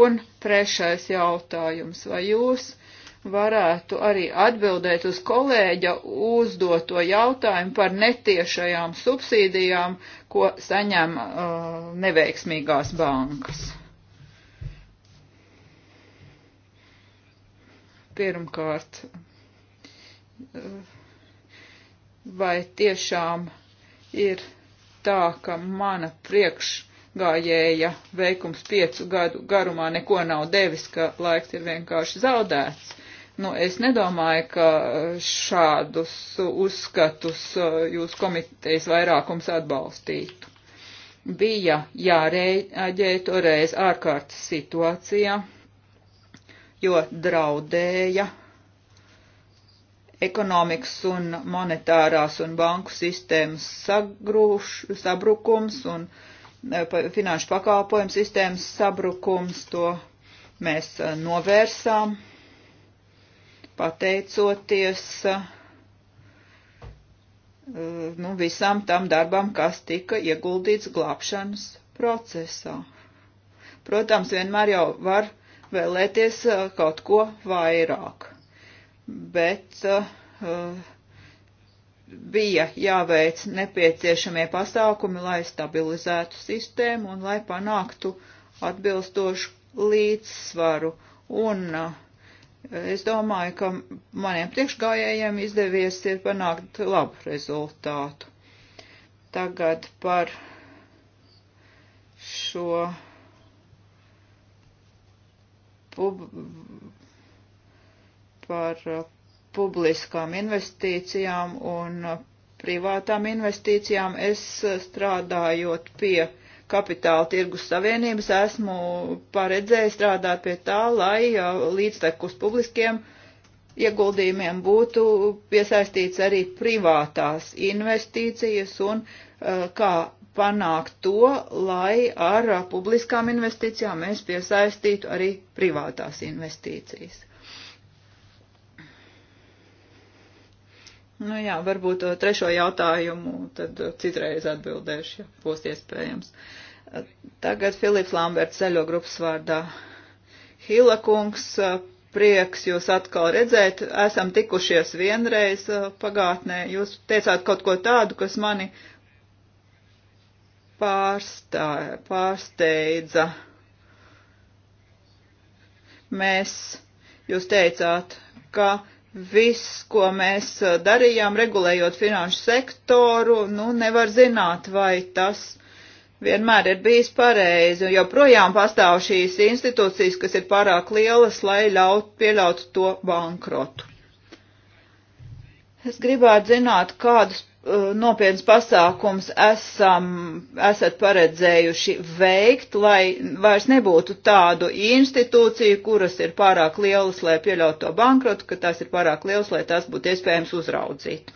Un trešais jautājums. Vai jūs varētu arī atbildēt uz kolēģa uzdoto jautājumu par netiešajām subsīdijām, ko saņem uh, neveiksmīgās bankas? Pirmkārt, vai tiešām ir tā, ka mana priekšgājēja veikums piecu gadu garumā neko nav devis, ka laiks ir vienkārši zaudēts? Nu, es nedomāju, ka šādus uzskatus jūs komitejas vairākums atbalstītu. Bija jārēģē toreiz ārkārtas situācijā jo draudēja ekonomikas un monetārās un banku sistēmas sagrūš, sabrukums un e, finanšu pakalpojumu sistēmas sabrukums. To mēs e, novērsām pateicoties e, nu, visam tam darbam, kas tika ieguldīts glābšanas procesā. Protams, vienmēr jau var vēlēties uh, kaut ko vairāk. Bet uh, bija jāveic nepieciešamie pasākumi, lai stabilizētu sistēmu un lai panāktu atbilstošu līdzsvaru. Un uh, es domāju, ka maniem priekšgājējiem izdevies ir panākt labu rezultātu. Tagad par šo pub par uh, publiskām investīcijām un uh, privātām investīcijām. Es uh, strādājot pie kapitāla tirgus savienības esmu paredzējis strādāt pie tā, lai līdztekus publiskiem ieguldījumiem būtu piesaistīts arī privātās investīcijas un kā panākt to, lai ar publiskām investīcijām mēs piesaistītu arī privātās investīcijas. Nu jā, varbūt trešo jautājumu tad citreiz atbildēšu, ja būs iespējams. Tagad Filips Lamberts ceļo grupas vārdā. Hila kungs, prieks jūs atkal redzēt, esam tikušies vienreiz pagātnē. Jūs teicāt kaut ko tādu, kas mani pārstā, pārsteidza. Mēs, jūs teicāt, ka viss, ko mēs darījām, regulējot finanšu sektoru, nu, nevar zināt, vai tas vienmēr ir bijis pareizi, jo projām pastāv šīs institūcijas, kas ir pārāk lielas, lai ļaut, pieļautu to bankrotu. Es gribētu zināt, kādus Eh, nopietns pasākums esam, esat paredzējuši veikt, lai vairs nebūtu tādu institūciju, kuras ir pārāk lielas, lai pieļautu to bankrotu, ka tās ir pārāk lielas, lai tās būtu iespējams uzraudzīt?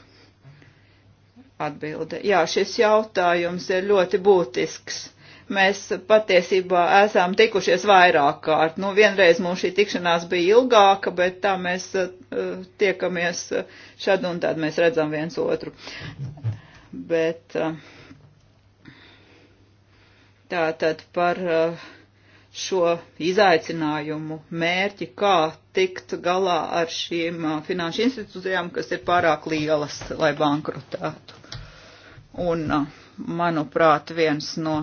Atbilde. Jā, šis jautājums ir ļoti būtisks. Mēs patiesībā esam tikušies vairāk kārt. Nu, vienreiz mums šī tikšanās bija ilgāka, bet tā mēs uh, tiekamies šad un tad mēs redzam viens otru. Bet uh, tā tad par uh, šo izaicinājumu mērķi, kā tikt galā ar šīm uh, finanšu institūcijām, kas ir pārāk lielas, lai bankrotētu. Un, uh, manuprāt, viens no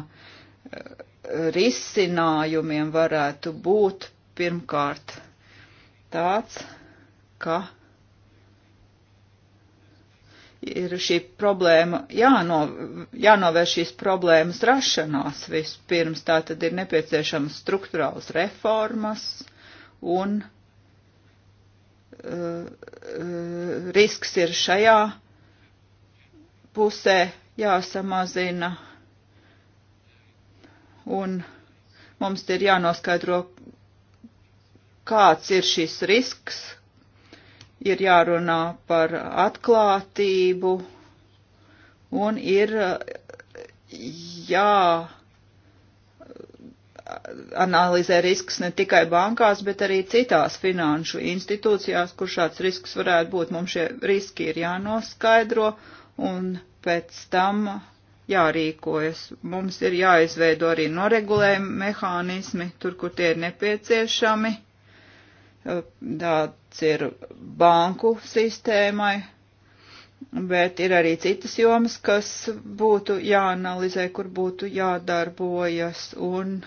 risinājumiem varētu būt pirmkārt tāds, ka ir šī problēma, jāno, jānovērš šīs problēmas rašanās vispirms, tā tad ir nepieciešamas struktūrāls reformas un uh, uh, risks ir šajā pusē jāsamazina un mums ir jānoskaidro, kāds ir šis risks, ir jārunā par atklātību un ir uh, jā analizē risks ne tikai bankās, bet arī citās finanšu institūcijās, kur šāds risks varētu būt. Mums šie riski ir jānoskaidro un pēc tam uh, jārīkojas. Mums ir jāizveido arī noregulējumi mehānismi, tur, kur tie ir nepieciešami. Tāds ir banku sistēmai, bet ir arī citas jomas, kas būtu jāanalizē, kur būtu jādarbojas un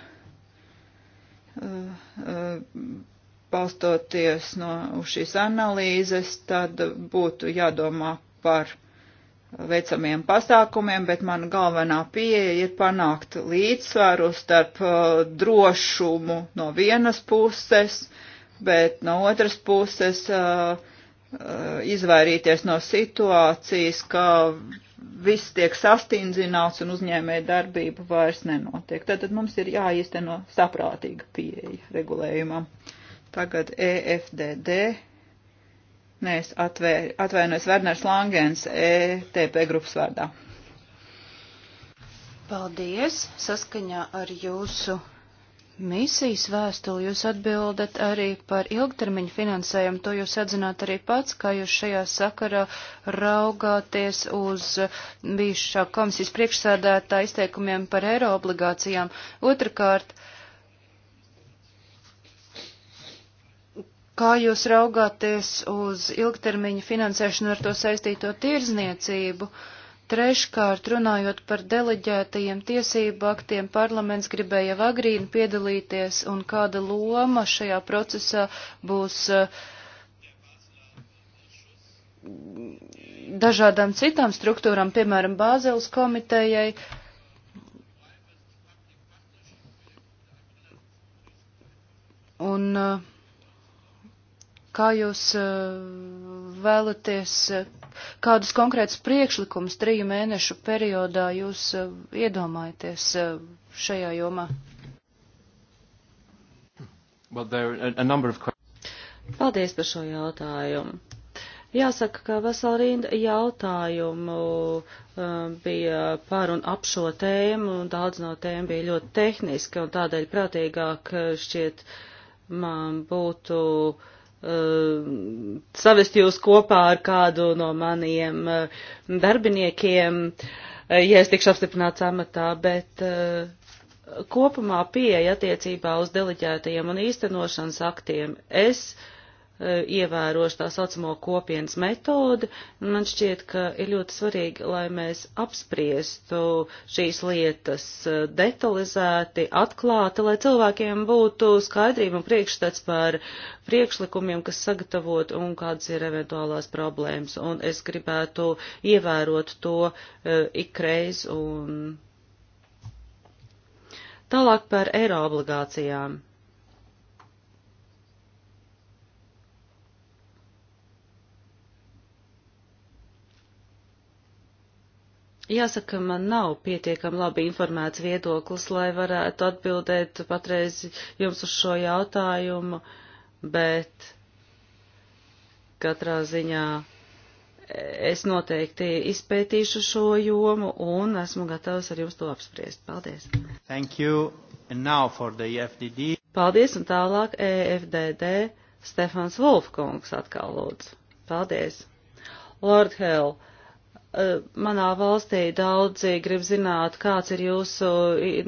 balstoties no šīs analīzes, tad būtu jādomā par veicamiem pasākumiem, bet mana galvenā pieeja ir panākt līdzsvaru starp uh, drošumu no vienas puses, bet no otras puses uh, uh, izvairīties no situācijas, ka viss tiek sastindzināts un uzņēmē darbība vairs nenotiek. Tātad mums ir jāīsteno saprātīga pieeja regulējumam. Tagad EFDD Nē, es atvainojos Werners Langens, ETP grupas vārdā. Paldies! Saskaņā ar jūsu misijas vēstuli jūs atbildat arī par ilgtermiņu finansējumu. To jūs atzināt arī pats, kā jūs šajā sakarā raugāties uz bijušā komisijas priekšsēdētā izteikumiem par eiro obligācijām. Otrakārt, uh, Kā jūs raugāties uz ilgtermiņa finansēšanu ar to saistīto tirzniecību? Treškārt, runājot par deleģētajiem tiesību aktiem, parlaments gribēja jau agrīn piedalīties un kāda loma šajā procesā būs eh, dažādām citām struktūrām, piemēram, Bāzeles komitejai. Un uh, kā jūs eh, vēlaties, eh, kādus konkrētus priekšlikumus triju mēnešu periodā jūs eh, iedomājaties šajā jomā? Well, there are a number of Paldies par šo jautājumu. Jāsaka, ka vesela rinda jautājumu bija par un ap šo tēmu, un daudz no tēm bija ļoti tehniski, un tādēļ prātīgāk šķiet man būtu uh, Uh, savest jūs kopā ar kādu no maniem uh, darbiniekiem, uh, ja es tikšu apstiprināts amatā, bet kopumā pieeja attiecībā uz deleģētajiem un īstenošanas aktiem. Es uh, E, ievēroš tā saucamo kopienas metodi. Man šķiet, ka ir ļoti svarīgi, lai mēs apspriestu šīs lietas e, detalizēti, atklāti, lai cilvēkiem būtu skaidrība un priekšstats par priekšlikumiem, kas sagatavot un kādas ir eventuālās problēmas. Un es gribētu ievērot to e, ikreiz un. Tālāk par eiro obligācijām. Jāsaka, man nav pietiekami labi informēts viedoklis, lai varētu atbildēt patreiz jums uz šo jautājumu, bet katrā ziņā es noteikti izpētīšu šo jomu un esmu gatavs ar jums to apspriest. Paldies! Thank you. And now for the e FDD. Paldies un tālāk EFDD Stefans Wolfkungs atkal lūdzu. Paldies! Lord Hell! Manā valstī daudzi grib zināt, kāds ir jūsu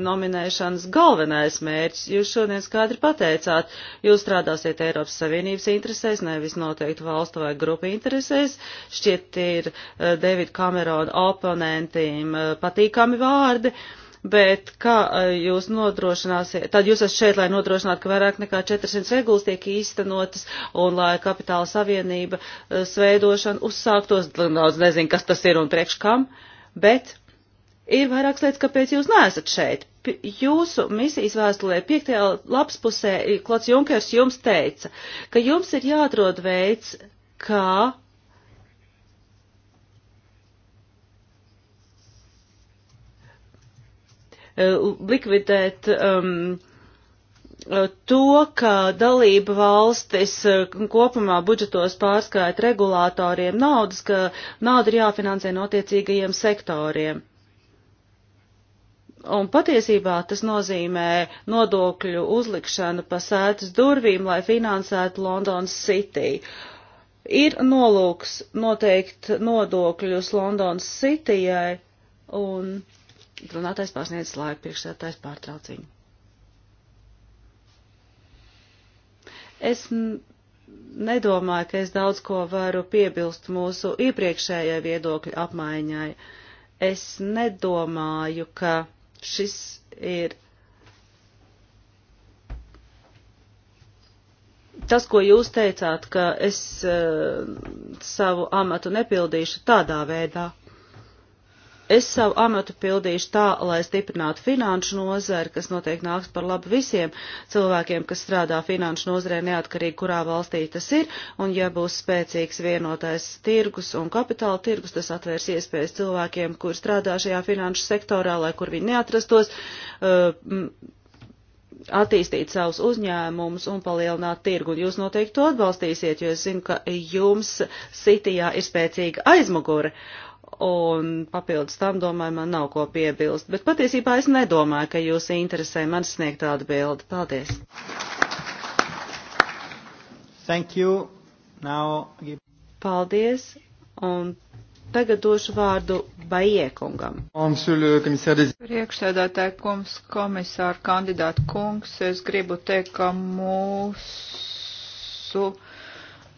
nominēšanas galvenais mērķis. Jūs šodien skaidri pateicāt, jūs strādāsiet Eiropas Savienības interesēs, nevis noteikti valstu vai grupu interesēs. Šķiet ir Davida Kamerona oponentiem patīkami vārdi. Uh, bet kā e, jūs nodrošināsiet, tad jūs esat šeit, lai nodrošinātu, ka vairāk nekā 400 regulas tiek īstenotas un lai kapitāla savienība e, sveidošana uzsāktos, daudz nezinu, kas tas ir un priekš kam, bet ir vairākas lietas, kāpēc jūs neesat šeit. P jūsu misijas vēstulē piektajā lapspusē Klots Junkers jums teica, ka jums ir jāatrod veids, kā Eh, likvidēt um, to, ka dalība valstis eh, kopumā budžetos pārskaita regulātoriem naudas, ka nauda ir jāfinansē no attiecīgajiem sektoriem. Un patiesībā tas nozīmē nodokļu uzlikšanu pa sētas durvīm, lai finansētu Londonas City. Ir nolūks noteikt nodokļus Londonas Cityjai un runātais pārsniedz laiku priekšsētājs pārtrauciņu. Es nedomāju, ka es daudz ko varu piebilst mūsu iepriekšējai viedokļu apmaiņai. Es nedomāju, ka šis ir tas, ko jūs teicāt, ka es uh, savu amatu nepildīšu tādā veidā. Es savu amatu pildīšu tā, lai stiprinātu finanšu nozari, kas noteikti nāks par labu visiem cilvēkiem, kas strādā finanšu nozarē neatkarīgi, kurā valstī tas ir, un ja būs spēcīgs vienotais tirgus un kapitāla tirgus, tas atvērs iespējas cilvēkiem, kur strādā šajā finanšu sektorā, lai kur viņi neatrastos. Uh, attīstīt savus uzņēmumus un palielināt tirgu. Jūs noteikti to atbalstīsiet, jo es zinu, ka jums Sitijā ir spēcīga aizmugure. Uh, un papildus tam, domāju, man nav ko piebilst. Bet patiesībā es nedomāju, ka jūs interesē man sniegt tādu bildi. Paldies! Thank you. Now... Paldies! Un tagad došu vārdu Baiekungam. Priekšsēdētāji kungs, komisāra kandidāta kungs, es gribu teikt, ka mūsu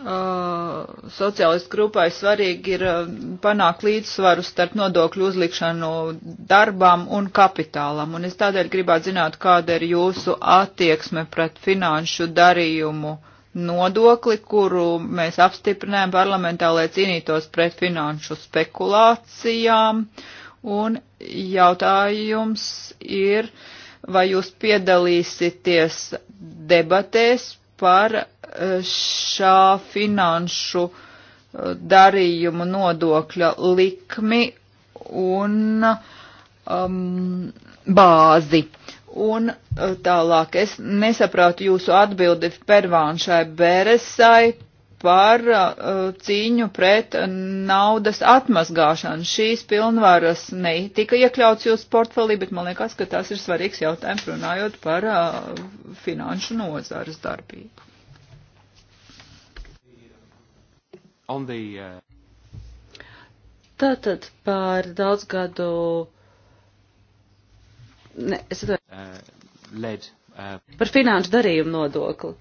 Uh, sociālistu grupai svarīgi ir uh, panākt līdzsvaru starp nodokļu uzlikšanu darbam un kapitālam, un es tādēļ gribētu zināt, kāda ir jūsu attieksme pret finanšu darījumu nodokli, kuru mēs apstiprinājām parlamentā, lai cīnītos pret finanšu spekulācijām, un jautājums ir, vai jūs piedalīsieties debatēs par šā finanšu eh, darījumu nodokļa likmi un um, bāzi. Un eh, tālāk es nesaprātu jūsu atbildi pervāņšai Beresai par uh, cīņu pret naudas atmazgāšanu. Šīs pilnvaras netika iekļauts jūsu portfelī, bet man liekas, ka tas ir svarīgs jautājums runājot par uh, finanšu nozares darbību. On the, uh... Tātad par daudzgadu. Ne, es... uh, led, uh... Par finanšu darījumu nodokli.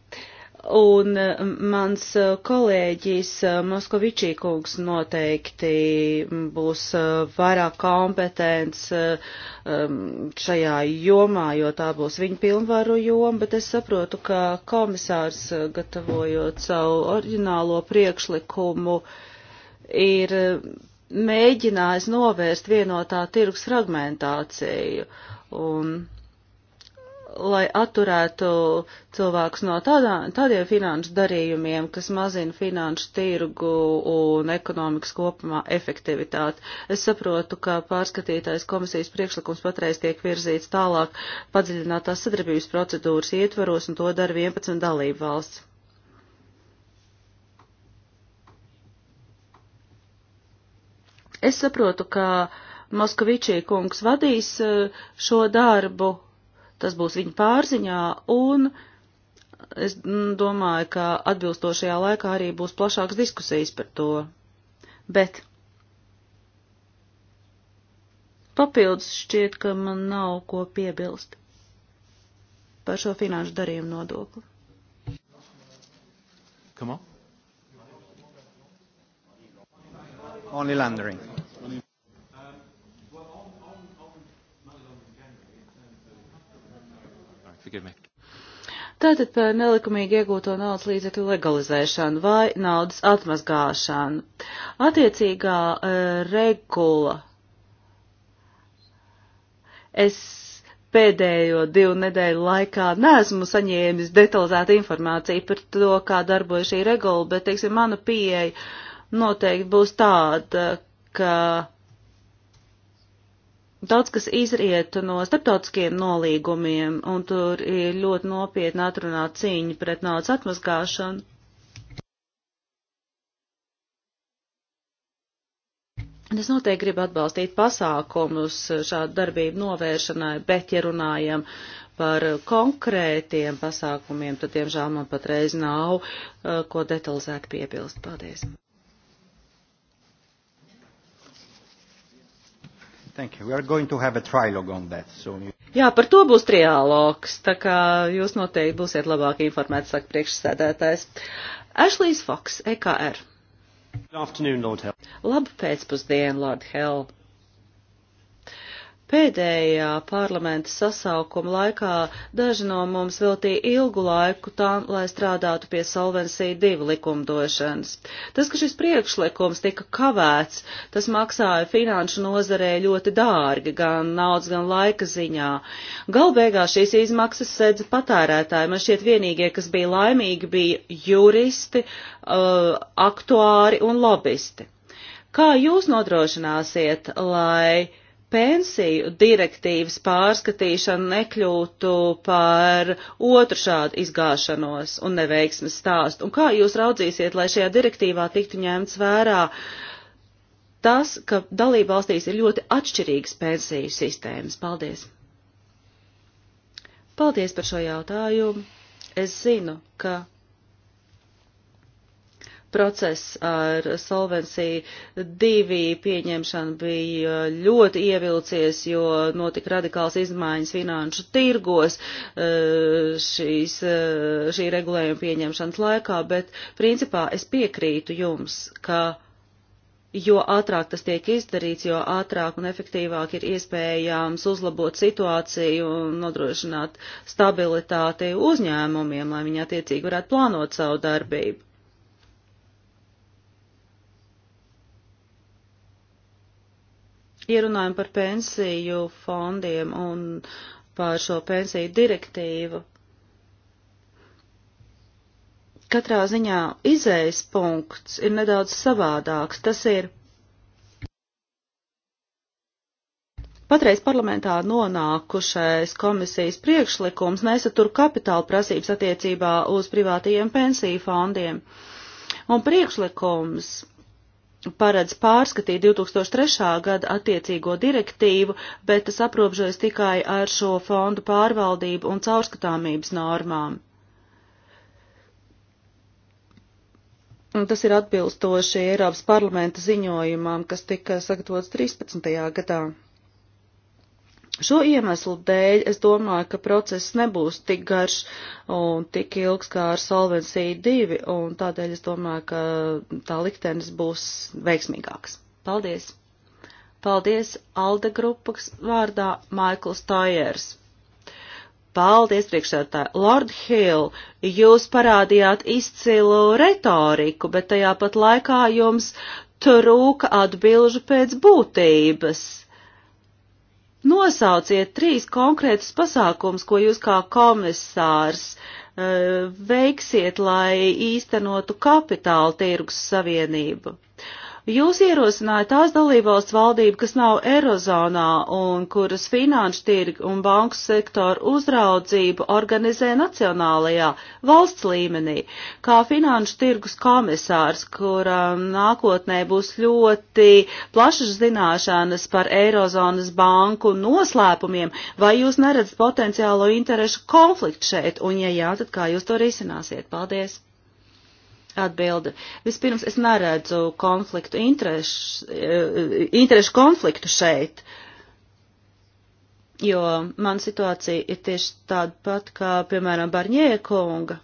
Un eh, mans eh, kolēģis eh, Moskovičī kungs noteikti būs vairāk kompetents šajā jomā, jo tā būs viņa pilnvaru joma, bet es saprotu, ka komisārs, gatavojot savu oriģinālo priekšlikumu, ir mēģinājis novērst vienotā tirgus fragmentāciju. Un lai atturētu cilvēkus no tādā, tādiem finanšu darījumiem, kas mazina finanšu tirgu un ekonomikas kopumā efektivitāti. Es saprotu, ka pārskatītais komisijas priekšlikums patreiz tiek virzīts tālāk padziļinātās sadarbības procedūras ietvaros, un to dara 11 dalību valsts. Es saprotu, ka Moskavičī kungs vadīs eh, šo darbu tas būs viņa pārziņā, un es domāju, ka atbilstošajā laikā arī būs plašāks diskusijas par to. Bet papildus šķiet, ka man nav ko piebilst par šo finanšu darījumu nodokli. Come on. Only laundering. tikai mekt. Tātad par nelikumīgi iegūto naudas līdzekļu legalizēšanu vai naudas atmazgāšanu. Attiecīgā uh, regula. Es pēdējo divu nedēļu laikā neesmu saņēmis detalizētu informāciju par to, kā darbojas šī regula, bet, teiksim, mana pieeja noteikti būs tāda, ka daudz kas izriet no starptautiskiem nolīgumiem, un tur ir ļoti nopietna atrunā cīņa pret naudas atmazgāšanu. Es noteikti gribu atbalstīt pasākumus šādu darbību novēršanai, bet, ja runājam par konkrētiem pasākumiem, tad, diemžēl, man patreiz nav eh, ko detalizēti piebilst. Paldies! Thank you. We are going to have a trilogue on that soon. Jā, par to būs trialogs, tā kā jūs noteikti būsiet labāk informēti, saka priekšsēdētājs. Ashley's Fox, EKR. Good afternoon, Lord Hell. Labu pēcpusdienu, Lord Hell. Pēdējā parlamenta sasaukuma laikā daži no mums veltīja ilgu laiku tām, lai strādātu pie Solvencija 2 likumdošanas. Tas, ka šis priekšlikums tika kavēts, tas maksāja finanšu nozarē ļoti dārgi, gan naudas, gan laika ziņā. Galbeigā šīs izmaksas sedza patērētāji. Man šķiet vienīgie, kas bija laimīgi, bija juristi, uh, aktuāri un lobisti. Kā jūs nodrošināsiet, lai pensiju direktīvas pārskatīšana nekļūtu par otru šādu izgāšanos un neveiksmes stāstu? Un kā jūs raudzīsiet, lai šajā direktīvā tiktu ņemts vērā tas, ka dalība valstīs ir ļoti atšķirīgas pensiju sistēmas? Paldies! Paldies par šo jautājumu! Es zinu, ka process ar Solvenciju divi pieņemšanu bija ļoti ievilcies, jo notika radikāls izmaiņas finanšu tirgos eh, šīs, eh, šī regulējuma pieņemšanas laikā, bet principā es piekrītu jums, ka jo ātrāk tas tiek izdarīts, jo ātrāk un efektīvāk ir iespējams uzlabot situāciju un nodrošināt stabilitāti uzņēmumiem, lai viņi attiecīgi varētu plānot savu darbību. Ja runājam par pensiju fondiem un par šo pensiju direktīvu, katrā ziņā izējas punkts ir nedaudz savādāks. Tas ir Patreiz parlamentā nonākušais komisijas priekšlikums nesatur kapitāla prasības attiecībā uz privātajiem pensiju fondiem. Un priekšlikums paredz pārskatīt 2003. gada attiecīgo direktīvu, bet tas aprobežojas tikai ar šo fondu pārvaldību un caurskatāmības normām. Un tas ir atbilstoši Eiropas parlamenta ziņojumam, kas tika sagatavots 13. gadā. Šo iemeslu dēļ es domāju, ka process nebūs tik garš un tik ilgs kā ar Solvency 2, un tādēļ es domāju, ka tā liktenis būs veiksmīgāks. Paldies! Paldies Alde grupas vārdā Maikls Tājers. Paldies, priekšsētāji. Lord Hill, jūs parādījāt izcilu retoriku, bet tajā pat laikā jums trūka atbilžu pēc būtības. Nosauciet trīs konkrētus pasākums, ko jūs kā komisārs uh, veiksiet, lai īstenotu kapitāla tirgus savienību. Jūs ierosinājāt tās dalībvalsts valdību, kas nav Eirozonā un kuras finanšu tirgu un banku sektoru uzraudzību organizē nacionālajā valsts līmenī, kā finanšu tirgus komisārs, kuram nākotnē būs ļoti plašas zināšanas par Eirozonas banku noslēpumiem, vai jūs neredzat potenciālo interešu konfliktu šeit, un ja jā, tad kā jūs to risināsiet? Paldies! Atbilde. Vispirms es neredzu konfliktu interešu, eh, interešu konfliktu šeit, jo man situācija ir tieši tāda pat kā, piemēram, Barņē kunga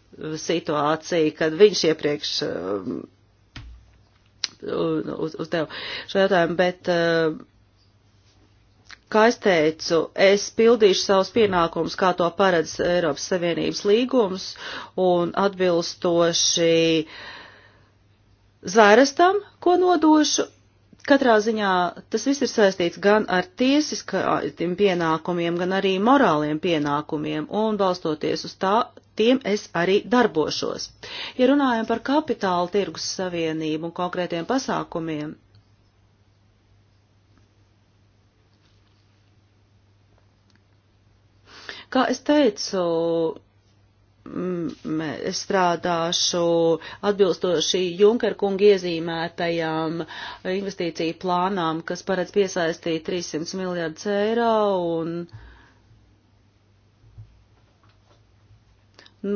situācija, kad viņš iepriekš eh, uz, uz tev šo jautājumu, bet uh, Kā es teicu, es pildīšu savus pienākumus, kā to paredz Eiropas Savienības līgums, un atbilstoši zvērestam, ko nodošu. Katrā ziņā tas viss ir saistīts gan ar tiesiskajiem pienākumiem, gan arī morāliem pienākumiem, un balstoties uz tā, tiem es arī darbošos. Ja runājam par kapitāla tirgus savienību un konkrētiem pasākumiem, Kā es teicu, es strādāšu atbilstoši Junker kunga iezīmētajām investīciju plānām, kas paredz piesaistīt 300 miljardus eiro un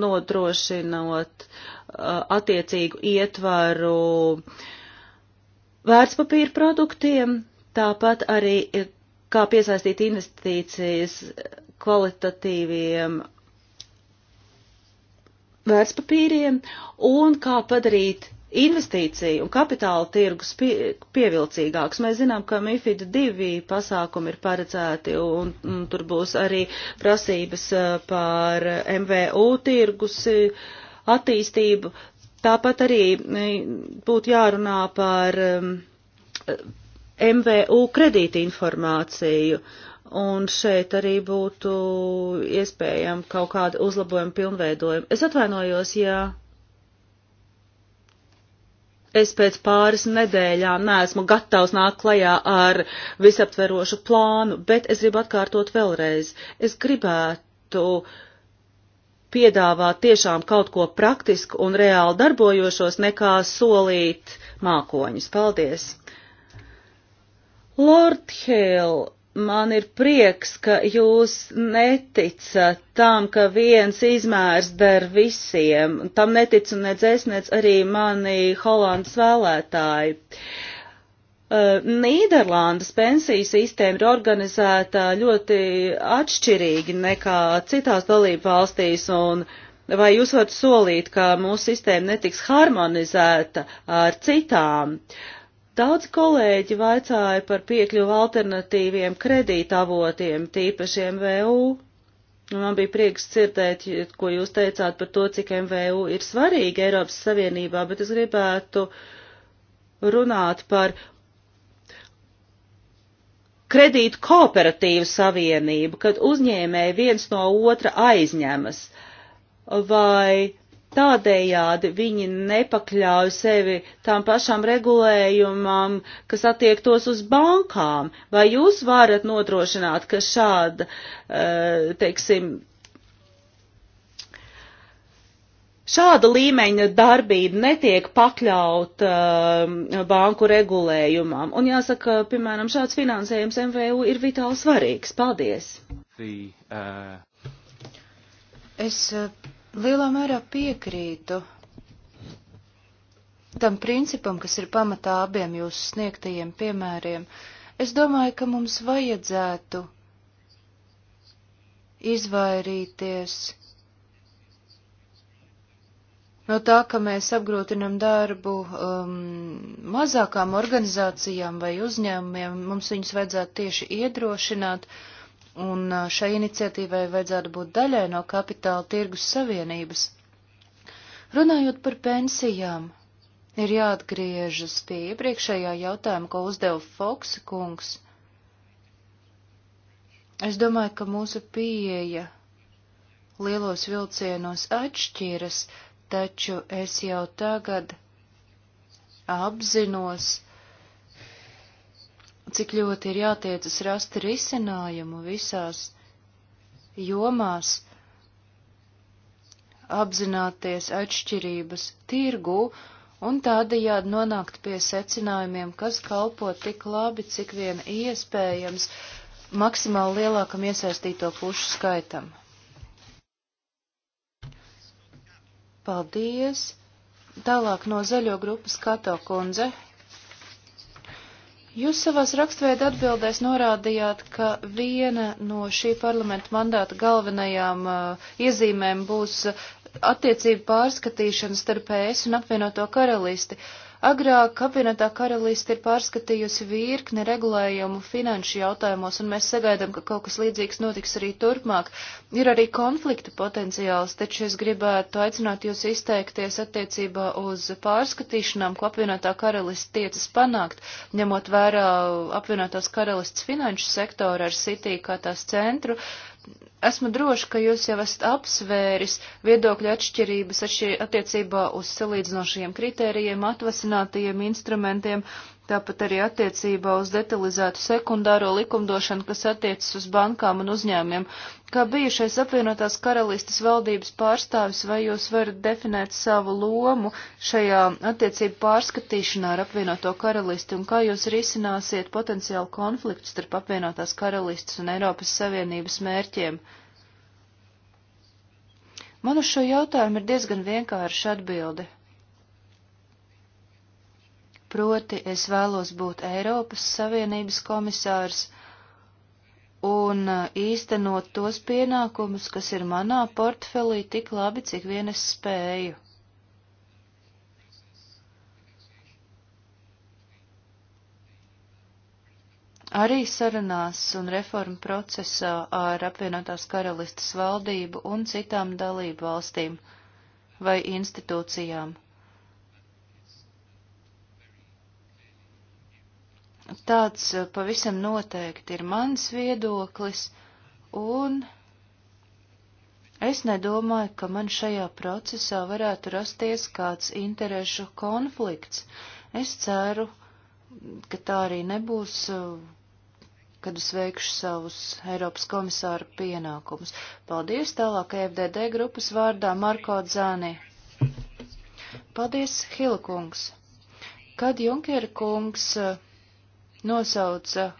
nodrošinot attiecīgu ietvaru vērtspapīra produktiem, tāpat arī kā piesaistīt investīcijas kvalitatīviem vērtspapīriem un kā padarīt investīciju un kapitāla tirgus pie, pievilcīgāks. Mēs zinām, ka MIFID divi pasākumi ir paredzēti un, un tur būs arī prasības eh, par MVU tirgus eh, attīstību. Tāpat arī eh, būtu jārunā par MVU kredīti informāciju Un šeit arī būtu iespējama kaut kāda uzlabojuma, pilnveidojuma. Es atvainojos, ja es pēc pāris nedēļām neesmu gatavs nākt klajā ar visaptverošu plānu, bet es gribu atkārtot vēlreiz. Es gribētu piedāvāt tiešām kaut ko praktisku un reāli darbojošos, nekā solīt mākoņus. Paldies! Lord Hale man ir prieks, ka jūs neticat tam, ka viens izmērs der visiem. Tam neticu nedz es, nedz arī mani Holandas vēlētāji. Uh, Nīderlandes pensiju sistēma ir organizēta ļoti atšķirīgi nekā citās dalību valstīs, un vai jūs varat solīt, ka mūsu sistēma netiks harmonizēta ar citām? Uh, Daudz kolēģi vaicāja par piekļuvu alternatīviem kredītavotiem, tīpašiem VU. Man bija prieks dzirdēt, ko jūs teicāt par to, cik MVU ir svarīgi Eiropas Savienībā, bet es gribētu runāt par kredītu kooperatīvu savienību, kad uzņēmēji viens no otra aizņemas. Vai Tādējādi viņi nepakļauj sevi tām pašām regulējumam, kas attiektos uz bankām. Vai jūs varat nodrošināt, ka šāda, eh, teiksim, šāda līmeņa darbība netiek pakļaut eh, banku regulējumam? Un jāsaka, piemēram, šāds finansējums MVU ir vitāli svarīgs. Paldies! The, uh... Es eh, lielā mērā piekrītu tam principam, kas ir pamatā abiem jūsu sniegtajiem piemēriem. Es domāju, ka mums vajadzētu izvairīties no tā, ka mēs apgrūtinam darbu um, mazākām organizācijām vai uzņēmumiem, mums viņus vajadzētu tieši iedrošināt, uh, un šai iniciatīvai vajadzētu būt daļai no kapitāla tirgus savienības. Runājot par pensijām, ir jāatgriežas pie iepriekšējā jautājuma, ko uzdeva Foksa kungs. Es domāju, ka mūsu pieeja lielos vilcienos atšķiras, taču es jau tagad apzinos, cik ļoti ir jātiecas rast risinājumu visās jomās, apzināties atšķirības tirgū un tādējādi nonākt pie secinājumiem, kas kalpo tik labi, cik vien iespējams, maksimāli lielākam iesaistīto pušu skaitam. Paldies! Tālāk no zaļo grupas Kato kundze. Jūs savās rakstveida atbildēs norādījāt, ka viena no šī parlamenta mandāta galvenajām uh, iezīmēm būs uh, attiecību pārskatīšana starp ES un apvienoto karalisti. Uh, Agrāk kabinetā karaliste ir pārskatījusi virkni regulējumu finanšu jautājumos, un mēs sagaidām, ka kaut kas līdzīgs notiks arī turpmāk. Ir arī konflikta potenciāls, taču es gribētu aicināt jūs izteikties attiecībā uz pārskatīšanām, ko apvienotā karaliste tiecas panākt, ņemot vērā apvienotās karalistes finanšu sektoru ar City kā tās centru. Uh, Esmu droši, ka jūs jau esat apsvēris viedokļu atšķirības attiecībā uz salīdzinošajiem kritērijiem, atvasinātajiem instrumentiem, tāpat arī attiecībā uz detalizētu sekundāro likumdošanu, kas attiecas uz bankām un uzņēmiem. Kā bijušais apvienotās karalistas valdības pārstāvis, vai jūs varat definēt savu lomu šajā attiecību pārskatīšanā ar apvienoto karalisti un kā jūs risināsiet potenciālu konfliktu starp apvienotās karalistas un Eiropas Savienības mērķiem? Man uz šo jautājumu ir diezgan vienkārša atbilde. Proti, es vēlos būt Eiropas Savienības komisārs un uh, īstenot tos pienākumus, kas ir manā portfelī, tik labi, cik vien es spēju. Arī sarunās un reformu procesā ar apvienotās karalistas valdību un citām dalību valstīm vai institūcijām. Tāds eh, pavisam noteikti ir mans viedoklis, un es nedomāju, ka man šajā procesā varētu rasties kāds interešu konflikts. Es ceru, ka tā arī nebūs, eh, kad es veikšu savus Eiropas komisāru pienākumus. Paldies tālāk FDD grupas vārdā Marko Dzāni. Paldies, Hilkungs. Kad Junkera kungs. Uh, nosauca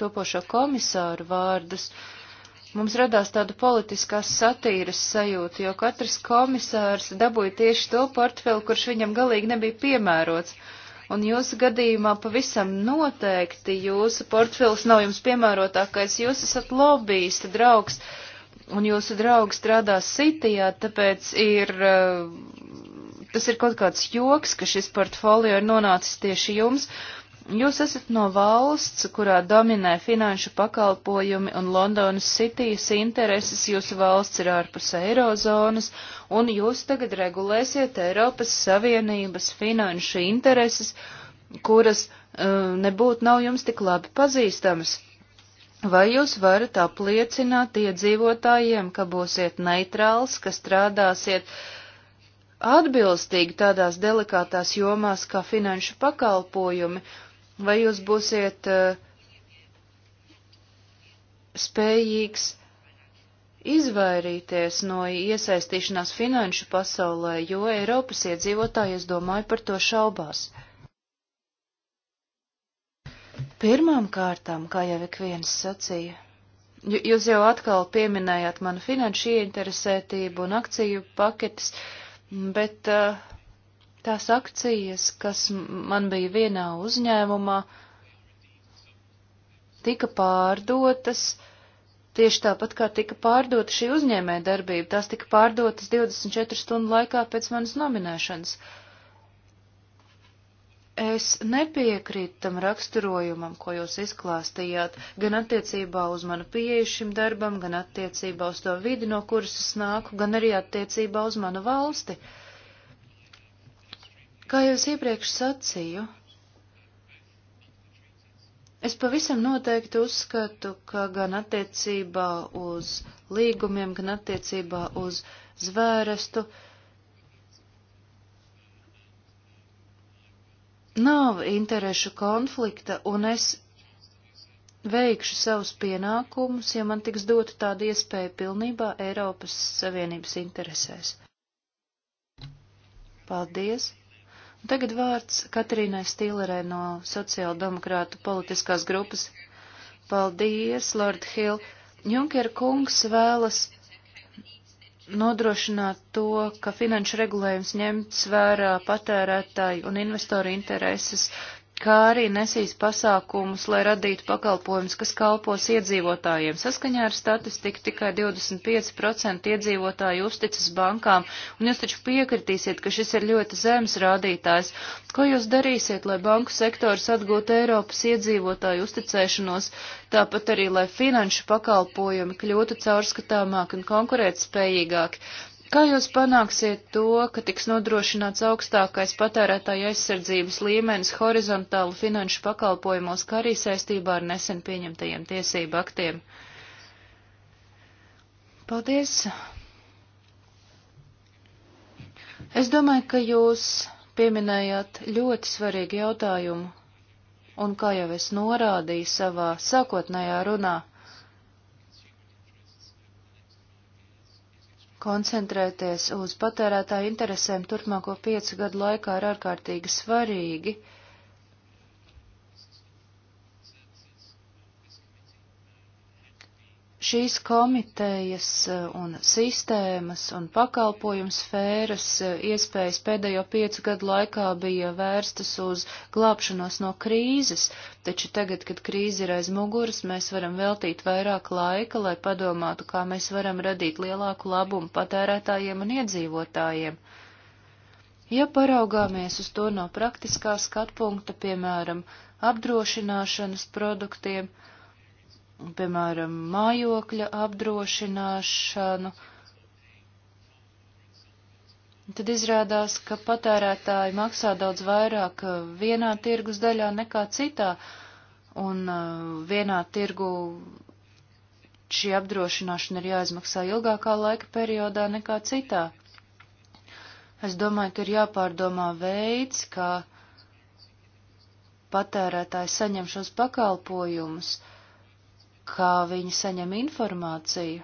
topošo komisāru vārdus, mums radās tāda politiskās satīras sajūta, jo katrs komisārs dabūja tieši to portfeli, kurš viņam galīgi nebija piemērots. Un jūsu gadījumā pavisam noteikti jūsu portfels nav jums piemērotākais, jūs esat lobbyista draugs, un jūsu draugs strādā sitijā, tāpēc ir, eh, tas ir kaut kāds joks, ka šis portfolio ir nonācis tieši jums, Jūs esat no valsts, kurā dominē finanšu pakalpojumi un Londonas Citijas intereses, jūsu valsts ir ārpus eirozonas, un jūs tagad regulēsiet Eiropas Savienības finanšu intereses, kuras uh, nebūtu nav jums tik labi pazīstamas. Vai jūs varat apliecināt iedzīvotājiem, ka būsiet neitrāls, ka strādāsiet atbilstīgi tādās delikātās jomās kā finanšu pakalpojumi, Vai jūs būsiet uh, spējīgs izvairīties no iesaistīšanās finanšu pasaulē, jo Eiropas iedzīvotāji, es domāju, par to šaubās. Pirmām kārtām, kā jau ik viens sacīja, jūs jau atkal pieminējāt manu finanšu ieinteresētību un akciju paketes, bet uh, Tās akcijas, kas man bija vienā uzņēmumā, tika pārdotas tieši tāpat, kā tika pārdota šī uzņēmē darbība. Tās tika pārdotas 24 stundu laikā pēc manas nominēšanas. Es nepiekrītu tam raksturojumam, ko jūs izklāstījāt, gan attiecībā uz manu pieeju šim darbam, gan attiecībā uz to vidi, no kuras es nāku, gan arī attiecībā uz manu valsti. Uh, Kā jau es iepriekš sacīju, Es pavisam noteikti uzskatu, ka gan attiecībā uz līgumiem, gan attiecībā uz zvērestu nav interešu konflikta, un es veikšu savus pienākumus, ja man tiks dota tāda iespēja pilnībā Eiropas Savienības interesēs. Paldies! Tagad vārds Katrīnai Stīlerē no sociāldemokrātu politiskās grupas. Paldies, Lord Hill. Junker kungs vēlas nodrošināt to, ka finanšu regulējums ņemts vērā patērētāju un investoru intereses, kā arī nesīs pasākumus, lai radītu pakalpojumus, kas kalpos iedzīvotājiem. Saskaņā ar statistiku tikai 25% iedzīvotāju uzticas bankām, un jūs taču piekritīsiet, ka šis ir ļoti zems rādītājs. Ko jūs darīsiet, lai banku sektors atgūtu Eiropas iedzīvotāju uzticēšanos, tāpat arī, lai finanšu pakalpojumi kļūtu caurskatāmāk un konkurētspējīgāk? Kā jūs panāksiet to, ka tiks nodrošināts augstākais patērētāja aizsardzības līmenis horizontāli finanšu pakalpojumos, kā arī saistībā ar nesen pieņemtajiem tiesību aktiem? Paldies! Es domāju, ka jūs pieminējāt ļoti svarīgu jautājumu, un kā jau es norādīju savā sākotnējā runā, Koncentrēties uz patērētāju interesēm turpmāko piecu gadu laikā ir ārkārtīgi svarīgi. Uh, šīs komitejas eh, un sistēmas un pakalpojumu sfēras eh, iespējas pēdējo piecu gadu laikā bija vērstas uz glābšanos no krīzes, taču tagad, kad krīze ir aiz muguras, mēs varam veltīt vairāk laika, lai padomātu, kā mēs varam radīt lielāku labumu patērētājiem un iedzīvotājiem. Ja paraugāmies uz to no praktiskā skatpunkta, piemēram, apdrošināšanas produktiem, uh, piemēram, mājokļa apdrošināšanu, tad izrādās, ka patērētāji maksā daudz vairāk uh, vienā tirgus daļā nekā citā, un uh, vienā tirgu šī apdrošināšana ir jāizmaksā ilgākā laika periodā nekā citā. Es domāju, ka ir jāpārdomā veids, kā patērētāji saņem šos pakalpojumus. Uh, kā viņi saņem informāciju.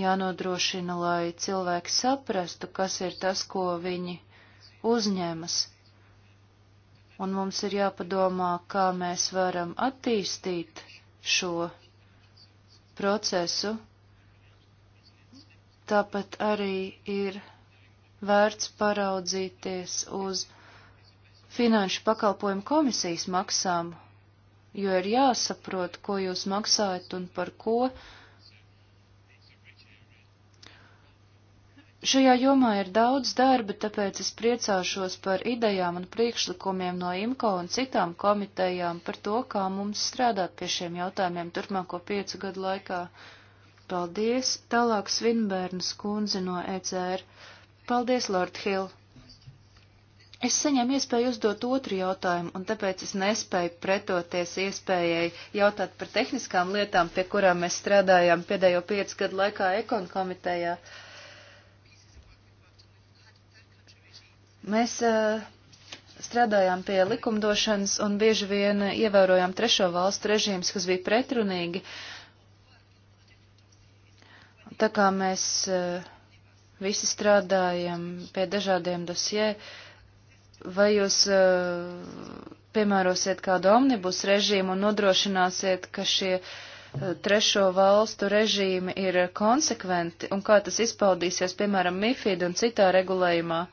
Jānodrošina, lai cilvēki saprastu, kas ir tas, ko viņi uzņemas. Un mums ir jāpadomā, kā mēs varam attīstīt šo procesu. Tāpat arī ir vērts paraudzīties uz finanšu pakalpojumu komisijas maksām jo ir jāsaprot, ko jūs maksājat un par ko. Šajā jomā ir daudz darba, tāpēc es priecāšos par idejām un priekšlikumiem no IMCO un citām komitejām par to, kā mums strādāt pie šiem jautājumiem turpmāko piecu gadu laikā. Paldies! Tālāk Svinbērnas kundze no ECR. Paldies, Lord Hill! Es saņēmu iespēju uzdot otru jautājumu, un tāpēc es nespēju pretoties iespējai jautāt par tehniskām lietām, pie kurām mēs strādājām pēdējo piecu gadu laikā ekon komitejā. Mēs uh, strādājām pie likumdošanas un bieži vien ievērojām trešo valstu režīmus, kas bija pretrunīgi. Tā kā mēs uh, visi strādājam pie dažādiem dosjē, uh, vai jūs eh, piemērosiet kādu omnibus režīmu un nodrošināsiet, ka šie eh, trešo valstu režīmi ir konsekventi un kā tas izpaudīsies, piemēram, MIFID un citā regulējumā?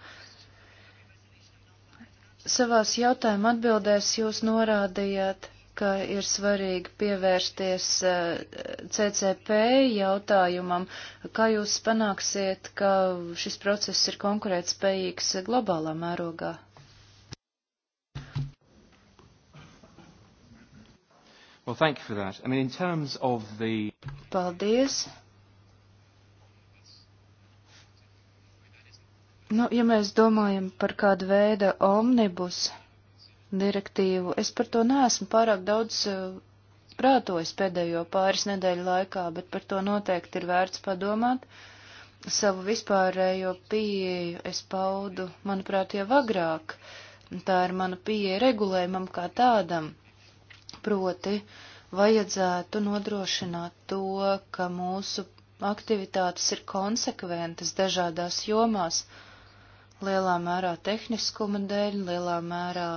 Savās jautājuma atbildēs jūs norādījāt, ka ir svarīgi pievērsties eh, CCP jautājumam. Kā jūs panāksiet, ka šis process ir konkurētspējīgs globālā mērogā? Well, thank you for that. I mean, in terms of the... Paldies. Nu, ja mēs domājam par kādu veidu omnibus direktīvu, es par to neesmu pārāk daudz eh, prātojis pēdējo pāris nedēļu laikā, bet par to noteikti ir vērts padomāt. Savu vispārējo pieeju es paudu, manuprāt, jau agrāk. Tā ir mana pieeja regulējumam kā tādam. Proti, vajadzētu nodrošināt to, ka mūsu aktivitātes ir konsekventas dažādās jomās, lielā mērā tehniskuma dēļ, lielā mērā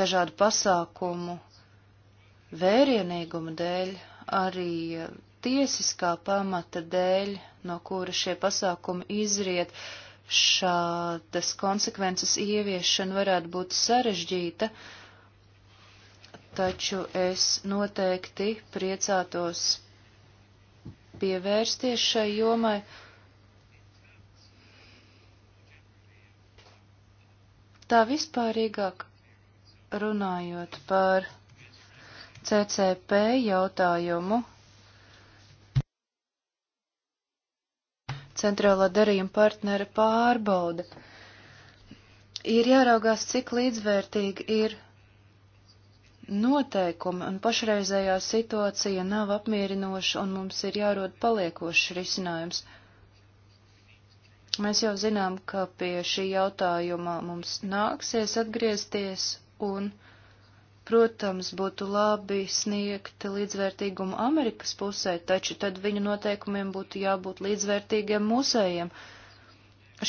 dažādu pasākumu vērienīguma dēļ, arī tiesiskā pamata dēļ, no kura šie pasākumi izriet, šādas konsekvences ieviešana varētu būt sarežģīta, uh, taču es noteikti priecātos pievērsties šai jomai. Tā vispārīgāk runājot par CCP jautājumu, centrālā darījuma partnera pārbauda, ir jāraugās, cik līdzvērtīgi ir Noteikumi un pašreizējā situācija nav apmierinoša, un mums ir jārod paliekošs risinājums. Mēs jau zinām, ka pie šī jautājuma mums nāksies atgriezties, un, protams, būtu labi sniegt līdzvērtīgumu Amerikas pusē, taču tad viņu noteikumiem būtu jābūt līdzvērtīgiem mūsējiem.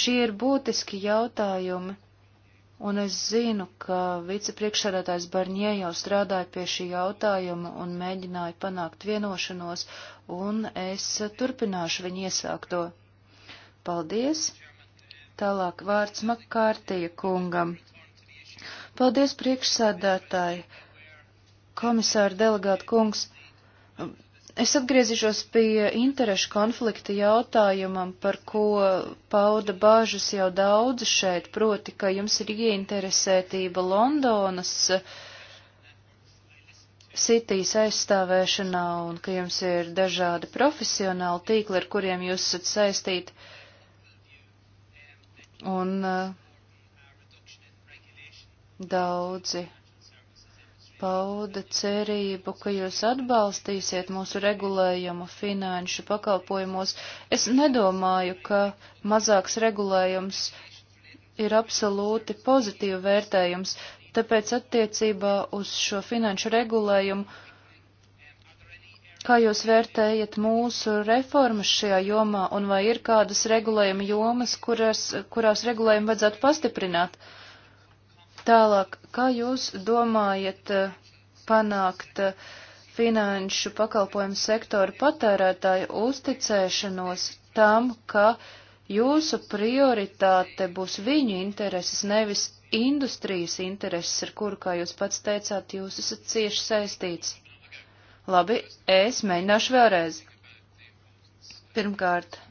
Šie ir būtiski jautājumi un es zinu, ka vicepriekšsēdētājs Barņē jau strādāja pie šī jautājuma un mēģināja panākt vienošanos, un es turpināšu viņu iesākto. Paldies! Tālāk vārds Makārtija kungam. Paldies, priekšsēdētāji! Komisāra delegāta kungs! Es atgriezīšos pie interešu konflikta jautājumam, par ko pauda bāžas jau daudzi šeit, proti, ka jums ir ieinteresētība Londonas sitīs aizstāvēšanā un ka jums ir dažādi profesionāli tīkli, ar kuriem jūs esat saistīti. Un uh, daudzi pauda cerību, ka jūs atbalstīsiet mūsu regulējumu finanšu pakalpojumos. Es nedomāju, ka mazāks regulējums ir absolūti pozitīva vērtējums, tāpēc attiecībā uz šo finanšu regulējumu, kā jūs vērtējat mūsu reformas šajā jomā un vai ir kādas regulējuma jomas, kuras, kurās regulējumu vajadzētu pastiprināt? Uh, Tālāk, kā jūs domājat eh, panākt eh, finanšu pakalpojumu sektoru patērētāju uzticēšanos tam, ka jūsu prioritāte būs viņu intereses, nevis industrijas intereses, ar kuru, kā jūs pats teicāt, jūs esat cieši saistīts? Labi, es mēģināšu vēlreiz. Pirmkārt,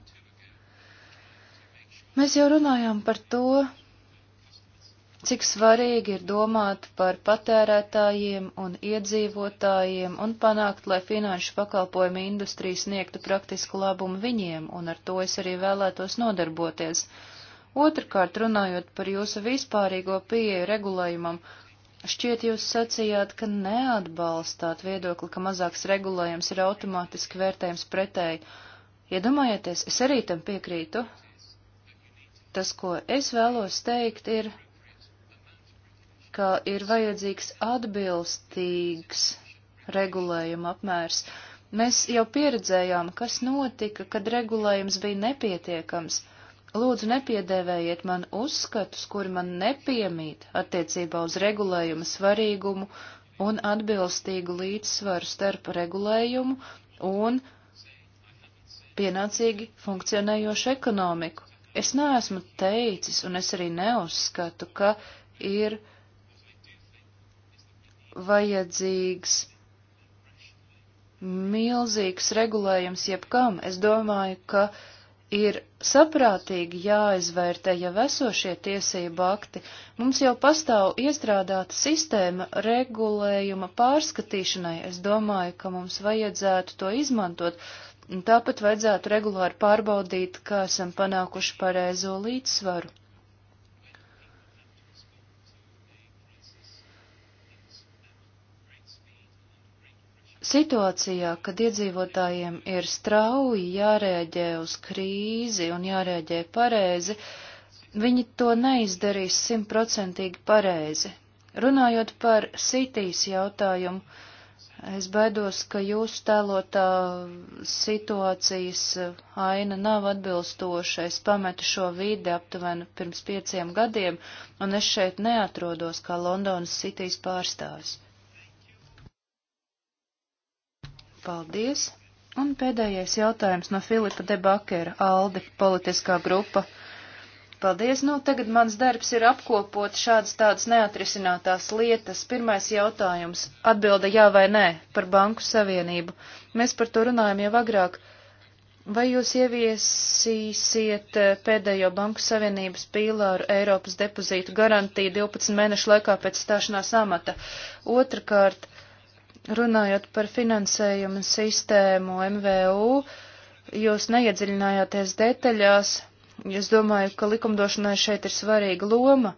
mēs jau runājām par to, cik svarīgi ir domāt par patērētājiem un iedzīvotājiem un panākt, lai finanšu pakalpojumu industrija sniegtu praktisku labumu viņiem, un ar to es arī vēlētos nodarboties. Otrkārt, runājot par jūsu vispārīgo pieeju regulējumam, šķiet jūs sacījāt, ka neatbalstāt viedokli, ka mazāks regulējums ir automātiski vērtējums pretēji. Iedomājieties, ja es arī tam piekrītu. Tas, ko es vēlos teikt, ir, ka ir vajadzīgs atbilstīgs regulējuma apmērs. Mēs jau pieredzējām, kas notika, kad regulējums bija nepietiekams. Lūdzu, nepiedēvējiet man uzskatus, kuri man nepiemīt attiecībā uz regulējuma svarīgumu un atbilstīgu līdzsvaru starp regulējumu un pienācīgi funkcionējošu ekonomiku. Es neesmu teicis, un es arī neuzskatu, ka ir vajadzīgs milzīgs regulējums jebkam. Es domāju, ka ir saprātīgi jāizvērtē jau esošie tiesību akti. Mums jau pastāv iestrādāta sistēma regulējuma pārskatīšanai. Es domāju, ka mums vajadzētu to izmantot. Un tāpat vajadzētu regulāri pārbaudīt, kā esam panākuši pareizo līdzsvaru. Situācijā, kad iedzīvotājiem ir strauji jārēģē uz krīzi un jārēģē pareizi, viņi to neizdarīs simtprocentīgi pareizi. Runājot par sitīs jautājumu, es baidos, ka jūsu tēlotā situācijas aina nav atbilstoša. Es pametu šo vidi aptuveni pirms pieciem gadiem, un es šeit neatrodos kā Londonas sitīs pārstāvis. Paldies! Un pēdējais jautājums no Filipa Debakera, Aldi, politiskā grupa. Paldies, nu tagad mans darbs ir apkopot šādas tādas neatrisinātās lietas. Pirmais jautājums - atbilda jā vai nē par banku savienību. Mēs par to runājam jau agrāk. Vai jūs ieviesīsiet eh, pēdējo banku savienības pīlāru Eiropas depozītu garantiju 12 mēnešu laikā pēc stāšanās amata? Otrakārt, Runājot par finansējumu sistēmu MVU, jūs neiedziļinājāties detaļās. Es domāju, ka likumdošanai šeit ir svarīga loma.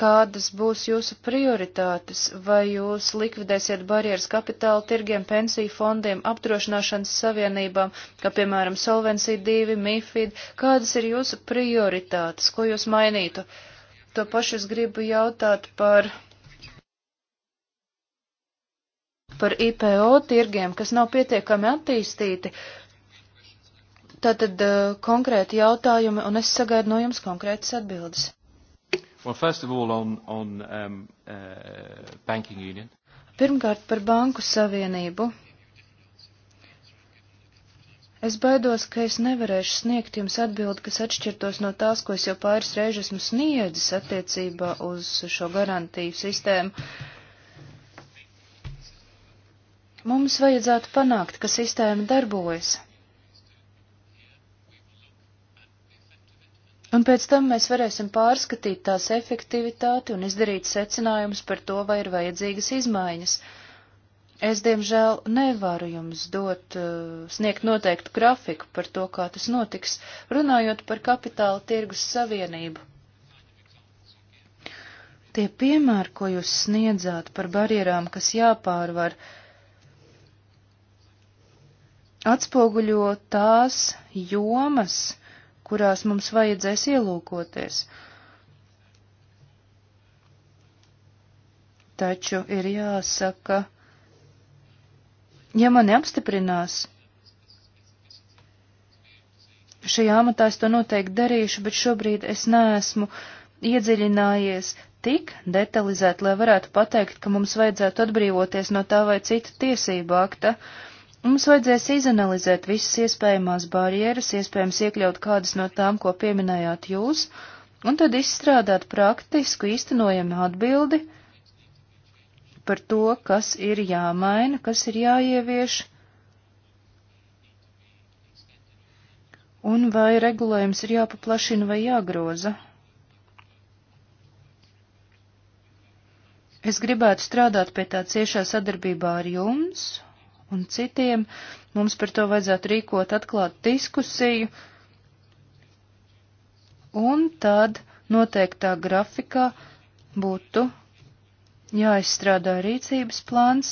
Kādas būs jūsu prioritātes? Vai jūs likvidēsiet barjeras kapitāla tirgiem, pensiju fondiem, apdrošināšanas savienībām, kā piemēram Solvency 2, MIFID? Kādas ir jūsu prioritātes? Ko jūs mainītu? To pašu es gribu jautāt par par IPO tirgiem, kas nav pietiekami attīstīti. Tātad uh, eh, konkrēti jautājumi, un es sagaidu no jums konkrētas atbildes. Well, first of all, on, on um, uh, banking union. Pirmkārt par banku savienību. Es baidos, ka es nevarēšu sniegt jums atbildi, kas atšķirtos no tās, ko es jau pāris reizes esmu sniedzis attiecībā uz šo garantiju sistēmu. Uh, Mums vajadzētu panākt, ka sistēma darbojas. Un pēc tam mēs varēsim pārskatīt tās efektivitāti un izdarīt secinājumus par to, vai ir vajadzīgas izmaiņas. Es, diemžēl, nevaru jums dot, uh, sniegt noteiktu grafiku par to, kā tas notiks, runājot par kapitāla tirgus savienību. Tie piemēri, ko jūs sniedzāt par barjerām, kas jāpārvar, uh, atspoguļo tās jomas, kurās mums vajadzēs ielūkoties. Taču ir jāsaka, ja mani apstiprinās, šajā amatā es to noteikti darīšu, bet šobrīd es neesmu iedziļinājies tik detalizēti, lai varētu pateikt, ka mums vajadzētu atbrīvoties no tā vai cita tiesība akta. Uh, Mums vajadzēs izanalizēt visas iespējamās barjeras, iespējams iekļaut kādas no tām, ko pieminējāt jūs, un tad izstrādāt praktisku īstenojamu atbildi par to, kas ir jāmaina, kas ir jāievieš, un vai regulējums ir jāpaplašina vai jāgroza. Es gribētu strādāt pie tā ciešā sadarbībā ar jums un citiem. Mums par to vajadzētu rīkot atklāt diskusiju. Un tad noteiktā grafikā būtu jāizstrādā rīcības plāns,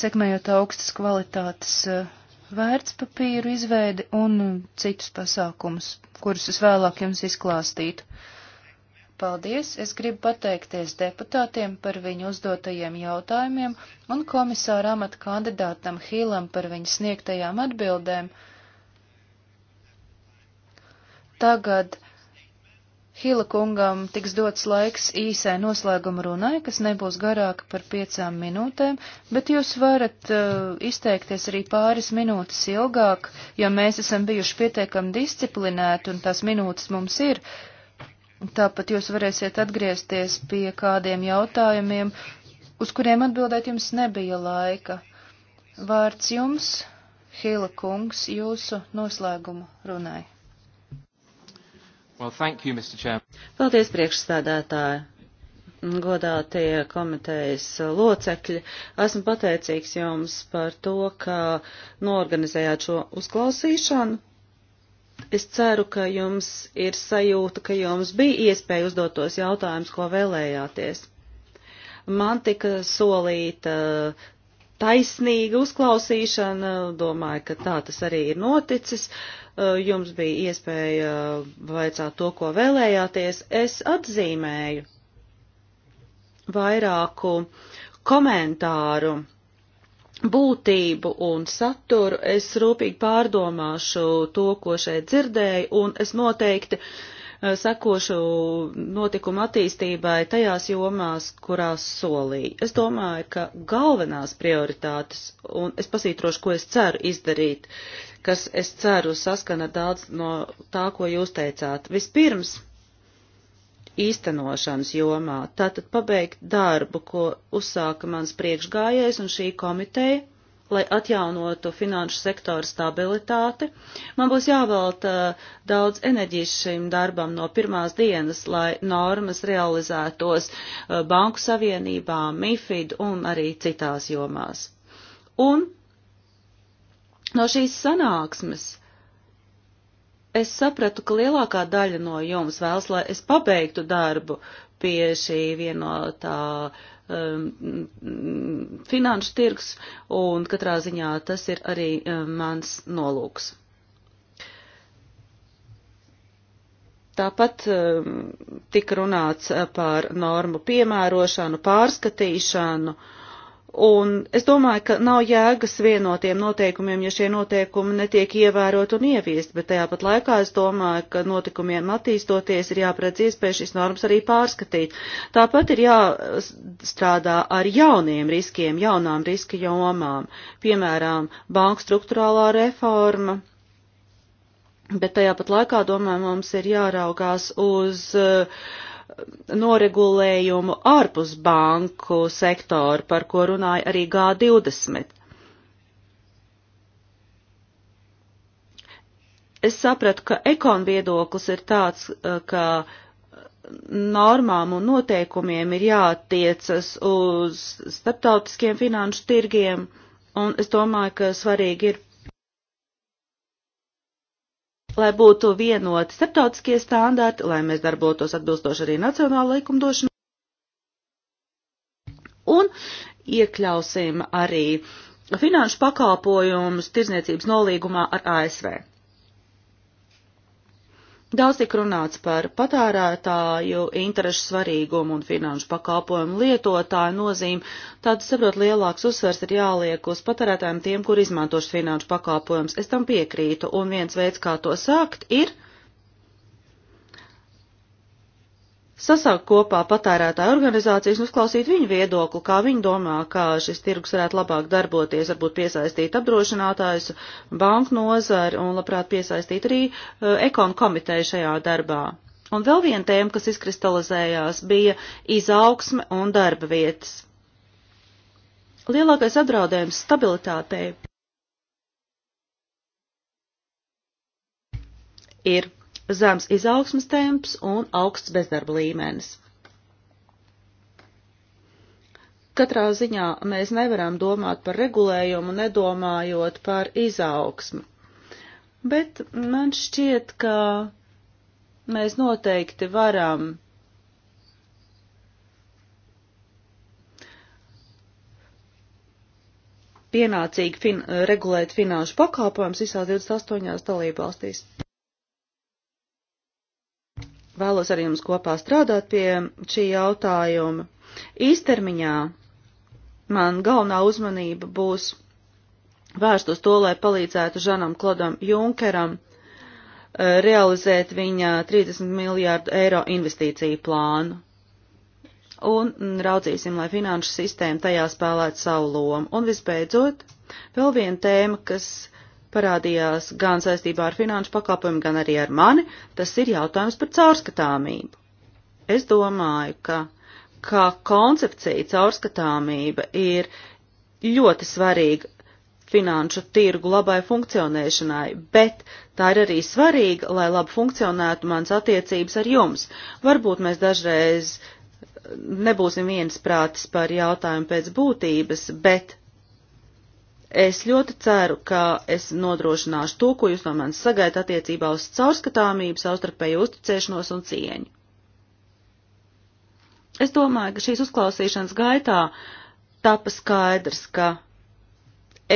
sekmējot augstas kvalitātes eh, vērtspapīru izveidi un citus pasākumus, kurus es vēlāk jums izklāstītu. Paldies! Es gribu pateikties deputātiem par viņu uzdotajiem jautājumiem un komisāra amata kandidātam Hīlam par viņu sniegtajām atbildēm. Tagad Hila kungam tiks dots laiks īsai noslēguma runai, kas nebūs garāka par piecām minūtēm, bet jūs varat uh, izteikties arī pāris minūtes ilgāk, jo mēs esam bijuši pietiekami disciplinēti un tās minūtes mums ir. Uh, Tāpat jūs varēsiet atgriezties pie kādiem jautājumiem, uz kuriem atbildēt jums nebija laika. Vārds jums, Hila kungs, jūsu noslēgumu runai. Well, thank you, Mr. Chairman. Paldies, priekšstādātāji. Godātie komitejas locekļi, esmu pateicīgs jums par to, ka norganizējāt šo uzklausīšanu Es ceru, ka jums ir sajūta, ka jums bija iespēja uzdot tos jautājumus, ko vēlējāties. Man tika solīta taisnīga uzklausīšana, domāju, ka tā tas arī ir noticis. Eh, jums bija iespēja vaicāt to, ko vēlējāties. Es atzīmēju vairāku komentāru būtību un saturu, es rūpīgi pārdomāšu to, ko šeit dzirdēju, un es noteikti eh, sekošu notikumu attīstībai tajās jomās, kurās solīju. Es domāju, ka galvenās prioritātes, un es pasītrošu, ko es ceru izdarīt, kas es ceru saskan ar daudz no tā, ko jūs teicāt. Vispirms īstenošanas jomā. Tātad pabeigt darbu, ko uzsāka mans priekšgājējs un šī komiteja, lai atjaunotu finanšu sektora stabilitāti. Man būs jāvelta daudz enerģijas šim darbam no pirmās dienas, lai normas realizētos uh, Banku savienībā, MIFID un arī citās jomās. Un no šīs sanāksmes Es sapratu, ka lielākā daļa no jums vēlas, lai es pabeigtu darbu pie šī vienotā um, finanšu tirgs, un katrā ziņā tas ir arī um, mans nolūks. Tāpat um, tika runāts uh, par normu piemērošanu, pārskatīšanu. Uh, Un es domāju, ka nav jēgas vienotiem noteikumiem, ja šie noteikumi netiek ievērot un ieviest, bet tajā pat laikā es domāju, ka notikumiem attīstoties ir jāpredz iespēja šīs normas arī pārskatīt. Tāpat ir jāstrādā ar jauniem riskiem, jaunām riska jomām, piemēram, banku struktūrālā reforma. Bet tajā pat laikā, domāju, mums ir jāraugās uz uh, noregulējumu ārpus banku sektoru, par ko runāja arī G20. Es sapratu, ka ekon viedoklis ir tāds, eh, ka normām un noteikumiem ir jātiecas uz starptautiskiem finanšu tirgiem, un es domāju, ka svarīgi ir lai būtu vienoti starptautiskie standarti, lai mēs darbotos atbilstoši arī nacionāla likumdošana. Un iekļausim arī finanšu pakalpojumus tirzniecības nolīgumā ar ASV. Daudz tik runāts par patērētāju interešu svarīgumu un finanšu pakalpojumu lietotāju nozīmi, tātad saprot lielāks uzsvers ir jāliek uz patērētājiem tiem, kur izmantošas finanšu pakalpojums. Es tam piekrītu, un viens veids, kā to sākt, ir uh, sasaukt kopā patērētāju organizācijas un uzklausīt viņu viedokli, kā viņi domā, kā šis tirgus varētu labāk darboties, varbūt piesaistīt apdrošinātājus, banku nozari un labprāt piesaistīt arī uh, ekonu komiteju šajā darbā. Un vēl viena tēma, kas izkristalizējās, bija izaugsme un darba vietas. Lielākais apdraudējums stabilitātei ir zems izaugsmas temps un augsts bezdarba līmenis. Katrā ziņā mēs nevaram domāt par regulējumu, nedomājot par izaugsmu. Bet man šķiet, ka mēs noteikti varam pienācīgi fin regulēt finanšu pakāpojumus visā 28 dalībvalstīs. Vēlos ar jums kopā strādāt pie šī jautājuma. Īstermiņā man galvenā uzmanība būs vērst uz to, lai palīdzētu Žanam Klodam Junkeram eh, realizēt viņa 30 miljārdu eiro investīciju plānu. Un raudzīsim, lai finanšu sistēma tajā spēlētu savu lomu. Un visbeidzot, vēl viena tēma, kas parādījās gan saistībā ar finanšu pakalpojumu, gan arī ar mani, tas ir jautājums par caurskatāmību. Es domāju, ka kā koncepcija caurskatāmība ir ļoti svarīga finanšu tirgu labai funkcionēšanai, bet tā ir arī svarīga, lai labi funkcionētu mans attiecības ar jums. Varbūt mēs dažreiz nebūsim viensprātis par jautājumu pēc būtības, bet Es ļoti ceru, ka es nodrošināšu to, ko jūs no manis sagaidat attiecībā uz caurskatāmību, savstarpēju uzticēšanos un cieņu. Es domāju, ka šīs uzklausīšanas gaitā tapa skaidrs, ka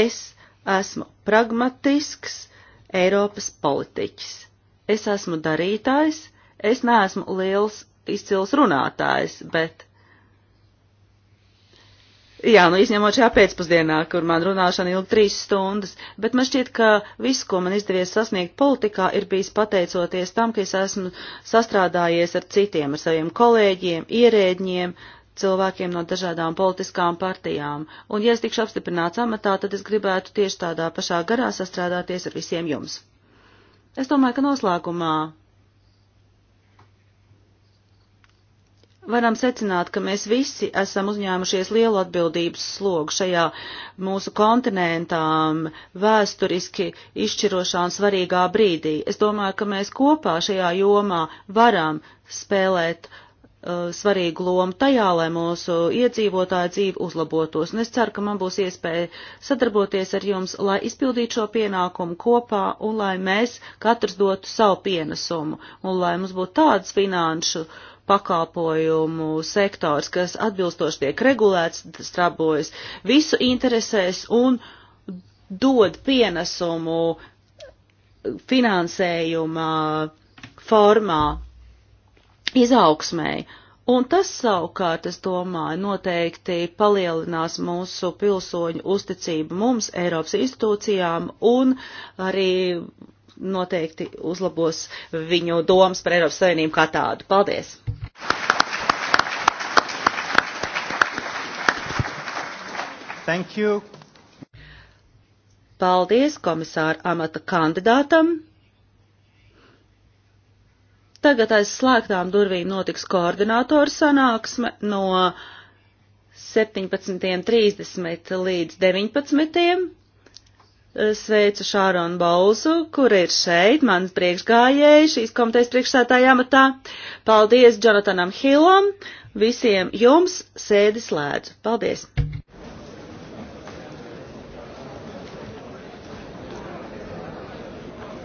es esmu pragmatisks Eiropas politiķis. Es esmu darītājs, es neesmu liels izcils runātājs, bet Jā, nu izņemot šajā pēcpusdienā, kur man runāšana ilga trīs stundas, bet man šķiet, ka viss, ko man izdevies sasniegt politikā, ir bijis pateicoties tam, ka es esmu sastrādājies ar citiem, ar saviem kolēģiem, ierēģiem, cilvēkiem no dažādām politiskām partijām. Un, ja es tikšu apstiprināts amatā, tad es gribētu tieši tādā pašā garā sastrādāties ar visiem jums. Es domāju, ka noslēgumā varam secināt, ka mēs visi esam uzņēmušies lielu atbildības slogu šajā mūsu kontinentām vēsturiski izšķirošā un svarīgā brīdī. Es domāju, ka mēs kopā šajā jomā varam spēlēt uh, svarīgu lomu tajā, lai mūsu iedzīvotāja dzīve uzlabotos. Un es ceru, ka man būs iespēja sadarboties ar jums, lai izpildītu šo pienākumu kopā un lai mēs katrs dotu savu pienesumu un lai mums būtu tāds finanšu uh, pakalpojumu sektors, kas atbilstoši tiek regulēts, strabojas visu interesēs un dod pienesumu finansējuma formā izaugsmēji. Un tas savukārt, es domāju, noteikti palielinās mūsu pilsoņu uzticību mums, Eiropas institūcijām un arī noteikti uzlabos viņu domas par Eiropas Savienību kā tādu. Paldies! Thank you. Paldies komisāra amata kandidātam. Tagad aiz slēgtām durvīm notiks koordinātoru sanāksme no 17.30 līdz 19. Eh, sveicu Šāronu Bolsu, kur ir šeit, mans priekšgājēji šīs komitejas priekšsētāja amatā. Paldies Jonatanam Hillam, visiem jums sēdi slēdzu. Paldies!